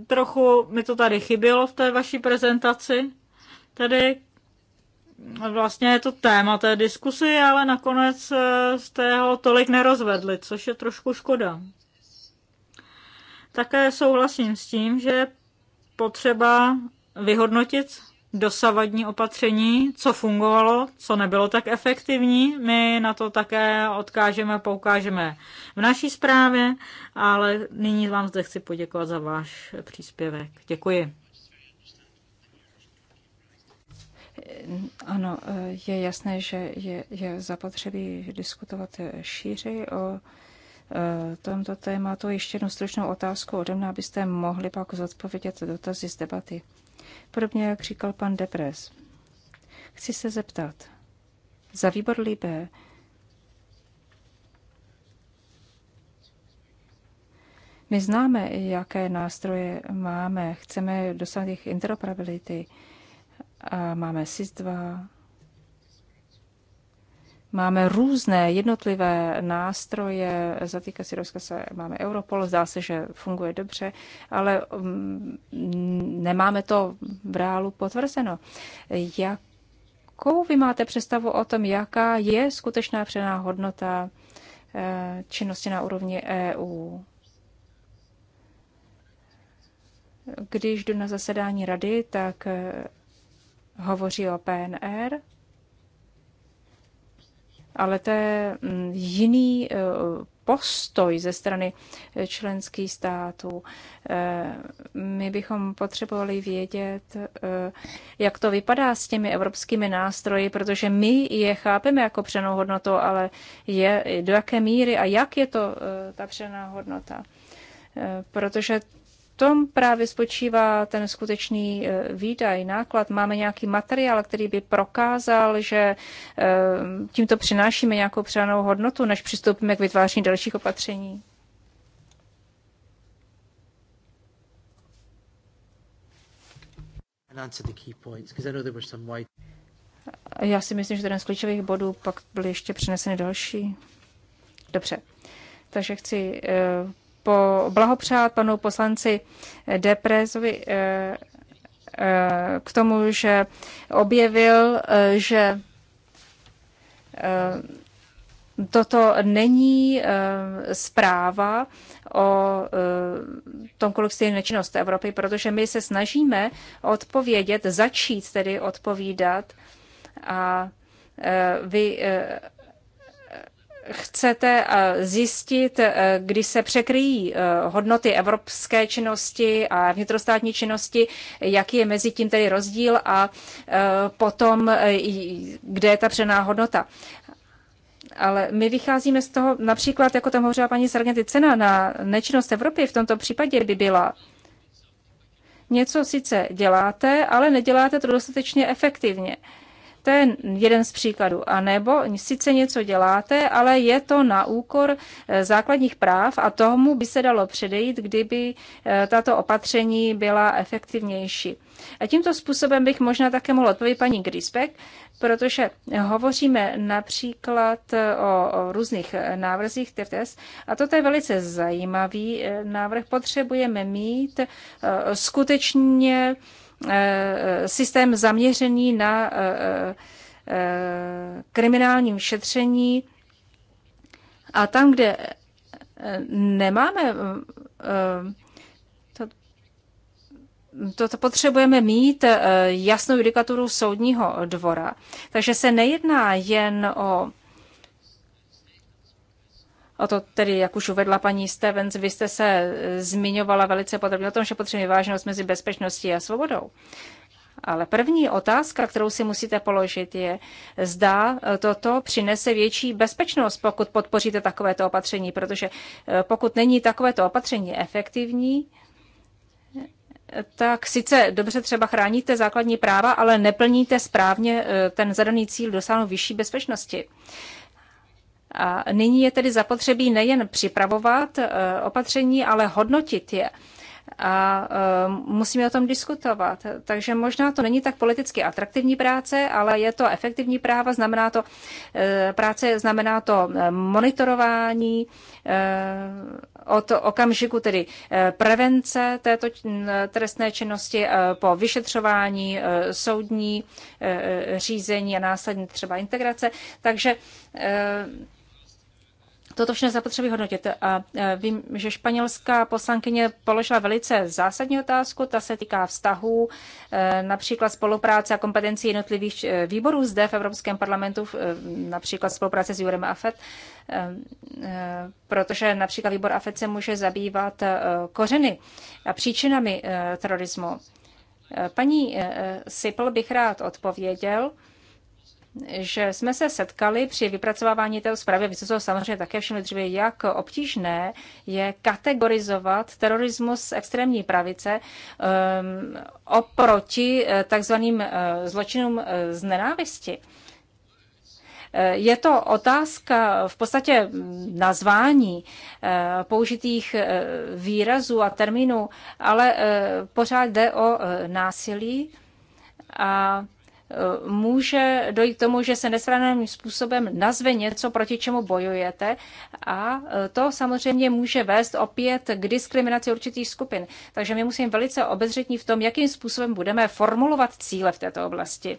Trochu mi to tady chybělo v té vaší prezentaci, Tedy vlastně je to téma té diskusy, ale nakonec eh, jste ho tolik nerozvedli, což je trošku škoda. Také souhlasím s tím, že potřeba vyhodnotit dosavadní opatření, co fungovalo, co nebylo tak efektivní. My na to také odkážeme, poukážeme v naší zprávě, ale nyní vám zde chci poděkovat za váš příspěvek. Děkuji. Ano, je jasné, že je, je zapotřebí diskutovat šíři o e, tomto tématu. Ještě jednu stručnou otázku ode mne, abyste mohli pak zodpovědět dotazy z debaty. Podobně, jak říkal pan Depres. Chci se zeptat. Za výbor Libé My známe, jaké nástroje máme, chceme dosáhnout jejich interoperability. A máme SIS-2. Máme různé jednotlivé nástroje, zatýká si rozkaze, máme Europol, zdá se, že funguje dobře, ale mm, nemáme to v reálu potvrzeno. Jakou vy máte představu o tom, jaká je skutečná přená hodnota eh, činnosti na úrovni EU? Když jdu na zasedání rady, tak eh, hovoří o PNR, ale to je mm, jiný e, postoj ze strany členských států. E, my bychom potřebovali vědět, e, jak to vypadá s těmi evropskými nástroji, protože my je chápeme jako přenou hodnotu, ale je, do jaké míry a jak je to ta přená hodnota. Protože tom právě spočívá ten skutečný eh, výdaj, náklad. Máme nějaký materiál, který by prokázal, že eh, tímto přinášíme nějakou přidanou hodnotu, než přistoupíme k vytváření dalších opatření. Já si myslím, že ten z klíčových bodů pak byly ještě přineseny další. Dobře. Takže chci eh, po blahopřát panu poslanci Deprezovi eh, eh, k tomu, že objevil, eh, že toto není zpráva o tom, kolik je Evropy, protože my se snažíme odpovědět, začít tedy odpovídat a vy chcete eh, zjistit, eh, kdy se překryjí eh, hodnoty evropské činnosti a vnitrostátní činnosti, jaký je mezi tím tedy rozdíl a potom, kde je ta přená hodnota. Ale my vycházíme z toho, například, jako tam hovořila paní Sargenty, cena na nečinnost Evropy v tomto případě by byla něco sice děláte, ale neděláte to dostatečně efektivně. Uh, to je jeden z příkladů. A nebo sice něco děláte, ale je to na úkor eh, základních práv a tomu by se dalo předejít, kdyby eh, tato opatření byla efektivnější. A tímto způsobem bych možná také mohla odpovědět paní Grisbeck, protože hovoříme například eh, o, o různých návrzích TFTS a toto je velice zajímavý návrh. Potřebujeme mít skutečně Eh, systém zaměřený na eh, eh, kriminálním šetření. A tam, kde nemáme to, to potřebujeme mít jasnou judikaturu soudního dvora. Takže se nejedná jen o O to tedy, jak už uvedla paní Stevens, vy jste se e, zmiňovala velice podrobně o tom, že potřebujeme vážnost mezi bezpečností a svobodou. Ale první otázka, kterou si musíte položit, je, zda e, toto přinese větší bezpečnost, pokud podpoříte takovéto opatření, protože e, pokud není takovéto opatření efektivní, tak sice dobře třeba chráníte základní práva, ale neplníte správně ten zadaný cíl dosáhnout vyšší bezpečnosti. A nyní je tedy zapotřebí nejen připravovat eh, opatření, ale hodnotit je. A eh, musíme o tom diskutovat. Takže možná to není tak politicky atraktivní práce, ale je to efektivní práva, znamená to eh, práce, znamená to monitorování od okamžiku tedy prevence této trestné činnosti po vyšetřování, soudní řízení a následně třeba integrace. Takže Toto všechno zapotřebí hodnotit. A e, vím, že španělská poslankyně položila velice zásadní otázku, ta se týká vztahů, e, například spolupráce a kompetencí jednotlivých e, výborů zde v Evropském parlamentu, například spolupráce s Jurem AFET, protože například výbor AFET se může zabývat kořeny a příčinami terorismu. Paní Sipl bych rád odpověděl že jsme se setkali při vypracovávání té zprávy, vy jste se samozřejmě také všimli dříve, jak obtížné je kategorizovat terorismus extrémní pravice um, oproti eh, takzvaným eh, zločinům eh, z nenávisti. Je to otázka v podstatě nazvání použitých výrazů a termínů, ale pořád jde o násilí a může dojít k tomu, že se nesprávným způsobem nazve něco, proti čemu bojujete a e, to samozřejmě může vést opět k diskriminaci určitých skupin. Takže my musíme velice obezřetní v tom, jakým způsobem budeme formulovat cíle v této oblasti.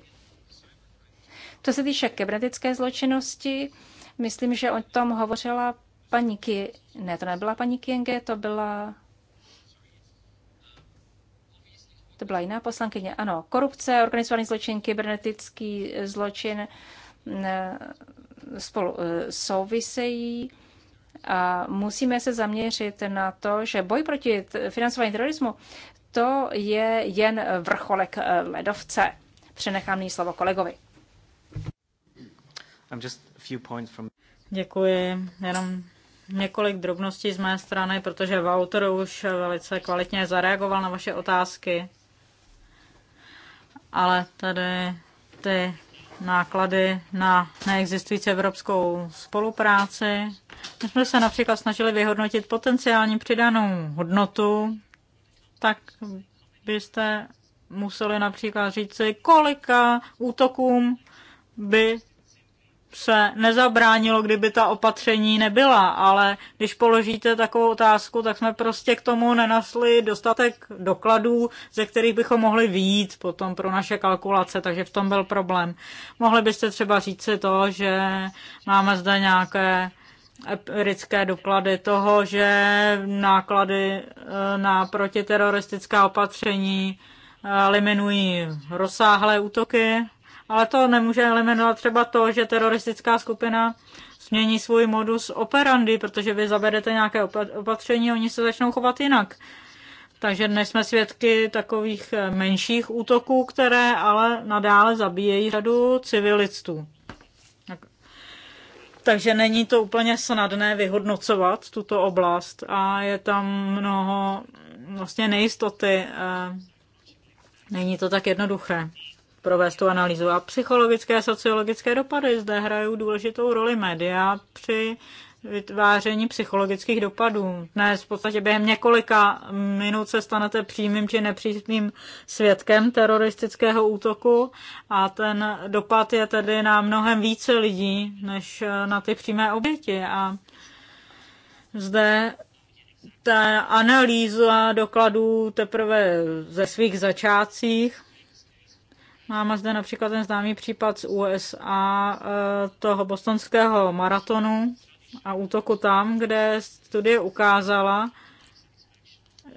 Co se týče kybernetické zločinnosti, myslím, že o tom hovořila paní Ki... Ne, to nebyla paní Kienge, to byla to byla jiná poslankyně, ano, korupce, organizovaný zločin, kybernetický zločin eh, spolu eh, souvisejí a musíme se zaměřit na to, že boj proti financování terorismu, to je jen vrcholek eh, ledovce. Přenechám nyní slovo kolegovi. From... Děkuji. Jenom několik drobností z mé strany, protože Wouter už velice kvalitně zareagoval na vaše otázky ale tady ty náklady na neexistující evropskou spolupráci. My jsme se například snažili vyhodnotit potenciální přidanou hodnotu, tak byste museli například říci, kolika útokům by se nezabránilo, kdyby ta opatření nebyla, ale když položíte takovou otázku, tak jsme prostě k tomu nenasli dostatek dokladů, ze kterých bychom mohli výjít potom pro naše kalkulace, takže v tom byl problém. Mohli byste třeba říct si to, že máme zde nějaké empirické doklady toho, že náklady e, na protiteroristická opatření e, eliminují rozsáhlé útoky, ale to nemůže eliminovat třeba to, že teroristická skupina změní svůj modus operandi, protože vy zavedete nějaké opatření, oni se začnou chovat jinak. Takže dnes jsme svědky takových eh, menších útoků, které ale nadále zabíjejí řadu civilistů. Takže není to úplně snadné vyhodnocovat tuto oblast a je tam mnoho vlastně nejistoty. Eh, není to tak jednoduché provést tu analýzu. A psychologické a sociologické dopady zde hrají důležitou roli média při vytváření psychologických dopadů. Ne, v podstatě během několika minut se stanete přímým či nepřímým svědkem teroristického útoku a ten dopad je tedy na mnohem více lidí než na ty přímé oběti. A zde ta analýza dokladů teprve ze svých začátcích Máme zde například ten známý případ z USA eh, toho bostonského maratonu a útoku tam, kde studie ukázala,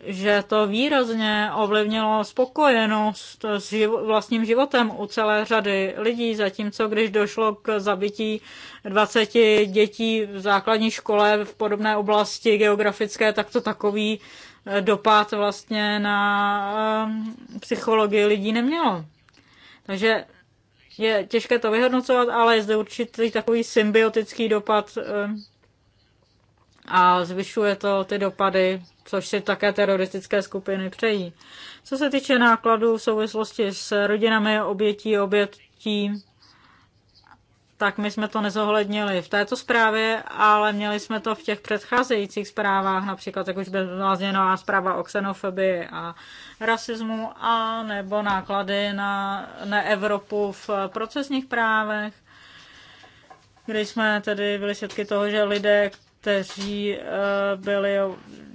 že to výrazně ovlivnilo spokojenost s živo- vlastním životem u celé řady lidí, zatímco když došlo k zabití 20 dětí v základní škole v podobné oblasti geografické, tak to takový eh, dopad vlastně na eh, psychologii lidí nemělo. Takže je těžké to vyhodnocovat, ale je zde určitý takový symbiotický dopad eh, a zvyšuje to ty dopady, což si také teroristické skupiny přejí. Co se týče nákladů v souvislosti s rodinami obětí, obětí, tak my jsme to nezohlednili v této zprávě, ale měli jsme to v těch předcházejících zprávách, například jak už byla změnová zpráva o xenofobii a rasismu, a nebo náklady na, na Evropu v procesních právech, kdy jsme tedy byli svědky toho, že lidé, kteří eh, byli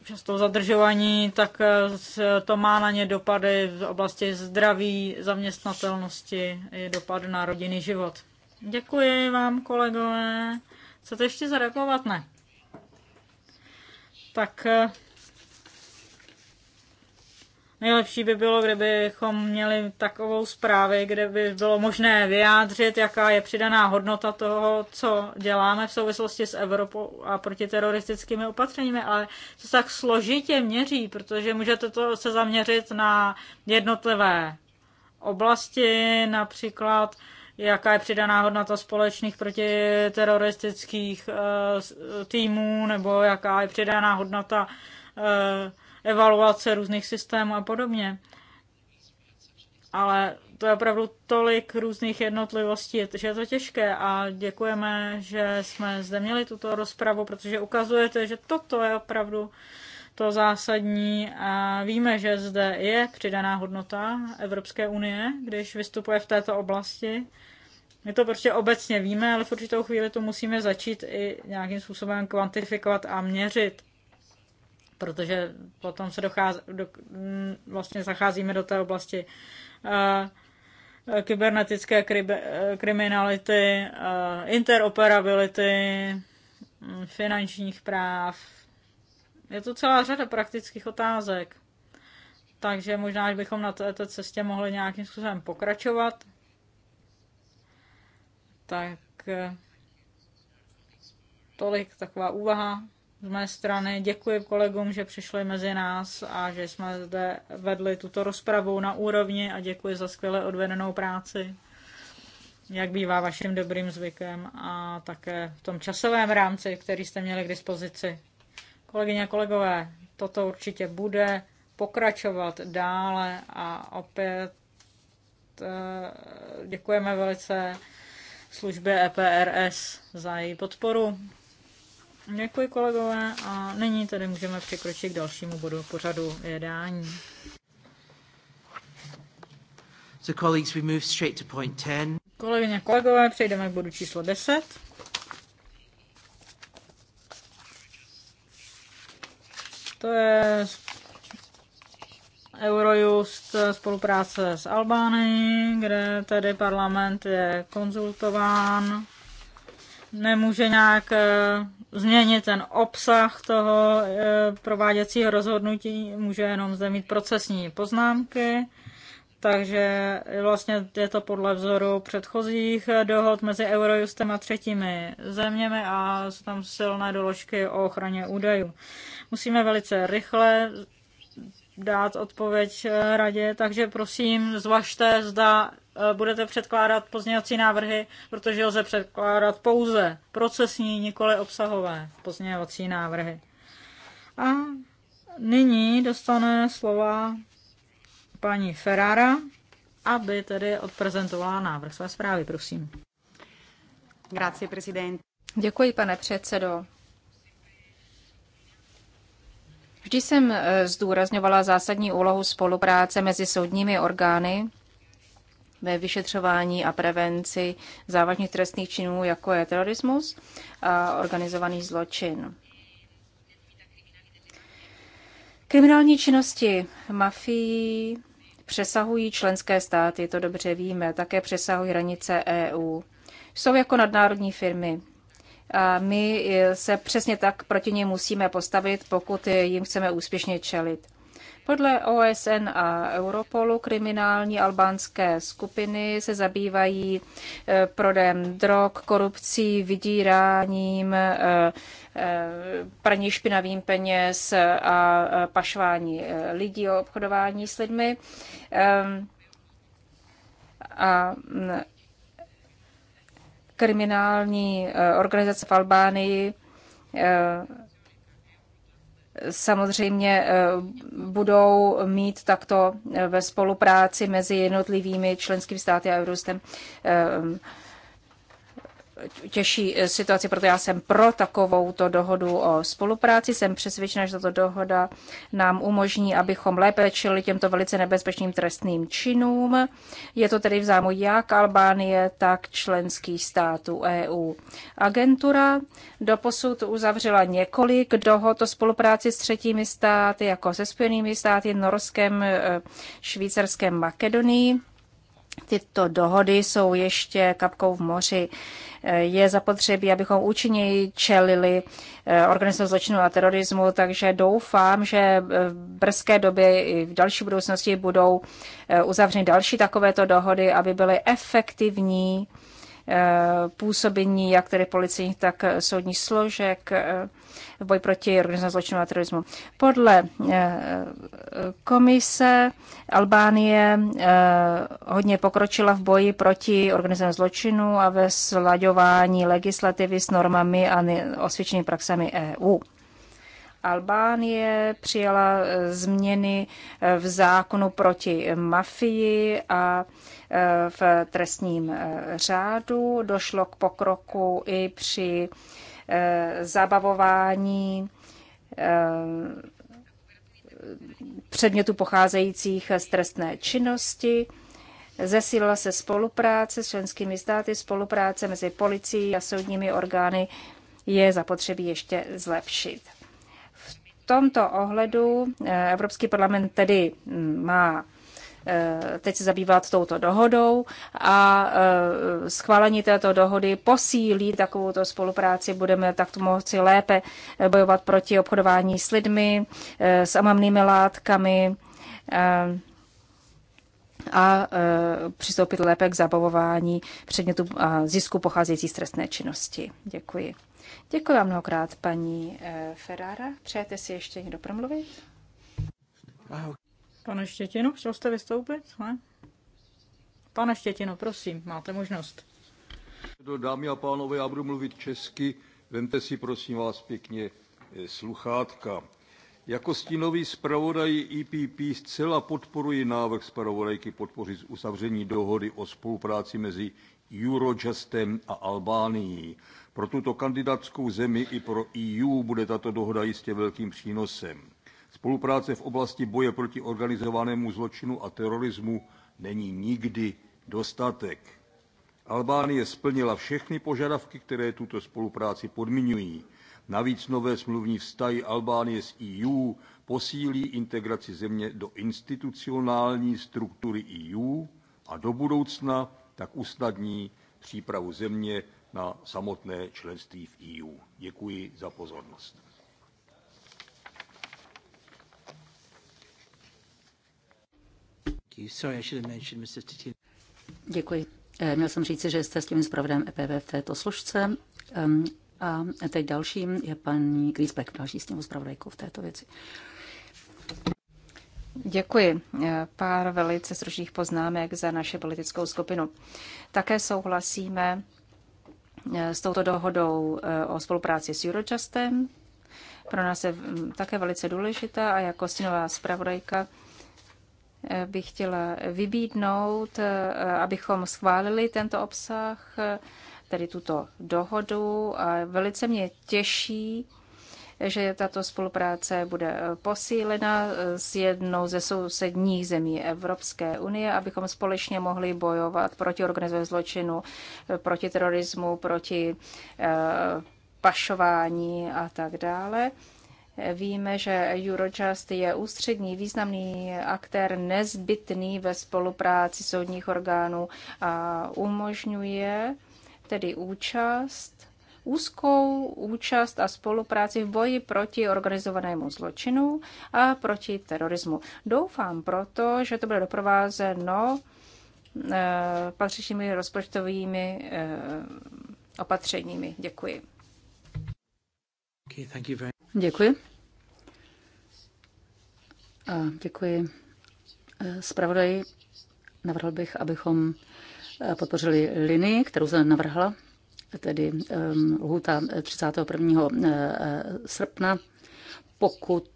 často zadržovaní, tak eh, to má na ně dopady v oblasti zdraví, zaměstnatelnosti i dopad na rodinný život. Děkuji vám, kolegové. Chcete ještě zareagovat? Ne. Tak eh, nejlepší by bylo, kdybychom měli takovou zprávy, kde by bylo možné vyjádřit, jaká je přidaná hodnota toho, co děláme v souvislosti s Evropou a protiteroristickými opatřeními, ale to se tak složitě měří, protože můžete to se zaměřit na jednotlivé oblasti, například jaká je přidaná hodnota společných protiteroristických eh, týmů, nebo jaká je přidaná hodnota eh, evaluace různých systémů a podobně. Ale to je opravdu tolik různých jednotlivostí, že je to těžké a děkujeme, že jsme zde měli tuto rozpravu, protože ukazujete, že toto je opravdu to zásadní a víme, že zde je přidaná hodnota Evropské unie, když vystupuje v této oblasti my to prostě obecně víme, ale v určitou chvíli to musíme začít i nějakým způsobem kvantifikovat a měřit. Protože potom se dochází, do, mm, vlastně zacházíme do té oblasti uh, kybernetické kribe, eh, kriminality, uh, interoperability, mm, finančních práv. Je to celá řada praktických otázek. Takže možná, že bychom na této cestě mohli nějakým způsobem pokračovat. Tak eh, tolik taková úvaha z mé strany. Děkuji kolegům, že přišli mezi nás a že jsme zde vedli tuto rozpravu na úrovni a děkuji za skvěle odvedenou práci, jak bývá vaším dobrým zvykem a také v tom časovém rámci, který jste měli k dispozici. Kolegyně a kolegové, toto určitě bude pokračovat dále a opět eh, děkujeme velice službě EPRS za její podporu. Děkuji kolegové a nyní tedy můžeme překročit k dalšímu bodu pořadu jedání. So colleagues, we move straight to point 10. Kolegyně, kolegové, přejdeme k bodu číslo 10. To je Eurojust eh, spolupráce s Albánií, kde tedy parlament je konzultován. Nemůže nějak eh, změnit ten obsah toho eh, prováděcího rozhodnutí, může jenom zde mít procesní poznámky. Takže vlastně je to podle vzoru předchozích dohod mezi Eurojustem a třetími zeměmi a jsou tam silné doložky o ochraně údajů. Musíme velice rychle dát odpověď eh, radě, takže prosím zvažte, zda eh, budete předkládat pozměňovací návrhy, protože lze předkládat pouze procesní, nikoli obsahové pozměňovací návrhy. A nyní dostane slova paní Ferrara, aby tedy odprezentovala návrh své zprávy, prosím. Grazie, Děkuji, pane předsedo. Vždy jsem e, zdůrazňovala zásadní úlohu spolupráce mezi soudními orgány ve vyšetřování a prevenci závažných trestných činů, jako je terorismus a organizovaný zločin. Kriminální činnosti mafii přesahují členské státy, to dobře víme, také přesahují hranice EU. Jsou jako nadnárodní firmy. A my se přesně tak proti ní musíme postavit, pokud jim chceme úspěšně čelit. Podle OSN a Europolu kriminální albánské skupiny se zabývají e, prodejem drog, korupcí, vydíráním, e, e, praní špinavým peněz a pašování lidí o obchodování s lidmi. Ehm, a kriminální eh, organizace v Albánii eh, samozřejmě eh, budou mít takto ve spolupráci mezi jednotlivými členskými státy a Eurostem těžší eh, situaci, proto já jsem pro takovouto dohodu o spolupráci. Jsem přesvědčena, že tato dohoda nám umožní, abychom lépe čili těmto velice nebezpečným trestným činům. Je to tedy v zájmu jak Albánie, tak členských států EU. Agentura doposud uzavřela několik dohod o spolupráci s třetími státy, jako se Spojenými státy, Norskem, eh, Švýcarském, Makedonii. Tyto dohody jsou ještě kapkou v moři je zapotřebí, abychom účinněji čelili eh, organizace zločinu a terorismu, takže doufám, že eh, v brzké době i v další budoucnosti budou eh, uzavřeny další takovéto dohody, aby byly efektivní Eh, působení jak tedy policejních, tak soudních složek eh, v boji proti organizovanému zločinu a terorismu. Podle eh, komise Albánie hodně pokročila v boji proti organizovanému zločinu a ve slaďování legislativy s normami a osvědčenými praxemi EU. Albánie přijala změny v zákonu proti mafii a v trestním eh, řádu. Došlo k pokroku i při eh, zabavování eh, předmětů pocházejících z trestné činnosti. Zesílila se spolupráce s členskými státy, spolupráce mezi policií a soudními orgány je zapotřebí ještě zlepšit. V tomto ohledu Evropský parlament tedy mm, má Eh, teď se zabývat touto dohodou a eh, schválení této dohody posílí takovou spolupráci. Budeme takto moci lépe bojovat proti obchodování s lidmi, eh, s amamnými látkami a přistoupit lépe k zabavování předmětu a zisku pocházející z trestné činnosti. Děkuji. Děkuji vám mnohokrát, paní Ferrara. Přejete si ještě někdo promluvit? Pane Štětino, chtěl jste vystoupit? Ne? Pane Štětino, prosím, máte možnost. No, dámy a pánové, já budu mluvit česky. Vemte si, prosím vás, pěkně eh, sluchátka. Jako stínový zpravodaj IPP e zcela podporuji návrh zpravodajky podpořit uzavření dohody o spolupráci mezi Eurojustem a Albánií. Pro tuto kandidátskou zemi i pro EU bude tato dohoda jistě velkým přínosem. Spolupráce v oblasti boje proti organizovanému zločinu a terorismu není nikdy dostatek. Albánie splnila všechny požadavky, které tuto spolupráci podmiňují. Navíc nové smluvní vztahy Albánie s EU posílí integraci země do institucionální struktury EU a do budoucna tak usnadní přípravu země na samotné členství v EU. Děkuji za pozornost. Sorry, Děkuji. Eh, měl jsem říci, že jste s tím zpravodajem EPV v této složce. Ehm, a teď dalším je paní Griesbeck, další s tím zpravodajkou v této věci. Děkuji. Eh, pár velice stručných poznámek za naše politickou skupinu. Také souhlasíme eh, s touto dohodou o spolupráci s Eurojustem. Pro nás je mm, také velice důležitá a jako synová zpravodajka bych chtěla vybídnout, eh, abychom schválili tento obsah, eh, tedy tuto dohodu. A velice mě těší, že tato spolupráce bude eh, posílena s jednou ze sousedních zemí Evropské unie, abychom společně mohli bojovat proti organizovanému zločinu, proti terorismu, proti pašování a tak dále. Víme, že Eurojust je ústřední významný aktér nezbytný ve spolupráci soudních orgánů a umožňuje tedy účast, úzkou účast a spolupráci v boji proti organizovanému zločinu a proti terorismu. Doufám proto, že to bude doprovázeno eh, patřičnými rozpočtovými eh, opatřeními. Děkuji. Děkuji. A děkuji eh, zpravodaji. Navrhl bych, abychom eh, podpořili linii, kterou jsem navrhla, tedy ehm, lhůta 31. Eh, srpna, pokud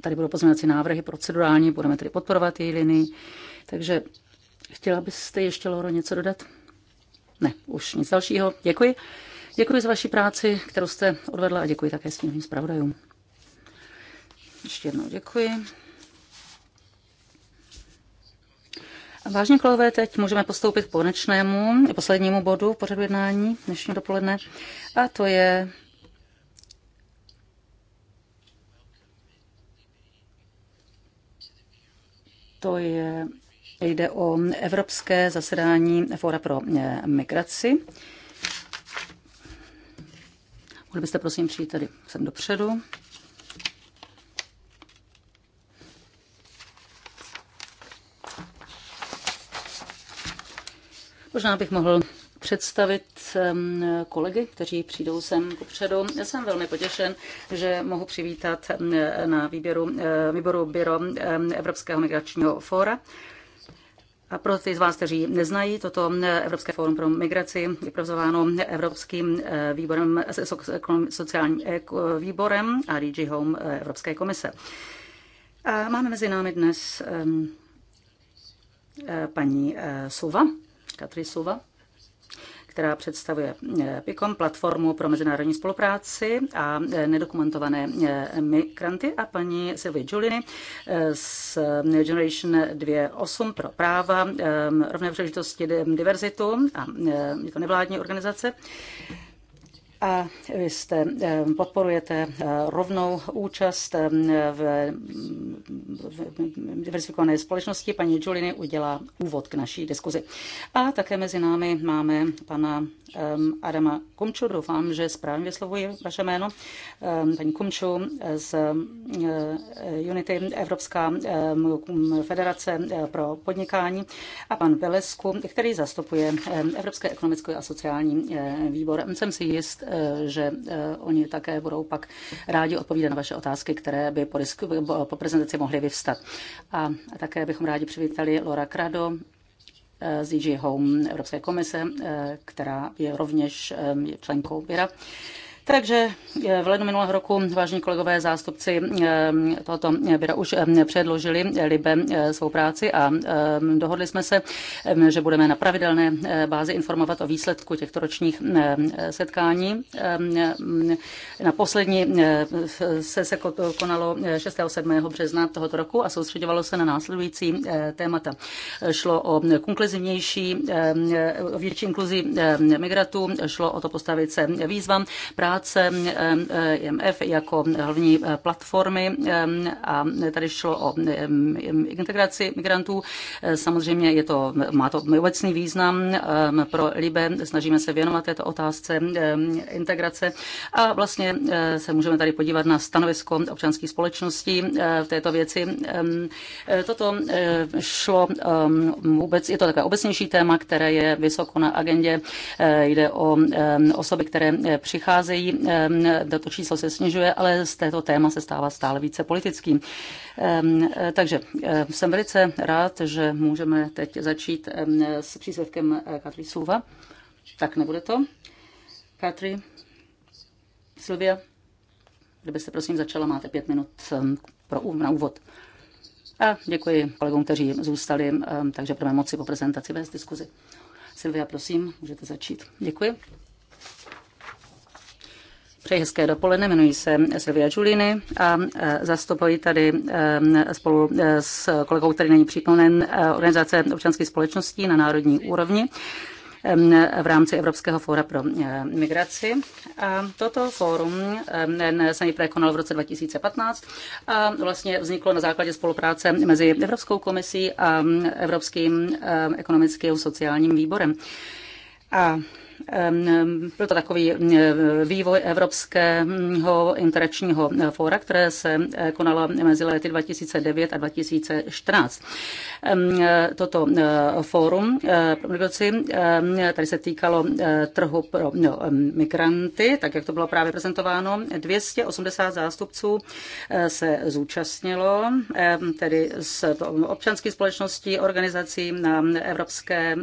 tady budou pozměňovací návrhy procedurální, budeme tedy podporovat její linii. Takže chtěla byste ještě, Loro, něco dodat? Ne, už nic dalšího. Děkuji. Děkuji za vaši práci, kterou jste odvedla a děkuji také svým zpravodajům. Ještě jednou děkuji. Vážně kolegové, teď můžeme postoupit k konečnému, poslednímu bodu pořadu jednání dnešního dopoledne, a to je to je, jde o evropské zasedání Fóra pro eh, migraci. Mohli byste prosím přijít tady sem dopředu. Možná bych mohl představit kolegy, kteří přijdou sem kupředu. Já jsem velmi potěšen, že mohu přivítat na výběru, výboru Biro Evropského migračního fóra. A pro ty z vás, kteří neznají, toto eh, Evropské fórum pro migraci je provozováno Evropským eh, výborem, eh, sociálním výborem a DG Home Evropské komise. A máme mezi námi dnes ehm, paní Suva, Katry Suva, která představuje eh, PICOM, platformu pro mezinárodní spolupráci a eh, nedokumentované eh, migranty a paní Sylvie Juliny z Generation 2.8 pro práva, rovné příležitosti, diverzitu a je to nevládní organizace a vy jste, eh, podporujete eh, rovnou účast eh, v diversifikované společnosti. Paní Juliny udělá úvod k naší diskuzi. A také mezi námi máme pana Adama Kumču, doufám, že správně vyslovuji vaše jméno, paní Kumču z Unity Evropská federace pro podnikání a pan Belesku, který zastupuje Evropské ekonomické a sociální výbor. Jsem si jist, Eh, že eh, oni také budou pak rádi odpovídat na vaše otázky, které by po, disku, po prezentaci mohly vyvstat. A také bychom rádi přivítali Laura Krado, eh, z DG Home Evropské komise, která je rovněž členkou Věra. Takže eh, v lednu minulého roku vážní kolegové zástupci eh, tohoto byra už eh, předložili Libe svou práci a dohodli jsme se, že budeme na pravidelné bázi informovat o výsledku těchto ročních setkání. Na poslední se, se konalo 6. a 7. března tohoto roku a soustředovalo se na následující témata. Šlo o konkluzivnější, větší inkluzi migrantů, šlo o to postavit se výzvám, práce práce IMF jako hlavní e, platformy e, a tady šlo o integraci migrantů. E, samozřejmě je to, má to obecný význam pro Libe, snažíme se věnovat této otázce integrace a vlastně se můžeme tady podívat na stanovisko občanských společností v této věci. Toto šlo vůbec, je to takové obecnější téma, které je vysoko na agendě. Jde o osoby, které přicházejí to číslo se snižuje, ale z této téma se stává stále více politickým. E, takže e, jsem velice rád, že můžeme teď začít s příspěvkem e, Katry Suva. Tak nebude to. Katry, Silvia, kdybyste prosím začala, máte pět minut pro, na úvod. A děkuji kolegům, kteří zůstali, takže budeme moci po prezentaci vést diskuzi. Silvia, prosím, můžete začít. Děkuji. Přeji hezké dopoledne, jmenuji se Silvia Giulini a zastupuji tady e, spolu e, s kolegou, který není přítomen, e, organizace občanských společností na národní úrovni v rámci Evropského fóra pro migraci. A toto fórum se nejprve konalo v roce 2015 a vlastně vzniklo na základě spolupráce mezi Evropskou komisí a Evropským ekonomickým sociálním výborem. A byl to takový vývoj Evropského interačního fóra, které se konalo mezi lety 2009 a 2014. Toto fórum eh, tady se týkalo eh, trhu pro no, migranty, tak jak to bylo právě prezentováno. 280 zástupců eh, se zúčastnilo, tedy z občanských společností, organizací na evropské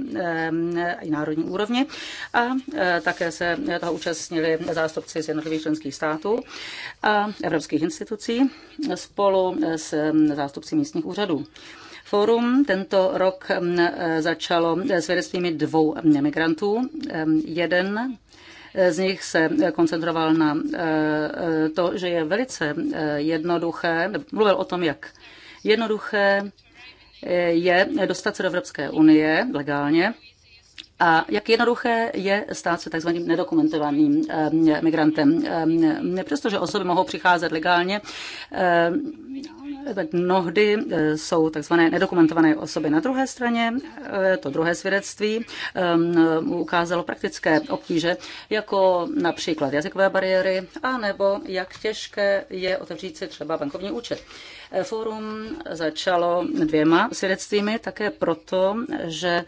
i národní úrovni a Eh, také se toho účastnili zástupci z jednotlivých členských států a evropských institucí spolu s mm, zástupci místních úřadů. Fórum tento rok mm, eh, začalo eh, svědectvími dvou migrantů. Jeden z nich se koncentroval na to, že je velice jednoduché, mluvil o tom, jak jednoduché je dostat se do Evropské unie legálně a jak jednoduché je stát se tzv. nedokumentovaným ehm, migrantem. Ehm, přestože osoby mohou přicházet legálně, tak ehm, mnohdy eh, jsou tzv. nedokumentované osoby. Na druhé straně eh, to druhé svědectví ukázalo praktické obtíže, jako například jazykové bariéry, anebo jak těžké je otevřít si třeba bankovní účet. Eh, fórum začalo dvěma svědectvími, také proto, že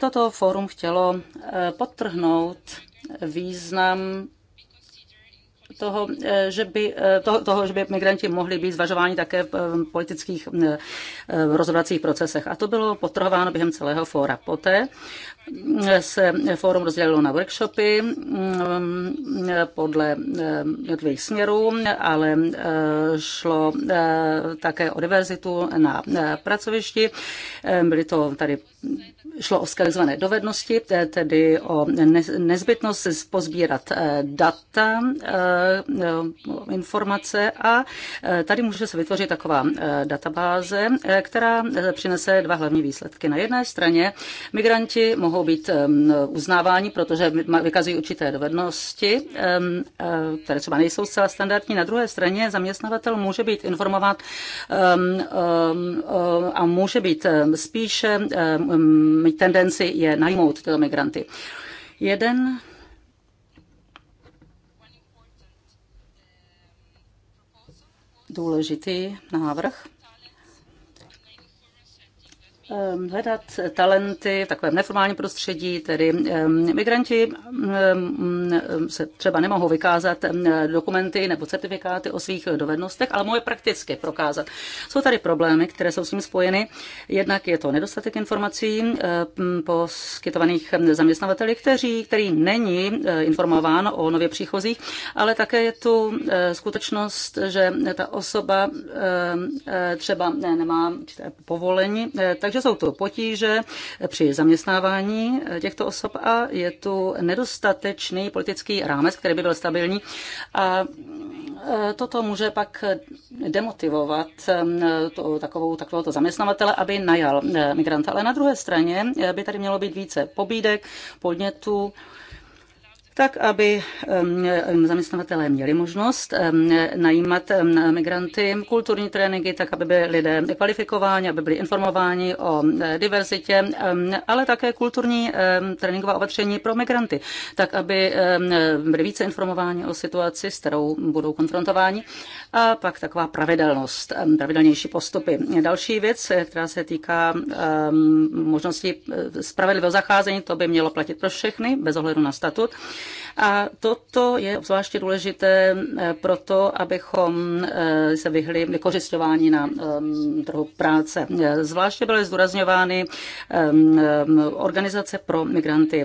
Toto fórum chtělo eh, podtrhnout význam toho, eh, že by, eh, toho, toho, že by migranti mohli být zvažováni také v politických rozhodovacích procesech. A to bylo potrhováno během celého fóra. Poté se fórum rozdělilo na workshopy mm, podle jednotlivých směrů, ale šlo také o diverzitu na pracovišti. Byly to tady šlo o skalizované dovednosti, tedy o nezbytnost pozbírat eh, data, eh, informace a eh, tady může se vytvořit taková databáze, která přinese dva hlavní výsledky. Na jedné straně migranti mohou být ehm, uznáváni, protože vykazují určité dovednosti, ehm, které třeba nejsou zcela standardní. Na druhé straně zaměstnavatel může být informovat ehm, a může být spíše mít tendenci je najmout tyto migranty. Jeden důležitý návrh Ehm, hledat talenty v takovém neformálním prostředí, tedy ehm, migranti ehm, se třeba nemohou vykázat dokumenty nebo certifikáty o svých dovednostech, ale mohou je prakticky prokázat. Jsou tady problémy, které jsou s tím spojeny. Jednak je to nedostatek informací poskytovaných zaměstnavateli, kteří, který není eh, informován o nově příchozích, ale také je tu eh, skutečnost, že ta osoba eh, třeba nemá povolení, takže jsou tu potíže při zaměstnávání eh, těchto osob a je tu nedostatečný politický rámec, který by byl stabilní. A eh, toto může pak demotivovat eh, to, takovou, takovéhoto zaměstnavatele, aby najal migranta. Ale na druhé straně by tady mělo být více pobídek, podnětů, tak aby zaměstnavatelé měli možnost najímat migranty kulturní tréninky, tak aby byli lidé kvalifikováni, aby byli informováni o diverzitě, ale také kulturní tréninková opatření pro migranty, tak aby byli více informováni o situaci, s kterou budou konfrontováni. A pak taková pravidelnost, pravidelnější postupy. Další věc, která se týká možnosti eh, spravedlivého zacházení, to by mělo platit pro všechny, bez ohledu na statut. A toto je obzvláště důležité eh, proto, abychom eh, se vyhli vykořišťování na eh, trhu práce. Zvláště byly zdůrazňovány organizace pro migranty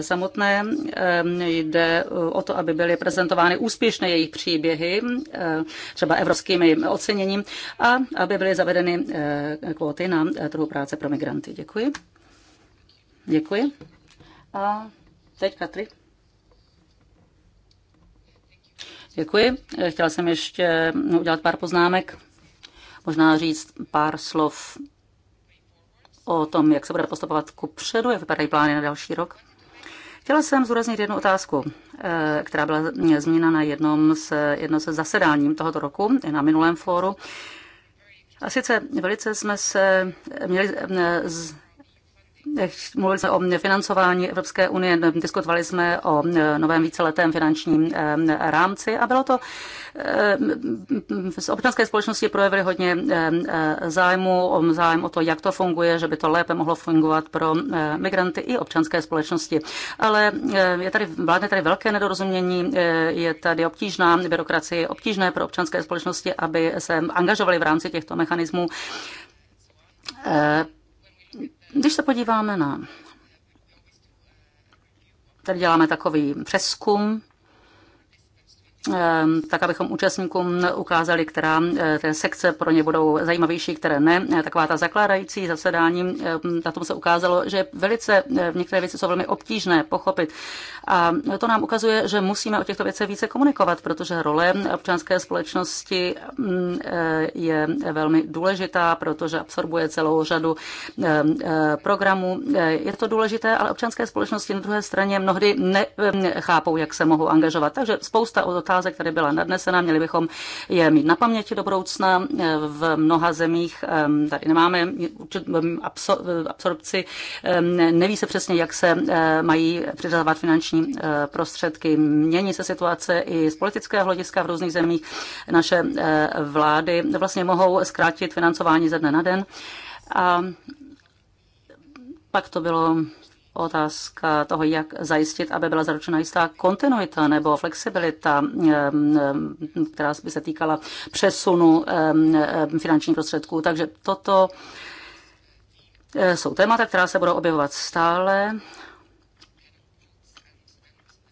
samotné. Jde o to, aby byly prezentovány úspěšné jejich příběhy, třeba evropskými oceněním, a aby byly zavedeny kvóty na trhu práce pro migranty. Děkuji. Děkuji. A teď Katry. Děkuji. Chtěla jsem ještě no, udělat pár poznámek, možná říct pár slov o tom, jak se bude postupovat ku předu, jak vypadají plány na další rok. Chtěla jsem zúraznit jednu otázku, eh, která byla zmíněna na jednom z, jedno se zasedáním tohoto roku, na minulém fóru. A sice velice jsme se měli eh, Mluvili jsme o financování Evropské unie, diskutovali jsme o e, novém víceletém finančním e, rámci a bylo to e, z občanské společnosti projevili hodně zájmu, zájem o to, jak to funguje, že by to lépe mohlo fungovat pro migranty i občanské společnosti. Ale je tady, vládne tady velké nedorozumění, je tady obtížná byrokracie, obtížné pro občanské společnosti, aby se angažovali v rámci těchto mechanismů když se podíváme na Tady děláme takový přeskum Ehm, tak abychom účastníkům ukázali, která eh, té sekce pro ně budou zajímavější, které ne. Eh, taková ta zakládající zasedání, ehm, na tom se ukázalo, že velice eh, některé věci jsou velmi obtížné pochopit. A to nám ukazuje, že musíme o těchto věcech více komunikovat, protože role občanské společnosti mm, je velmi důležitá, protože absorbuje celou řadu ehm, programů. Je to důležité, ale občanské společnosti na druhé straně mnohdy nechápou, jak se mohou angažovat. Takže spousta otázek které byla nadnesena, měli bychom je mít na paměti do budoucna. V mnoha zemích tady nemáme absorpci, neví se přesně, jak se eh, mají přidávat finanční eh, prostředky. Mění se situace i z politického hlediska v různých zemích. Naše eh, vlády vlastně mohou zkrátit financování ze dne na den. A pak to bylo otázka toho, jak zajistit, aby byla zaručena jistá kontinuita nebo flexibilita, která by se týkala přesunu finančních prostředků. Takže toto e, jsou témata, která se budou objevovat stále.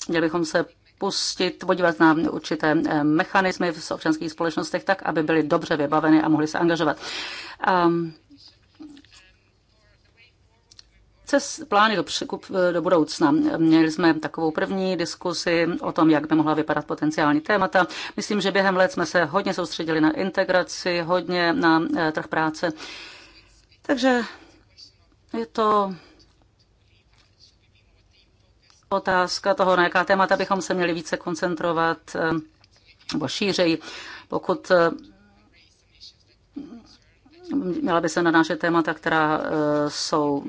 Měli bychom se pustit, podívat na určité e, mechanismy v občanských společnostech tak, aby byly dobře vybaveny a mohly se angažovat. Um, cest, plány do, překup, eh, do budoucna. Měli jsme takovou první diskusi o tom, jak by mohla vypadat potenciální témata. Myslím, že během let jsme se hodně soustředili na integraci, hodně na eh, trh práce. Takže je to otázka toho, na jaká témata bychom se měli více koncentrovat eh, nebo šířej. Pokud měla by se na naše témata, která jsou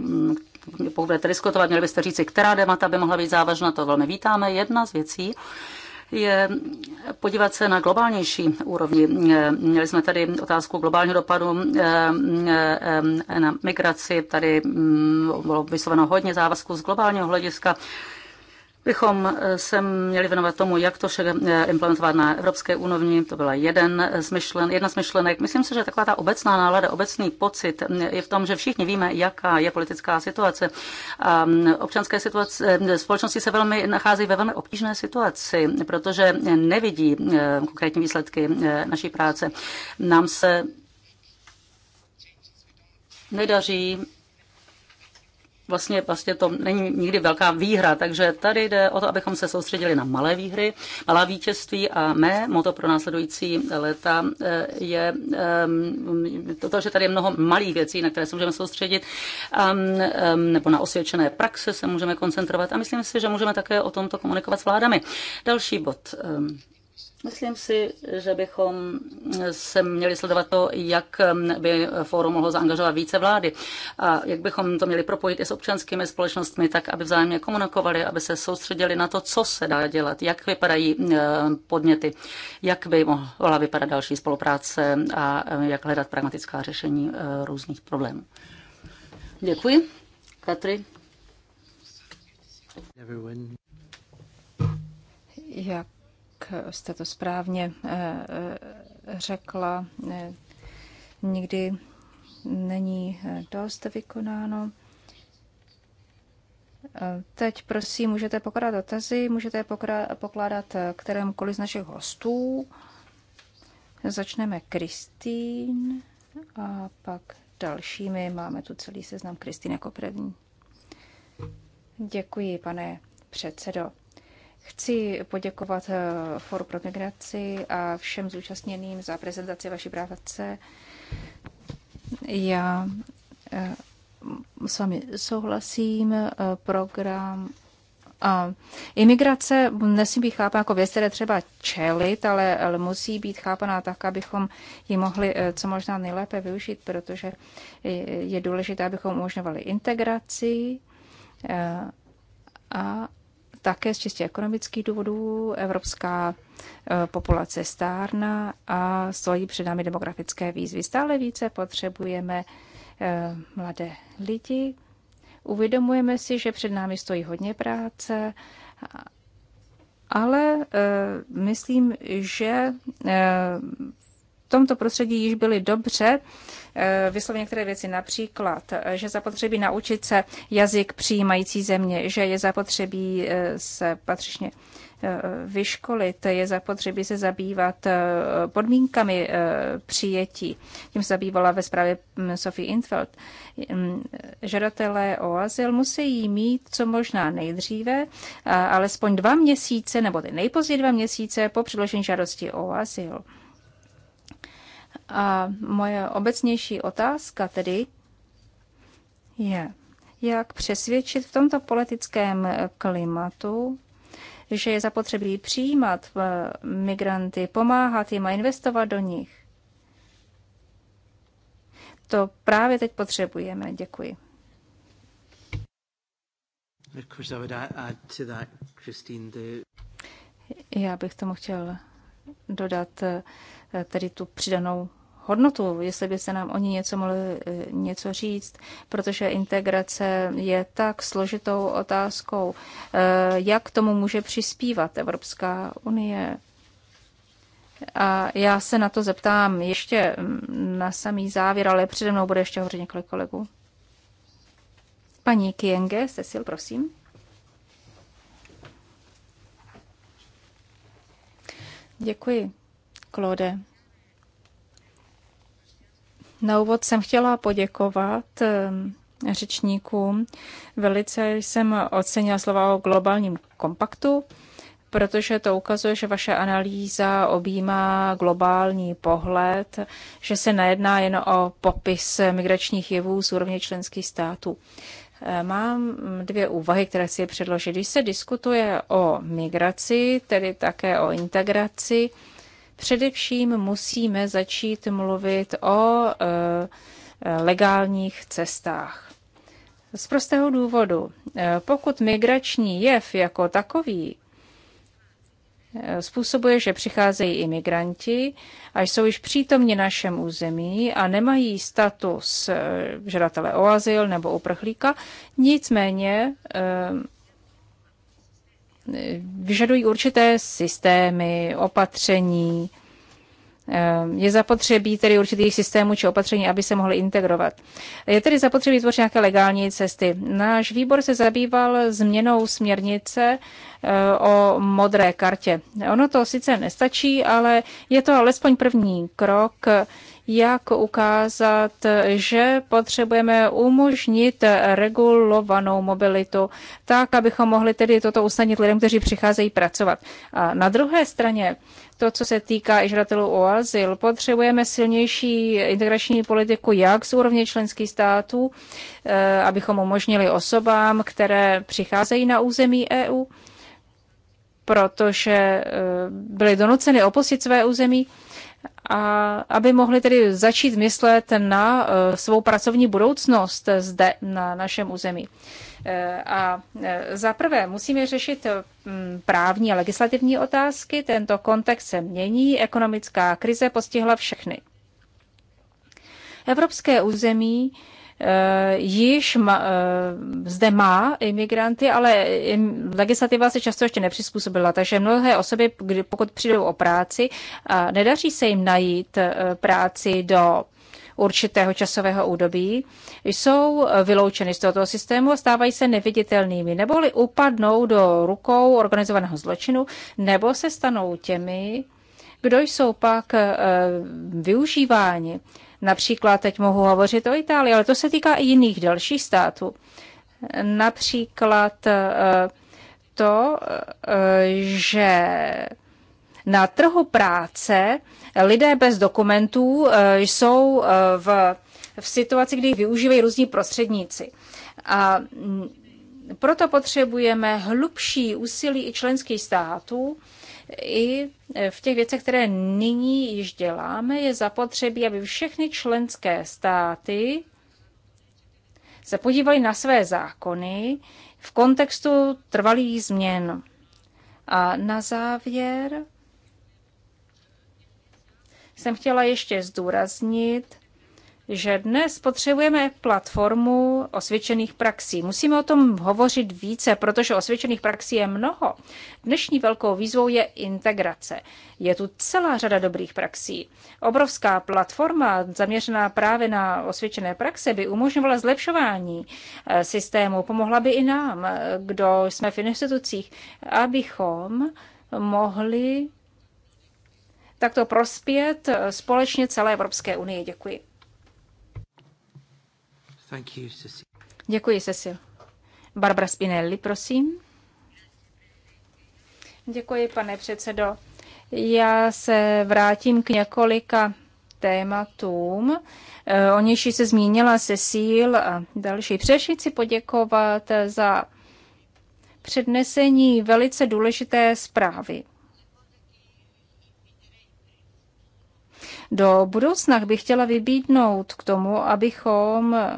pokud budete diskutovat, měli byste říci, která demata by mohla být závažná, to velmi vítáme. Jedna z věcí, je podívat se na globálnější úrovni. Měli jsme tady otázku globálního dopadu eh, eh, eh, na migraci, tady mm, bylo vysloveno hodně závazků z globálního hlediska bychom eh, se měli věnovat tomu, jak to vše eh, implementovat na evropské úrovni. To byla jeden eh, z myšlen, jedna z myšlenek. Myslím si, že taková ta obecná nálada, obecný pocit mm, je v tom, že všichni víme, jaká je politická situace. A mm, občanské situace, společnosti se velmi nachází ve velmi obtížné situaci, protože nevidí konkrétní výsledky naší práce. Nám se nedaří vlastně, vlastně to není nikdy velká výhra, takže tady jde o to, abychom se soustředili na malé výhry, malá vítězství a mé moto pro následující léta eh, je ehm, to, že tady je mnoho malých věcí, na které se můžeme soustředit, ehm, ehm, nebo na osvědčené praxe se můžeme koncentrovat a myslím si, že můžeme také o tomto komunikovat s vládami. Další bod. Myslím si, že bychom se měli sledovat to, jak by fórum mohlo zaangažovat více vlády a jak bychom to měli propojit i s občanskými společnostmi, tak aby vzájemně komunikovali, aby se soustředili na to, co se dá dělat, jak vypadají eh, podněty, jak by mohla vypadat další spolupráce a eh, jak hledat pragmatická řešení eh, různých problémů. Děkuji. Katry. Jak jste to správně eh, eh, řekla, eh, nikdy není dost vykonáno. Teď prosím, můžete pokládat dotazy, můžete pokládat kterémukoliv z našich hostů. Začneme Kristýn a pak dalšími. Máme tu celý seznam Kristýn jako první. Děkuji, pane předsedo. Chci poděkovat eh, Foru pro migraci a všem zúčastněným za prezentaci vaší práce. Já eh, s vámi souhlasím, eh, program a imigrace nesmí být chápána jako věc, které třeba čelit, ale, ale musí být chápaná tak, abychom ji mohli co možná nejlépe využít, protože je důležité, abychom umožňovali integraci a také z čistě ekonomických důvodů. Evropská eh, populace stárna a stojí před námi demografické výzvy. Stále více potřebujeme eh, mladé lidi. Uvědomujeme si, že před námi stojí hodně práce, ale eh, myslím, že tomto prostředí již byly dobře eh, vysloveny některé věci, například, eh, že zapotřebí naučit se jazyk přijímající země, že je zapotřebí eh, se patřičně vyškolit, je zapotřebí se zabývat podmínkami přijetí. Tím se zabývala ve zprávě mm, Sophie Infeld. Mm, žadatelé o azyl musí mít co možná nejdříve, alespoň dva měsíce, nebo ty nejpozději dva měsíce po předložení žádosti o azyl. A moje obecnější otázka tedy je, jak přesvědčit v tomto politickém klimatu, že je zapotřebí přijímat migranty, pomáhat jim a investovat do nich. To právě teď potřebujeme. Děkuji. Já bych tomu chtěl dodat eh, tedy tu přidanou hodnotu, jestli by se nám oni něco mohli e, něco říct, protože integrace je tak složitou otázkou, e, jak k tomu může přispívat Evropská unie. A já se na to zeptám ještě na samý závěr, ale přede mnou bude ještě hodně několik kolegů. Paní Kienge, Cecil, prosím. Děkuji, Claude. Na úvod jsem chtěla poděkovat ehm, řečníkům. Velice jsem ocenila slova o globálním kompaktu, protože to ukazuje, že vaše analýza objímá globální pohled, že se nejedná jen o popis migračních jevů z úrovně členských států. Ehm, mám dvě úvahy, které si předložit. Když se diskutuje o migraci, tedy také o integraci, Především musíme začít mluvit o e, e, legálních cestách. Z prostého důvodu, e, pokud migrační jev jako takový způsobuje, že přicházejí imigranti a jsou již přítomni našem území a nemají status žadatele o azyl nebo uprchlíka, nicméně vyžadují určité systémy, opatření. Ehm, je zapotřebí tedy určitých systémů či opatření, aby se mohly integrovat. Je tedy zapotřebí tvořit nějaké legální cesty. Náš výbor se zabýval změnou směrnice eh, o modré kartě. Ono to sice nestačí, ale je to alespoň první krok, jak ukázat, že potřebujeme umožnit regulovanou mobilitu, tak, abychom mohli tedy toto usnadnit lidem, kteří přicházejí pracovat. A na druhé straně, to, co se týká i žadatelů o azyl, potřebujeme silnější integrační politiku jak z úrovně členských států, eh, abychom umožnili osobám, které přicházejí na území EU, protože eh, byly donuceny opustit své území, a aby mohli tedy začít myslet na eh, svou pracovní budoucnost zde na našem území. Eh, a eh, za prvé musíme řešit hm, právní a legislativní otázky. Tento kontext se mění, ekonomická krize postihla všechny. Evropské území Eh, již eh, zde má imigranty, ale legislativa se často ještě nepřizpůsobila, takže mnohé osoby, kdy, pokud přijdou o práci, nedaří se jim najít eh, práci do určitého časového údobí, jsou vyloučeny z tohoto systému a stávají se neviditelnými, neboli upadnou do rukou organizovaného zločinu, nebo se stanou těmi, kdo jsou pak využíváni Například teď mohu hovořit o Itálii, ale to se týká i jiných dalších států. Například eh, to, eh, že na trhu práce lidé bez dokumentů eh, jsou v, v situaci, kdy využívají různí prostředníci. A mm, proto potřebujeme hlubší úsilí i členských států i v těch věcech, které nyní již děláme, je zapotřebí, aby všechny členské státy se podívali na své zákony v kontextu trvalých změn. A na závěr jsem chtěla ještě zdůraznit, že dnes potřebujeme platformu osvědčených praxí. Musíme o tom hovořit více, protože osvědčených praxí je mnoho. Dnešní velkou výzvou je integrace. Je tu celá řada dobrých praxí. Obrovská platforma zaměřená právě na osvědčené praxe by umožňovala zlepšování eh, systému, pomohla by i nám, eh, kdo jsme v institucích, abychom mohli takto prospět eh, společně celé Evropské unii. Děkuji. Děkuji, Cecil. Barbara Spinelli, prosím. Děkuji, pane předsedo. Já se vrátím k několika tématům. Eh, o nich se zmínila Cecil a další. Především si poděkovat za přednesení velice důležité zprávy. Do budoucna bych chtěla vybídnout k tomu, abychom eh,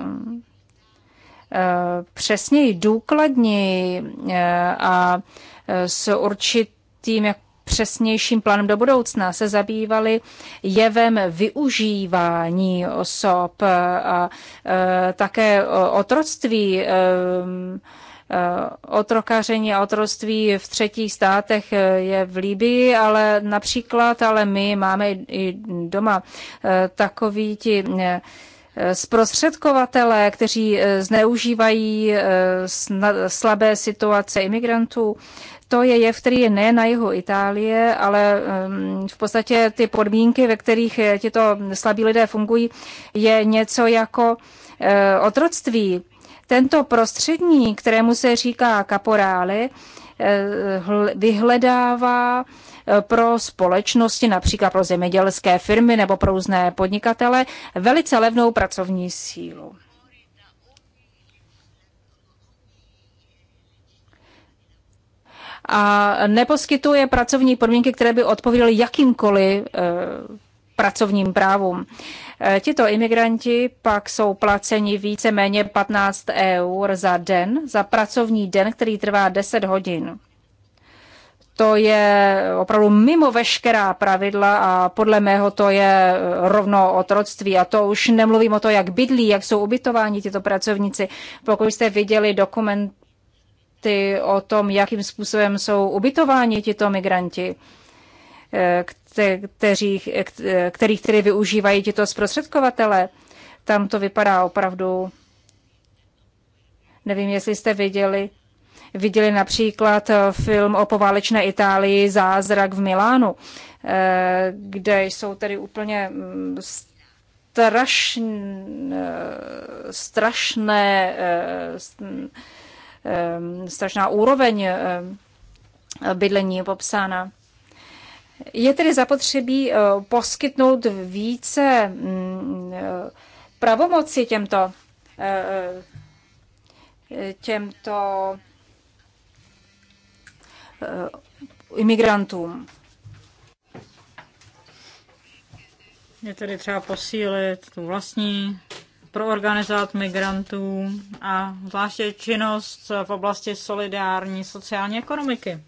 přesněji, důkladněji eh, a eh, s určitým jak přesnějším plánem do budoucna se zabývali jevem využívání osob a také otroctví Eh, otrokaření a otroctví v třetích státech eh, je v Líbii, ale například, ale my máme i doma eh, takový ti zprostředkovatele, kteří zneužívají slabé situace imigrantů. To je jev, který je ne na jihu Itálie, ale ehm, v podstatě ty podmínky, ve kterých tyto slabí lidé fungují, je něco jako otroctví. Tento prostřední, kterému se říká kaporály, eh, vyhledává eh, pro společnosti, například pro zemědělské firmy nebo pro různé podnikatele, velice levnou pracovní sílu. A neposkytuje pracovní podmínky, které by odpovídaly jakýmkoliv eh, pracovním právům. Eh, tito imigranti pak jsou placeni více méně 15 eur za den, za pracovní den, který trvá 10 hodin. To je opravdu mimo veškerá pravidla a podle mého to je eh, rovno otroctví. A to už nemluvím o to, jak bydlí, jak jsou ubytováni tyto pracovníci. Pokud jste viděli dokumenty o tom, jakým způsobem jsou ubytováni tito migranti, eh, kteří, kterých tedy využívají tito zprostředkovatele. Tam to vypadá opravdu, nevím, jestli jste viděli, viděli například film o poválečné Itálii Zázrak v Milánu, eh, kde jsou tedy úplně mm, eh, strašné, eh, strašné, mm, strašná úroveň bydlení popsána. Je tedy zapotřebí eh, poskytnout více mm, eh, pravomoci těmto, eh, těmto imigrantům. Je tedy třeba posílit tu vlastní pro organizovat migrantů a zvláště činnost v oblasti solidární sociální ekonomiky.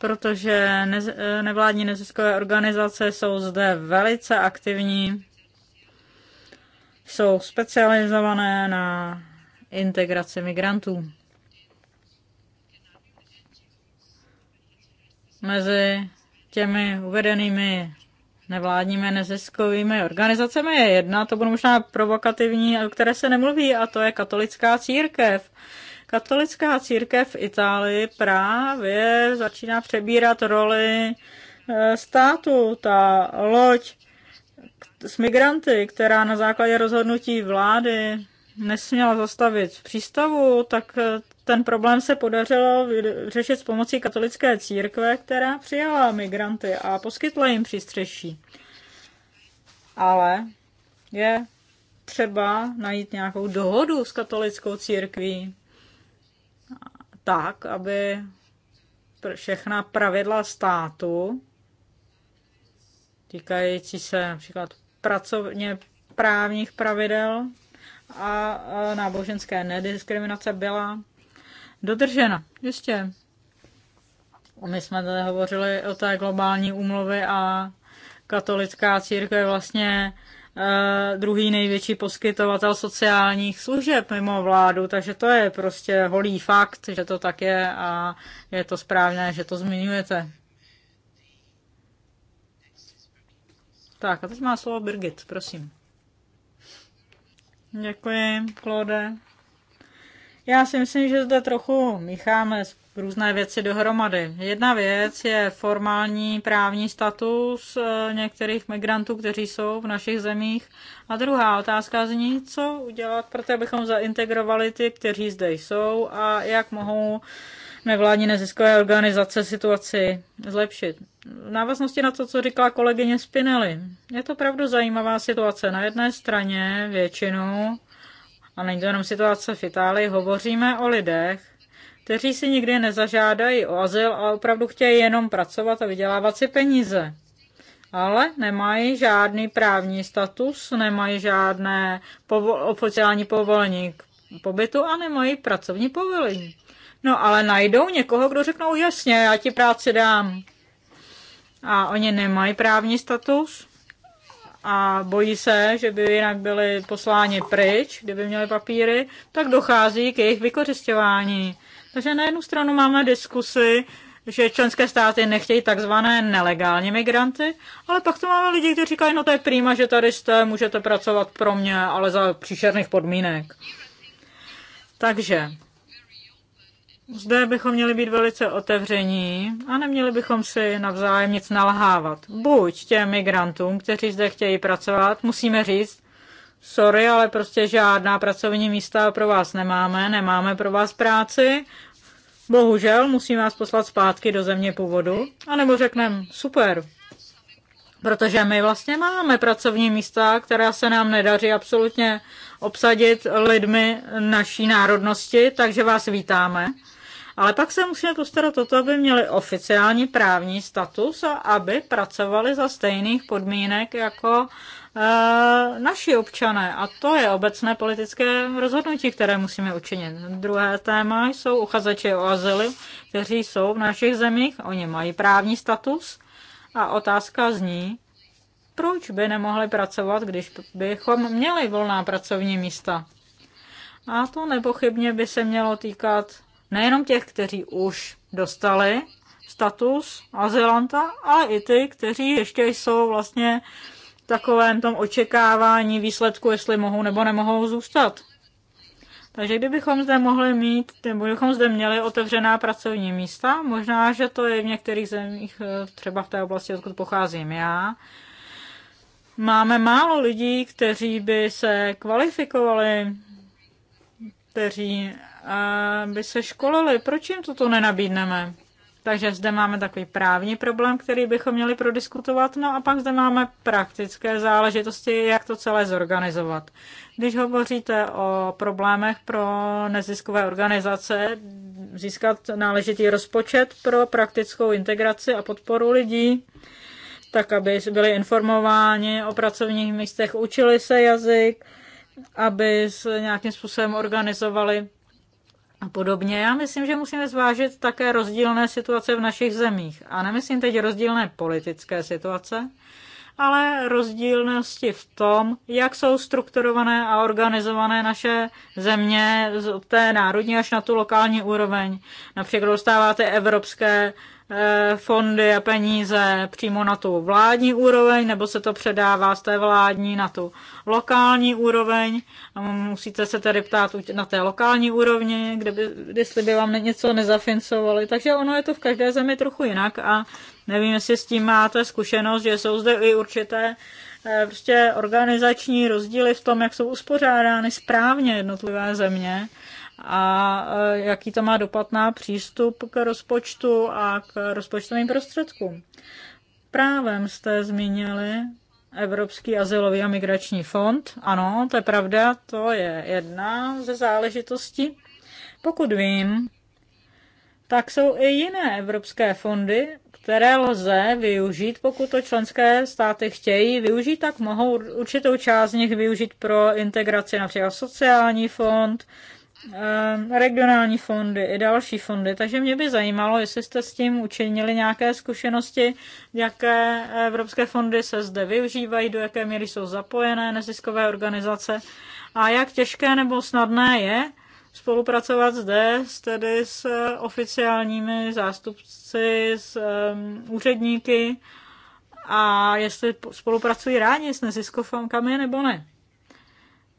protože eh, nevládní neziskové organizace jsou zde velice aktivní, jsou specializované na integraci migrantů. Mezi těmi uvedenými nevládními neziskovými organizacemi je jedna, to bude možná provokativní, o které se nemluví, a to je katolická církev. Katolická církev v Itálii právě začíná přebírat roli eh, státu. Ta loď s migranty, která na základě rozhodnutí vlády nesměla zastavit v přístavu, tak eh, ten problém se podařilo řešit s pomocí katolické církve, která přijala migranty a poskytla jim přístřeší. Ale je třeba najít nějakou dohodu s katolickou církví, tak, aby všechna pravidla státu týkající se například pracovně právních pravidel a náboženské nediskriminace byla dodržena. Jistě. My jsme tady hovořili o té globální úmluvě a katolická církev vlastně Eh, druhý největší poskytovatel sociálních služeb mimo vládu, takže to je prostě holý fakt, že to tak je a je to správné, že to zmiňujete. Tak a teď má slovo Birgit, prosím. Děkuji, Klode. Já si myslím, že zde trochu mícháme různé věci dohromady. Jedna věc je formální právní status eh, některých migrantů, kteří jsou v našich zemích. A druhá otázka zní, co udělat pro to, abychom zaintegrovali ty, kteří zde jsou a jak mohou nevládní neziskové organizace situaci zlepšit. V návaznosti na to, co říkala kolegyně Spinelli, je to opravdu zajímavá situace. Na jedné straně většinu, a není to jenom situace v Itálii, hovoříme o lidech, kteří si nikdy nezažádají o azyl a opravdu chtějí jenom pracovat a vydělávat si peníze. Ale nemají žádný právní status, nemají žádné povo- oficiální povolení k pobytu a nemají pracovní povolení. No ale najdou někoho, kdo řeknou, jasně, já ti práci dám. A oni nemají právní status a bojí se, že by jinak byli posláni pryč, kdyby měli papíry, tak dochází k jejich vykořišťování. Takže na jednu stranu máme diskusy, že členské státy nechtějí takzvané nelegální migranty, ale pak to máme lidi, kteří říkají, no to je prýma, že tady jste, můžete pracovat pro mě, ale za příšerných podmínek. Takže zde bychom měli být velice otevření a neměli bychom si navzájem nic nalhávat. Buď těm migrantům, kteří zde chtějí pracovat, musíme říct, sorry, ale prostě žádná pracovní místa pro vás nemáme, nemáme pro vás práci. Bohužel musím vás poslat zpátky do země původu, anebo řekneme, super, protože my vlastně máme pracovní místa, která se nám nedaří absolutně obsadit lidmi naší národnosti, takže vás vítáme. Ale pak se musíme postarat o to, aby měli oficiální právní status a aby pracovali za stejných podmínek jako Eh, naši občané. A to je obecné politické rozhodnutí, které musíme učinit. Druhé téma jsou uchazeči o azyl, kteří jsou v našich zemích, oni mají právní status a otázka zní, proč by nemohli pracovat, když bychom měli volná pracovní místa. A to nepochybně by se mělo týkat nejenom těch, kteří už dostali status azylanta, ale i ty, kteří ještě jsou vlastně takovém tom očekávání výsledku, jestli mohou nebo nemohou zůstat. Takže kdybychom zde mohli mít, nebo bychom zde měli otevřená pracovní místa, možná, že to je v některých zemích, eh, třeba v té oblasti, odkud pocházím já, máme málo lidí, kteří by se kvalifikovali, kteří eh, by se školili. Proč jim toto nenabídneme? Takže zde máme takový právní problém, který bychom měli prodiskutovat, no a pak zde máme praktické záležitosti, jak to celé zorganizovat. Když hovoříte o problémech pro neziskové organizace, získat náležitý rozpočet pro praktickou integraci a podporu lidí, tak aby byli informováni o pracovních místech, učili se jazyk, aby se nějakým způsobem organizovali a podobně. Já myslím, že musíme zvážit také rozdílné situace v našich zemích. A nemyslím teď rozdílné politické situace, ale rozdílnosti v tom, jak jsou strukturované a organizované naše země z té národní až na tu lokální úroveň. Například dostáváte evropské Eh, fondy a peníze přímo na tu vládní úroveň, nebo se to předává z té vládní na tu lokální úroveň. A musíte se tedy ptát na té lokální úrovni, kde by, jestli by vám něco nezafincovali. Takže ono je to v každé zemi trochu jinak a nevím, jestli s tím máte zkušenost, že jsou zde i určité eh, prostě organizační rozdíly v tom, jak jsou uspořádány správně jednotlivé země a e, jaký to má dopad na přístup k rozpočtu a k rozpočtovým prostředkům. Právem jste zmínili Evropský asilový a migrační fond. Ano, to je pravda, to je jedna ze záležitostí. Pokud vím, tak jsou i jiné evropské fondy, které lze využít, pokud to členské státy chtějí využít, tak mohou určitou část z nich využít pro integraci, například sociální fond, Ehm, regionální fondy i další fondy. Takže mě by zajímalo, jestli jste s tím učinili nějaké zkušenosti, jaké evropské fondy se zde využívají, do jaké míry jsou zapojené neziskové organizace a jak těžké nebo snadné je spolupracovat zde tedy s oficiálními zástupci, s um, úředníky a jestli spolupracují rádi s neziskovkami nebo ne.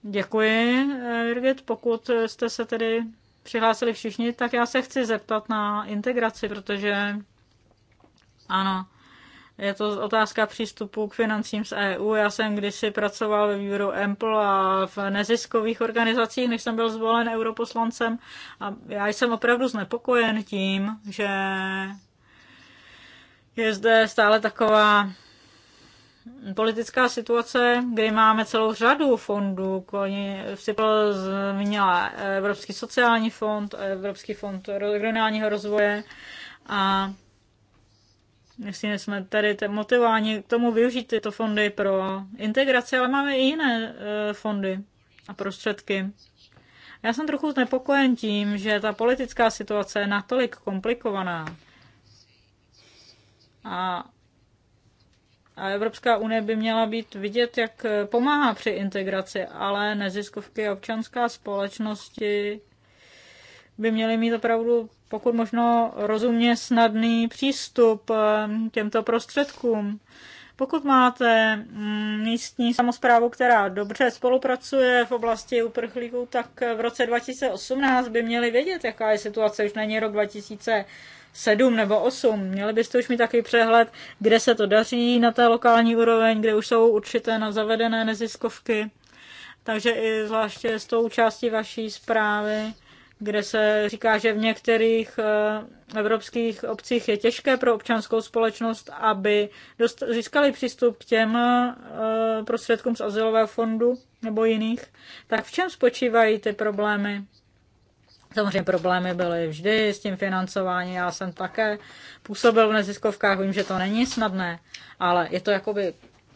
Děkuji, eh, Birgit. Pokud jste se tedy přihlásili všichni, tak já se chci zeptat na integraci, protože ano, je to otázka přístupu k financím z EU. Já jsem kdysi pracoval ve výboru Ample a v neziskových organizacích, než jsem byl zvolen europoslancem. A já jsem opravdu znepokojen tím, že je zde stále taková politická situace, kdy máme celou řadu fondů, si zmínila Evropský sociální fond, Evropský fond regionálního rozvoje a myslím, že jsme tady motivováni k tomu využít tyto fondy pro integraci, ale máme i jiné eh, fondy a prostředky. Já jsem trochu znepokojen tím, že ta politická situace je natolik komplikovaná a a Evropská unie by měla být vidět, jak pomáhá při integraci, ale neziskovky občanská společnosti by měly mít opravdu pokud možno rozumně snadný přístup eh, těmto prostředkům. Pokud máte mm, místní samozprávu, která dobře spolupracuje v oblasti uprchlíků, tak v roce 2018 by měli vědět, jaká je situace. Už není rok 2000 sedm nebo osm. Měli byste už mít takový přehled, kde se to daří na té lokální úroveň, kde už jsou určité na zavedené neziskovky. Takže i zvláště s tou částí vaší zprávy, kde se říká, že v některých eh, evropských obcích je těžké pro občanskou společnost, aby získali přístup k těm eh, prostředkům z azylového fondu nebo jiných. Tak v čem spočívají ty problémy? Samozřejmě problémy byly vždy s tím financováním. Já jsem také působil v neziskovkách, vím, že to není snadné, ale je to jakoby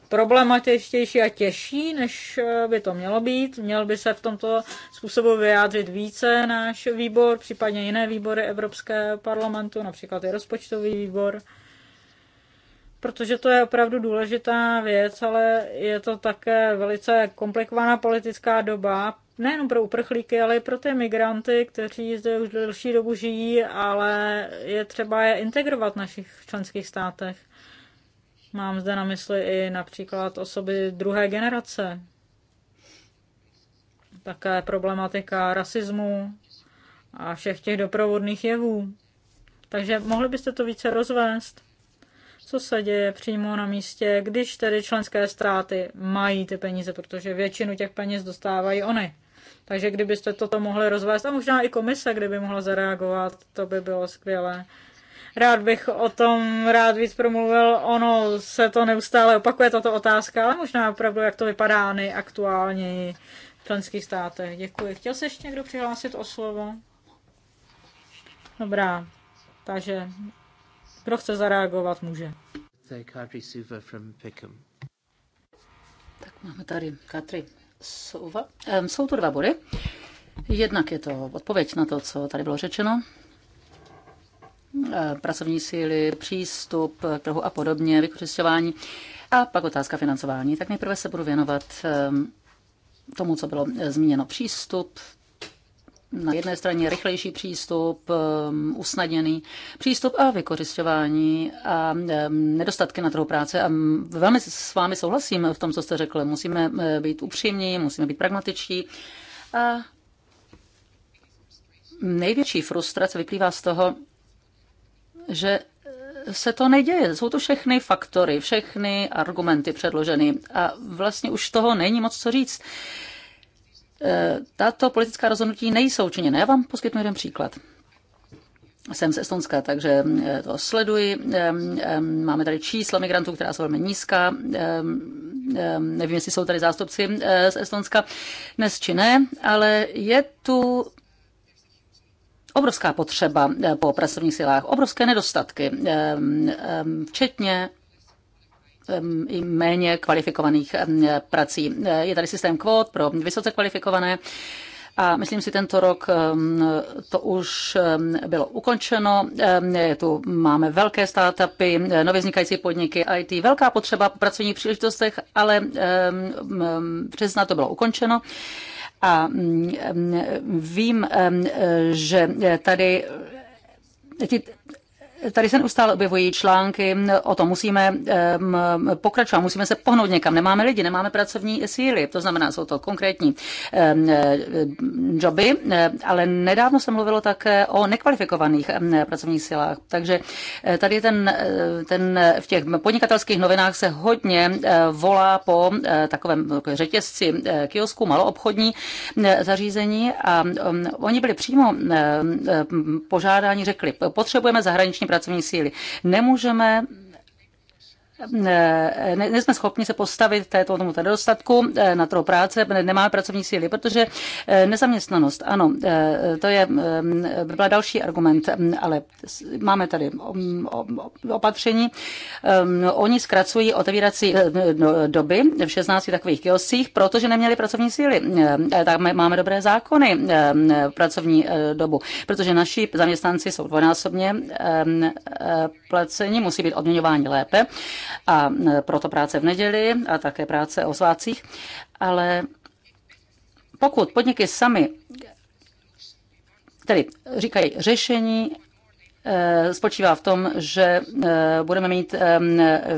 problematičtější a těžší, než eh, by to mělo být. Měl by se v tomto způsobu vyjádřit více náš výbor, případně jiné výbory Evropské parlamentu, například i rozpočtový výbor, protože to je opravdu důležitá věc, ale je to také velice komplikovaná politická doba, nejenom pro uprchlíky, ale i pro ty migranty, kteří zde už delší dobu žijí, ale je třeba je integrovat v našich členských státech. Mám zde na mysli i například osoby druhé generace. Také problematika rasismu a všech těch doprovodných jevů. Takže mohli byste to více rozvést? Co se děje přímo na místě, když tedy členské státy mají ty peníze, protože většinu těch peněz dostávají oni. Takže kdybyste toto mohli rozvést, a možná i komise, kdyby mohla zareagovat, to by bylo skvělé. Rád bych o tom rád víc promluvil. Ono se to neustále opakuje, tato otázka, ale možná opravdu, jak to vypadá nejaktuálněji v členských státech. Děkuji. Chtěl se ještě někdo přihlásit o slovo? Dobrá, takže kdo chce zareagovat, může. Tak máme tady Katry souva. Jsou to dva body. Jednak je to odpověď na to, co tady bylo řečeno. Pracovní síly, přístup k trhu a podobně, vykořišťování. A pak otázka financování. Tak nejprve se budu věnovat tomu, co bylo e, zmíněno. Přístup, na jedné straně rychlejší přístup, um, usnadněný přístup a vykořišťování a um, nedostatky na trhu práce. A velmi s vámi souhlasím v tom, co jste řekl. Musíme uh, být upřímní, musíme být pragmatičtí. A největší frustrace vyplývá z toho, že uh, se to neděje. Jsou to všechny faktory, všechny argumenty předloženy a vlastně už toho není moc co říct. Uh, E, tato politická rozhodnutí nejsou činěna. Já vám poskytnu jeden příklad. Jsem z Estonska, takže e, to sleduji. E, máme tady čísla migrantů, která jsou velmi nízká. Nevím, jestli jsou tady zástupci z Estonska dnes či ne, ale je tu obrovská potřeba po pracovních silách, obrovské nedostatky, včetně i méně kvalifikovaných prací. Je tady systém kvót pro vysoce kvalifikované. A myslím si, tento rok to už bylo ukončeno. Tu máme velké startupy, nově vznikající podniky IT, velká potřeba po pracovních příležitostech, ale přesně to bylo ukončeno. A vím, že tady tady se neustále objevují články, o tom musíme pokračovat, musíme se pohnout někam. Nemáme lidi, nemáme pracovní síly, to znamená, jsou to konkrétní joby, ale nedávno se mluvilo také o nekvalifikovaných pracovních silách. Takže eh, tady ten, eh, ten eh, v těch podnikatelských novinách se hodně volá po takovém řetězci kiosku, maloobchodní zařízení a oni byli přímo požádáni, řekli, potřebujeme zahraniční pracovní síly. Nemůžeme ne, nejsme schopni se postavit této tomuto nedostatku eh, na trhu práce, nemá pracovní síly, protože eh, nezaměstnanost, ano, eh, to je, by byla další argument, mm, ale máme tady mm, opatření. Oni zkracují otevírací no, doby v 16 takových kioscích, protože neměli pracovní síly. Tak máme dobré zákony pracovní dobu, protože naši zaměstnanci jsou dvojnásobně placeni, musí být odměňováni lépe a e, proto práce v neděli a také práce o svácích. Ale pokud podniky sami tedy říkají řešení, e, spočívá v tom, že e, budeme mít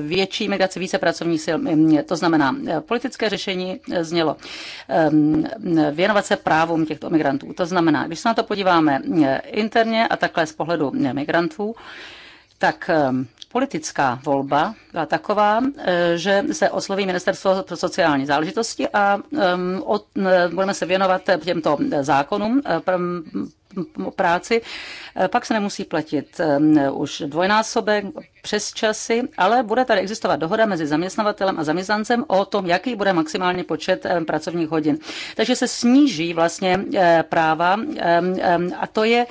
větší migraci více pracovních sil. To znamená, politické řešení znělo věnovat se právům těchto migrantů. To znamená, když se na to podíváme interně a takhle z pohledu migrantů, tak politická volba byla taková, eh, že se osloví Ministerstvo pro sociální záležitosti a eh, budeme se věnovat těmto zákonům. Eh, práci, eh, pak se nemusí platit eh, už dvojnásobek přes časy, ale bude tady existovat dohoda mezi zaměstnavatelem a zaměstnancem o tom, jaký bude maximální počet eh, pracovních hodin. Takže se sníží vlastně práva a to je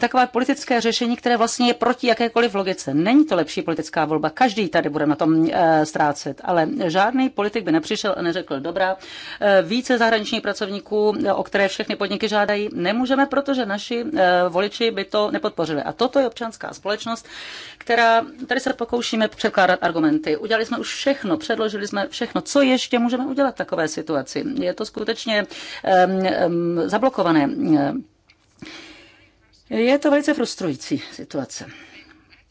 takové politické řešení, které vlastně je proti jakékoliv logice. Není to lepší politická volba, každý tady bude na tom ztrácet, ale žádný politik by nepřišel a neřekl, dobrá, více zahraničních pracovníků, o které všechny podniky žádají, nemůžeme, protože naši naši eh, voliči by to nepodpořili. A toto je občanská společnost, která, tady se pokoušíme překládat argumenty. Udělali jsme už všechno, předložili jsme všechno, co ještě můžeme udělat v takové situaci. Je to skutečně um, um, zablokované. Eh, je to velice frustrující situace.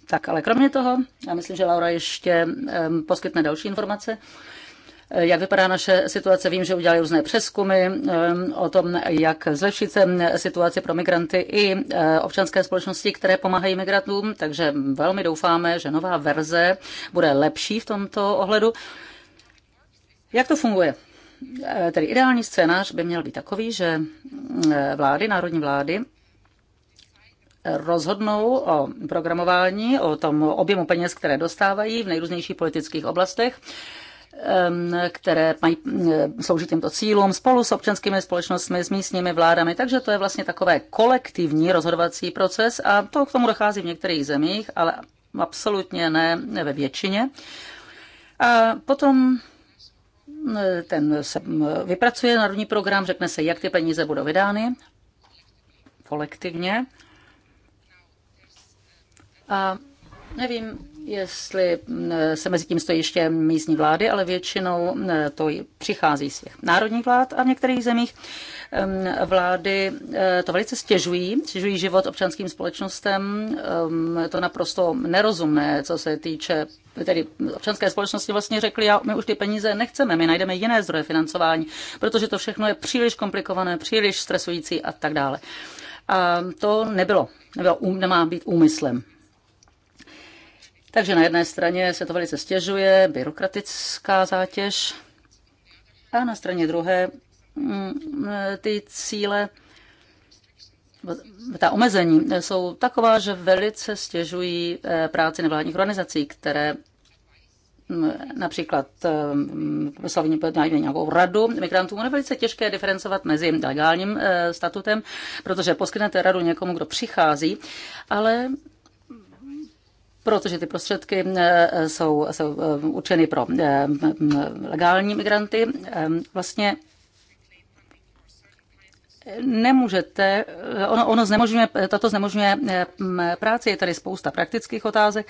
Tak, ale kromě toho, já myslím, že Laura ještě um, poskytne další informace. Uh, Eh, jak vypadá naše situace. Vím, že udělali různé přeskumy eh, o tom, jak zlepšit se eh, situaci pro migranty i občanské společnosti, které pomáhají migrantům, takže velmi doufáme, že nová verze bude lepší v tomto ohledu. Jak to funguje? Tedy ideální scénář by měl být takový, že vlády, národní vlády, rozhodnou o programování, o tom objemu peněz, které dostávají v nejrůznějších politických oblastech které mají, sloužit těmto cílům spolu s občanskými společnostmi, s místními vládami. Takže to je vlastně takové kolektivní rozhodovací proces a to k tomu dochází v některých zemích, ale absolutně ne ve většině. A potom ten se vypracuje národní program, řekne se, jak ty peníze budou vydány kolektivně. A nevím, jestli mm, se mezi tím stojí ještě místní vlády, ale většinou mm, to přichází z těch národních vlád a v některých zemích mm, vlády eh, to velice stěžují, stěžují život občanským společnostem. Je to naprosto nerozumné, co se týče tedy občanské společnosti vlastně řekli, já, my už ty peníze nechceme, my najdeme jiné zdroje financování, protože to všechno je příliš komplikované, příliš stresující a tak dále. A to nebylo, nebylo nemá být úmyslem takže na jedné straně se to velice stěžuje, byrokratická zátěž, a na straně druhé mm, ty cíle, ta omezení jsou taková, že velice stěžují eh, práci nevládních organizací, které mm, například eh, slavní podnájí nějakou radu Ono je velice těžké diferencovat mezi legálním eh, statutem, protože poskytnete radu někomu, kdo přichází, ale protože ty prostředky eh, jsou, jsou eh, určeny pro eh, legální migranty. Vlastně nemůžete, ono, ono znemožňuje, tato znemožňuje práci, je tady spousta praktických otázek,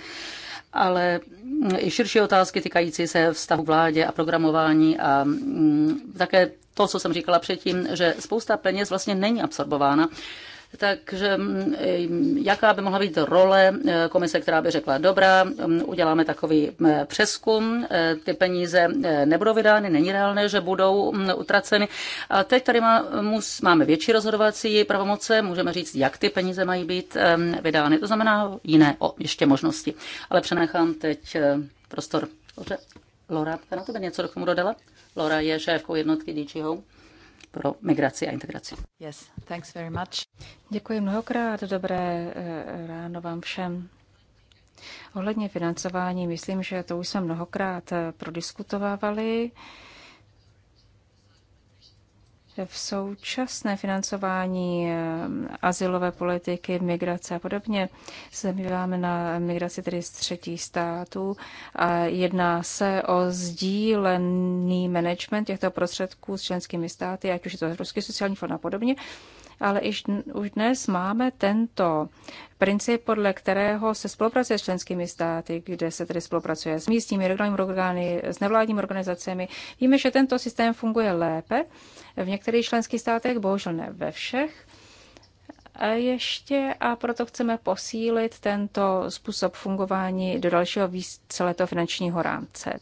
ale mm, i širší otázky týkající se vztahu vládě a programování a mm, také to, co jsem říkala předtím, že spousta peněz vlastně není absorbována takže mm, jaká by mohla být role eh, komise, která by řekla, dobrá, mm, uděláme takový mm, přeskum, eh, ty peníze eh, nebudou vydány, není reálné, že budou utraceny. A teď tady má, máme větší rozhodovací pravomoce, můžeme říct, jak ty peníze mají být vydány. To znamená jiné o, ještě možnosti. Ale přenechám teď prostor. Dobře. Laura, na to by něco k tomu dodala? Laura je šéfkou jednotky DG Home pro migraci a integraci. Yes, thanks very much. Děkuji mnohokrát, dobré eh, ráno vám všem. Ohledně financování, myslím, že to už jsme mnohokrát eh, prodiskutovávali v současné financování eh, asilové politiky, migrace a podobně se na migraci tedy z třetích států a jedná se o sdílený management těchto prostředků s členskými státy, ať už je to ruský sociální fond a podobně ale iž, už dnes máme tento princip, podle kterého se spolupracuje s členskými státy, kde se tedy spolupracuje s místními regionálními orgány, s nevládními organizacemi. Víme, že tento systém funguje lépe v některých členských státech, bohužel ne ve všech ještě a proto chceme posílit tento způsob fungování do dalšího víceletého finančního rámce.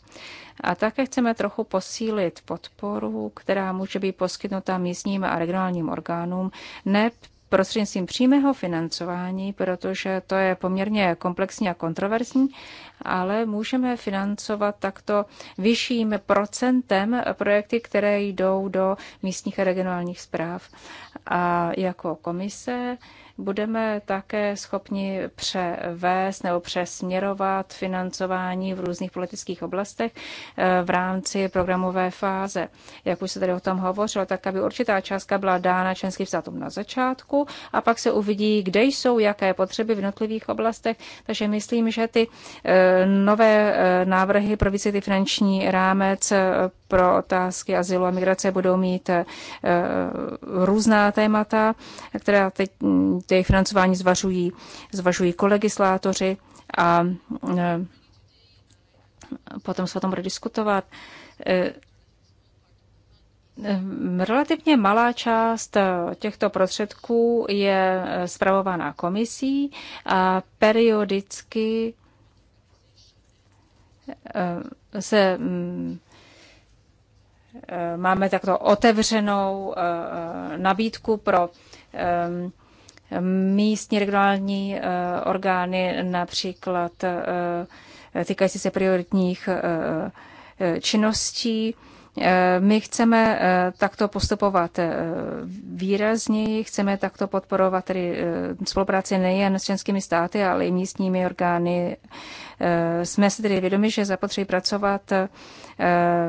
A také chceme trochu posílit podporu, která může být poskytnuta místním a regionálním orgánům, ne prostřednictvím přímého financování, protože to je poměrně komplexní a kontroverzní ale můžeme financovat takto vyšším procentem projekty, které jdou do místních a regionálních zpráv. A jako komise budeme také schopni převést nebo přesměrovat financování v různých politických oblastech eh, v rámci programové fáze. Jak už se tady o tom hovořilo, tak aby určitá částka byla dána členským státům na začátku a pak se uvidí, kde jsou jaké potřeby v jednotlivých oblastech. Takže myslím, že ty eh, Nové eh, návrhy pro více finanční rámec eh, pro otázky azylu a migrace budou mít eh, různá témata, která teď ty mm, financování zvažují, zvažují kolegislátoři a potom se o tom bude diskutovat. Relativně malá část těchto prostředků je zpravována komisí a periodicky Eh, se mm, eh, máme takto otevřenou eh, nabídku pro místní regionální orgány, například týkající se prioritních činností. My chceme takto postupovat výrazněji, chceme takto podporovat tedy spolupráci nejen s členskými státy, ale i místními orgány Eh, jsme si tedy vědomi, že zapotřebí pracovat eh,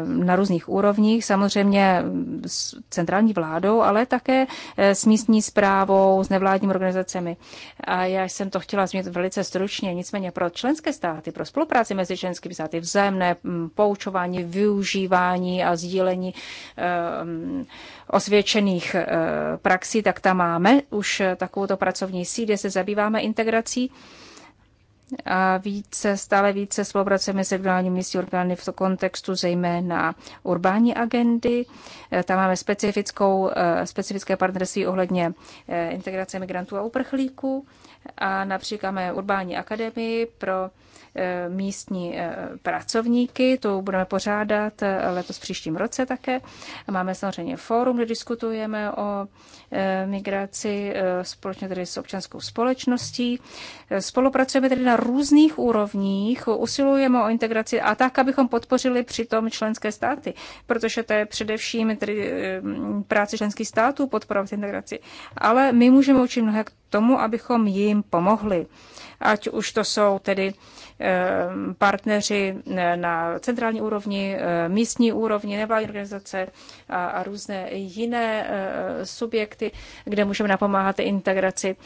na různých úrovních, samozřejmě mm, s centrální vládou, ale také eh, s místní zprávou, s nevládními organizacemi. A já jsem to chtěla změnit velice stručně, nicméně pro členské státy, pro spolupráci mezi členskými státy, vzájemné mm, poučování, využívání a sdílení ehm, osvědčených praxí, tak tam máme už takovouto pracovní síť, kde se zabýváme integrací a více, stále více spolupracujeme s regionálními místní orgány v kontextu zejména urbání agendy. E, tam máme specifickou, e, specifické partnerství ohledně e, integrace migrantů a uprchlíků a například máme urbání akademii pro Eh, místní eh, pracovníky. To budeme pořádat eh, letos příštím roce také. Máme samozřejmě fórum, kde diskutujeme o migraci společně tedy s občanskou společností. Spolupracujeme tedy na různých úrovních, usilujeme o integraci a tak, abychom podpořili přitom členské státy, protože to je především tedy práce členských států podporovat integraci. Ale my můžeme učit mnohé k tomu, abychom jim pomohli ať už to jsou tedy eh, partneři eh, na centrální úrovni, eh, místní úrovni, nevládní organizace a, různé jiné subjekty, kde můžeme napomáhat integraci.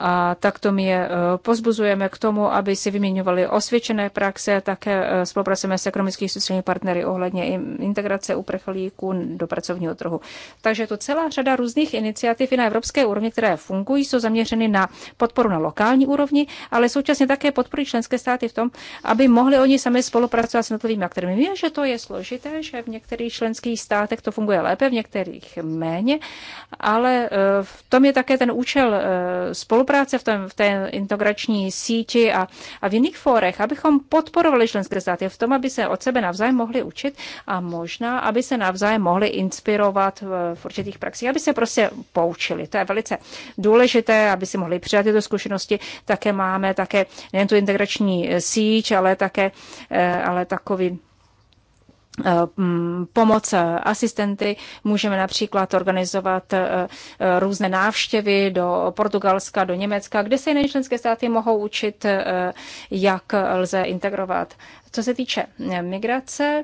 A to my je pozbuzujeme k tomu, aby si vyměňovali osvědčené praxe, také spolupracujeme s ekonomickými sociálními partnery ohledně integrace uprchlíků do pracovního trhu. Takže je to celá řada různých iniciativ i na evropské úrovni, které fungují, jsou zaměřeny na podporu na lokální globální úrovni, ale současně také podporují členské státy v tom, aby mohli oni sami spolupracovat s jednotlivými aktéry. Vím, že to je složité, že v některých členských státech to funguje lépe, v některých méně, ale eh, v tom je také ten účel eh, spolupráce v, tom, v té integrační síti a, a v jiných fórech, abychom podporovali členské státy v tom, aby se od sebe navzájem mohli učit a možná, aby se navzájem mohli inspirovat v, eh, v určitých praxích, aby se prostě poučili. To je velice důležité, aby si mohli přijat tyto zkušenosti také máme také nejen tu integrační eh, síť, ale také eh, ale takový eh, mm, pomoc asistenty. Můžeme například organizovat různé návštěvy do Portugalska, do Německa, kde se jiné členské státy mohou učit, jak lze integrovat. Co se týče migrace,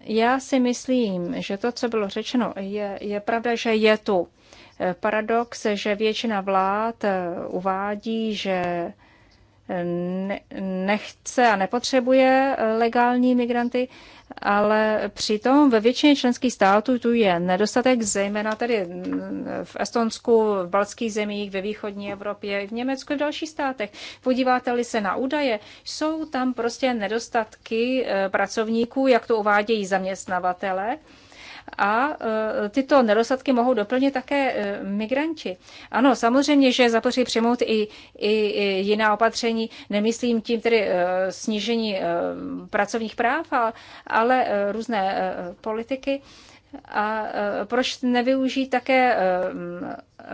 já si myslím, že to, co bylo řečeno, je, je pravda, že je tu paradox, že většina vlád eh, uvádí, že eh, nechce a nepotřebuje eh, legální migranty, ale přitom ve většině členských států tu je nedostatek, zejména tedy mm, v Estonsku, v balckých zemích, ve východní Evropě, v Německu a v dalších státech. Podíváte-li se na údaje, jsou tam prostě nedostatky pracovníků, jak to uvádějí zaměstnavatele a e, tyto nedostatky mohou doplnit také e, migranti. Ano, samozřejmě, že zapoří přijmout i, i, i jiná opatření, nemyslím tím tedy e, snížení pracovních práv, ale různé politiky. A proč nevyužít také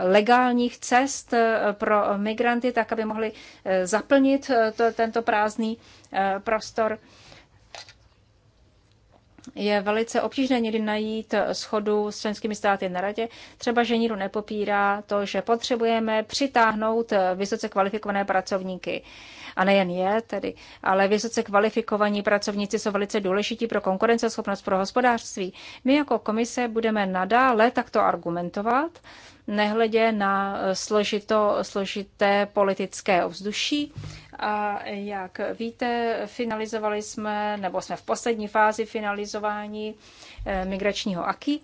legálních cest pro migranty, tak aby mohli zaplnit to, tento prázdný prostor? je velice obtížné někdy najít eh, schodu s členskými státy na radě. Třeba, že nikdo nepopírá to, že potřebujeme přitáhnout eh, vysoce kvalifikované pracovníky. A nejen je tedy, ale vysoce kvalifikovaní pracovníci jsou velice důležití pro konkurenceschopnost pro hospodářství. My jako komise budeme nadále takto argumentovat, nehledě na eh, složito, složité politické ovzduší a jak víte, finalizovali jsme, nebo jsme v poslední fázi finalizování eh, migračního AKI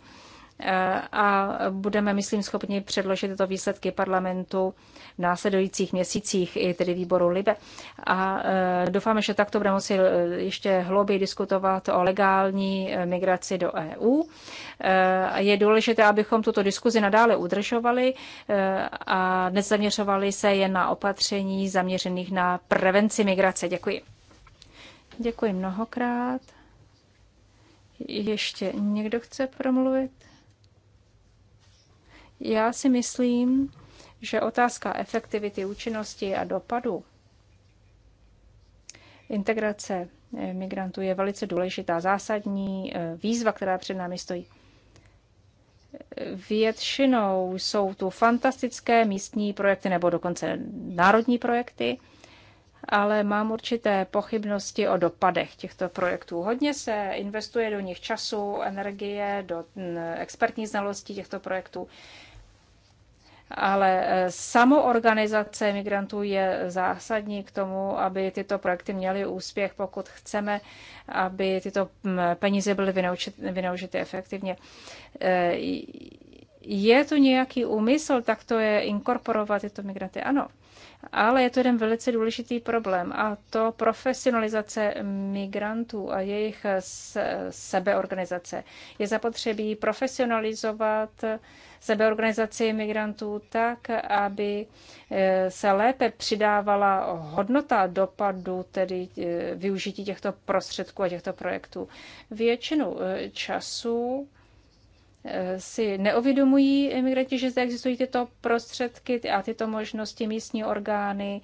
a budeme, myslím, schopni předložit tyto výsledky parlamentu v následujících měsících, i tedy výboru LIBE. A e, doufáme, že takto budeme moci e, ještě hlouběji diskutovat o legální e, migraci do EU. Je důležité, abychom tuto diskuzi nadále udržovali a nezaměřovali se jen na opatření zaměřených na prevenci migrace. Děkuji. Děkuji mnohokrát. Ještě někdo chce promluvit? Já si myslím, že otázka efektivity, účinnosti a dopadu integrace eh, migrantů je velice důležitá, zásadní eh, výzva, která před námi stojí. Většinou jsou tu fantastické místní projekty nebo dokonce národní projekty, ale mám určité pochybnosti o dopadech těchto projektů. Hodně se investuje do nich času, energie, do expertní znalosti těchto projektů ale eh, samoorganizace migrantů je zásadní k tomu, aby tyto projekty měly úspěch, pokud chceme, aby tyto mm, peníze byly vynaužity efektivně. Eh, je tu nějaký úmysl, tak to je inkorporovat tyto migranty? Ano. Ale je to jeden velice důležitý problém a to profesionalizace migrantů a jejich sebeorganizace. Je zapotřebí profesionalizovat sebeorganizaci migrantů tak, aby e, se lépe přidávala hodnota dopadu, tedy e, využití těchto prostředků a těchto projektů. Většinu e, času si neuvědomují imigranti, že zde existují tyto prostředky a tyto možnosti místní orgány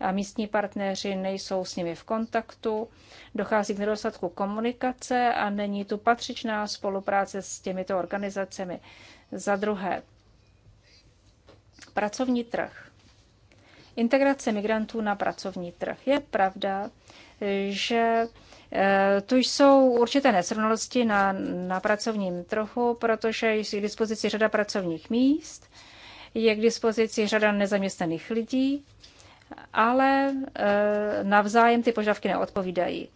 a místní partneři nejsou s nimi v kontaktu, dochází k nedostatku komunikace a není tu patřičná spolupráce s těmito organizacemi. Za druhé, pracovní trh. Integrace migrantů na pracovní trh. Je pravda, že Eh, tu jsou určité nesrovnalosti na, na pracovním trochu protože je k dispozici řada pracovních míst, je k dispozici řada nezaměstnaných lidí, ale eh, navzájem ty požadavky neodpovídají.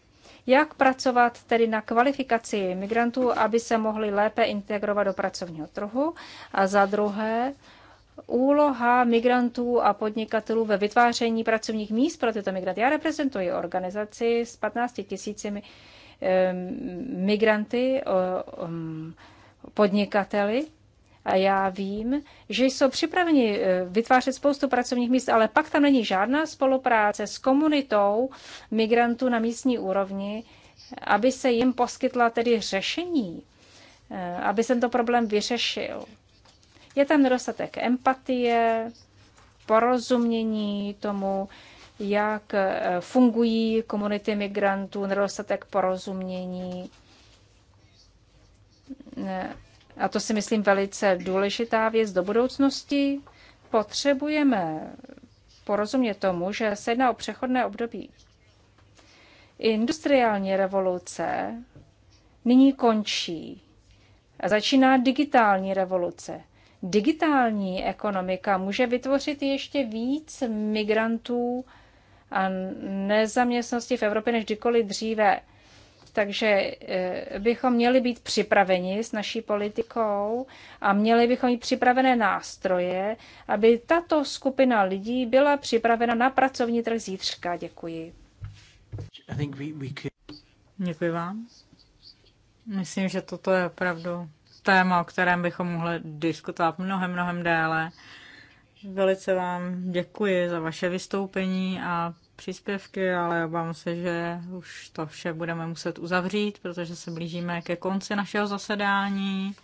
Jak pracovat tedy na kvalifikaci migrantů, aby se mohli lépe integrovat do pracovního trhu? A za druhé, úloha migrantů a podnikatelů ve vytváření pracovních míst pro tyto migranty. Já reprezentuji organizaci s 15 tisícimi migranty, podnikateli, a já vím, že jsou připraveni eh, vytvářet spoustu pracovních míst, ale pak tam není žádná spolupráce s komunitou migrantů na místní úrovni, aby se jim poskytla tedy řešení, eh, aby se to problém vyřešil. Je tam nedostatek empatie, porozumění tomu, jak eh, fungují komunity migrantů, nedostatek porozumění. Eh, a to si myslím velice důležitá věc do budoucnosti. Potřebujeme porozumět tomu, že se jedná o přechodné období. Industriální revoluce nyní končí a začíná digitální revoluce digitální ekonomika může vytvořit ještě víc migrantů a nezaměstnosti v Evropě než kdykoliv dříve. Takže eh, bychom měli být připraveni s naší politikou a měli bychom mít připravené nástroje, aby tato skupina lidí byla připravena na pracovní trh zítřka. Děkuji. Děkuji vám. Myslím, že toto je opravdu téma, o kterém bychom mohli diskutovat mnohem, mnohem déle. Velice vám děkuji za vaše vystoupení a příspěvky, ale obávám se, že už to vše budeme muset uzavřít, protože se blížíme ke konci našeho zasedání.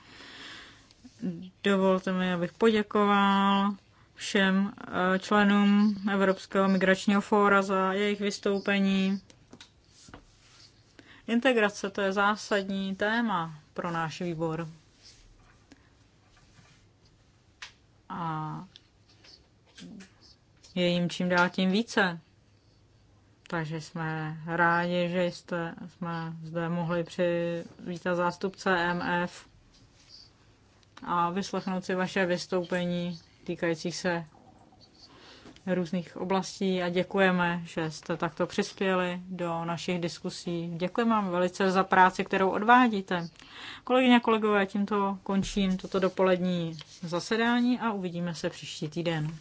Dovolte mi, abych poděkoval všem eh, členům Evropského migračního fóra za jejich vystoupení. Integrace to je zásadní téma pro náš výbor. a je jim čím dál tím více. Takže jsme rádi, že jste, jsme zde mohli přivítat zástupce MF a vyslechnout si vaše vystoupení týkajících se různých oblastí a děkujeme, že jste takto přispěli do našich diskusí. Děkujeme vám velice za práci, kterou odvádíte. Kolegyně a kolegové, tímto končím toto dopolední zasedání a uvidíme se příští týden.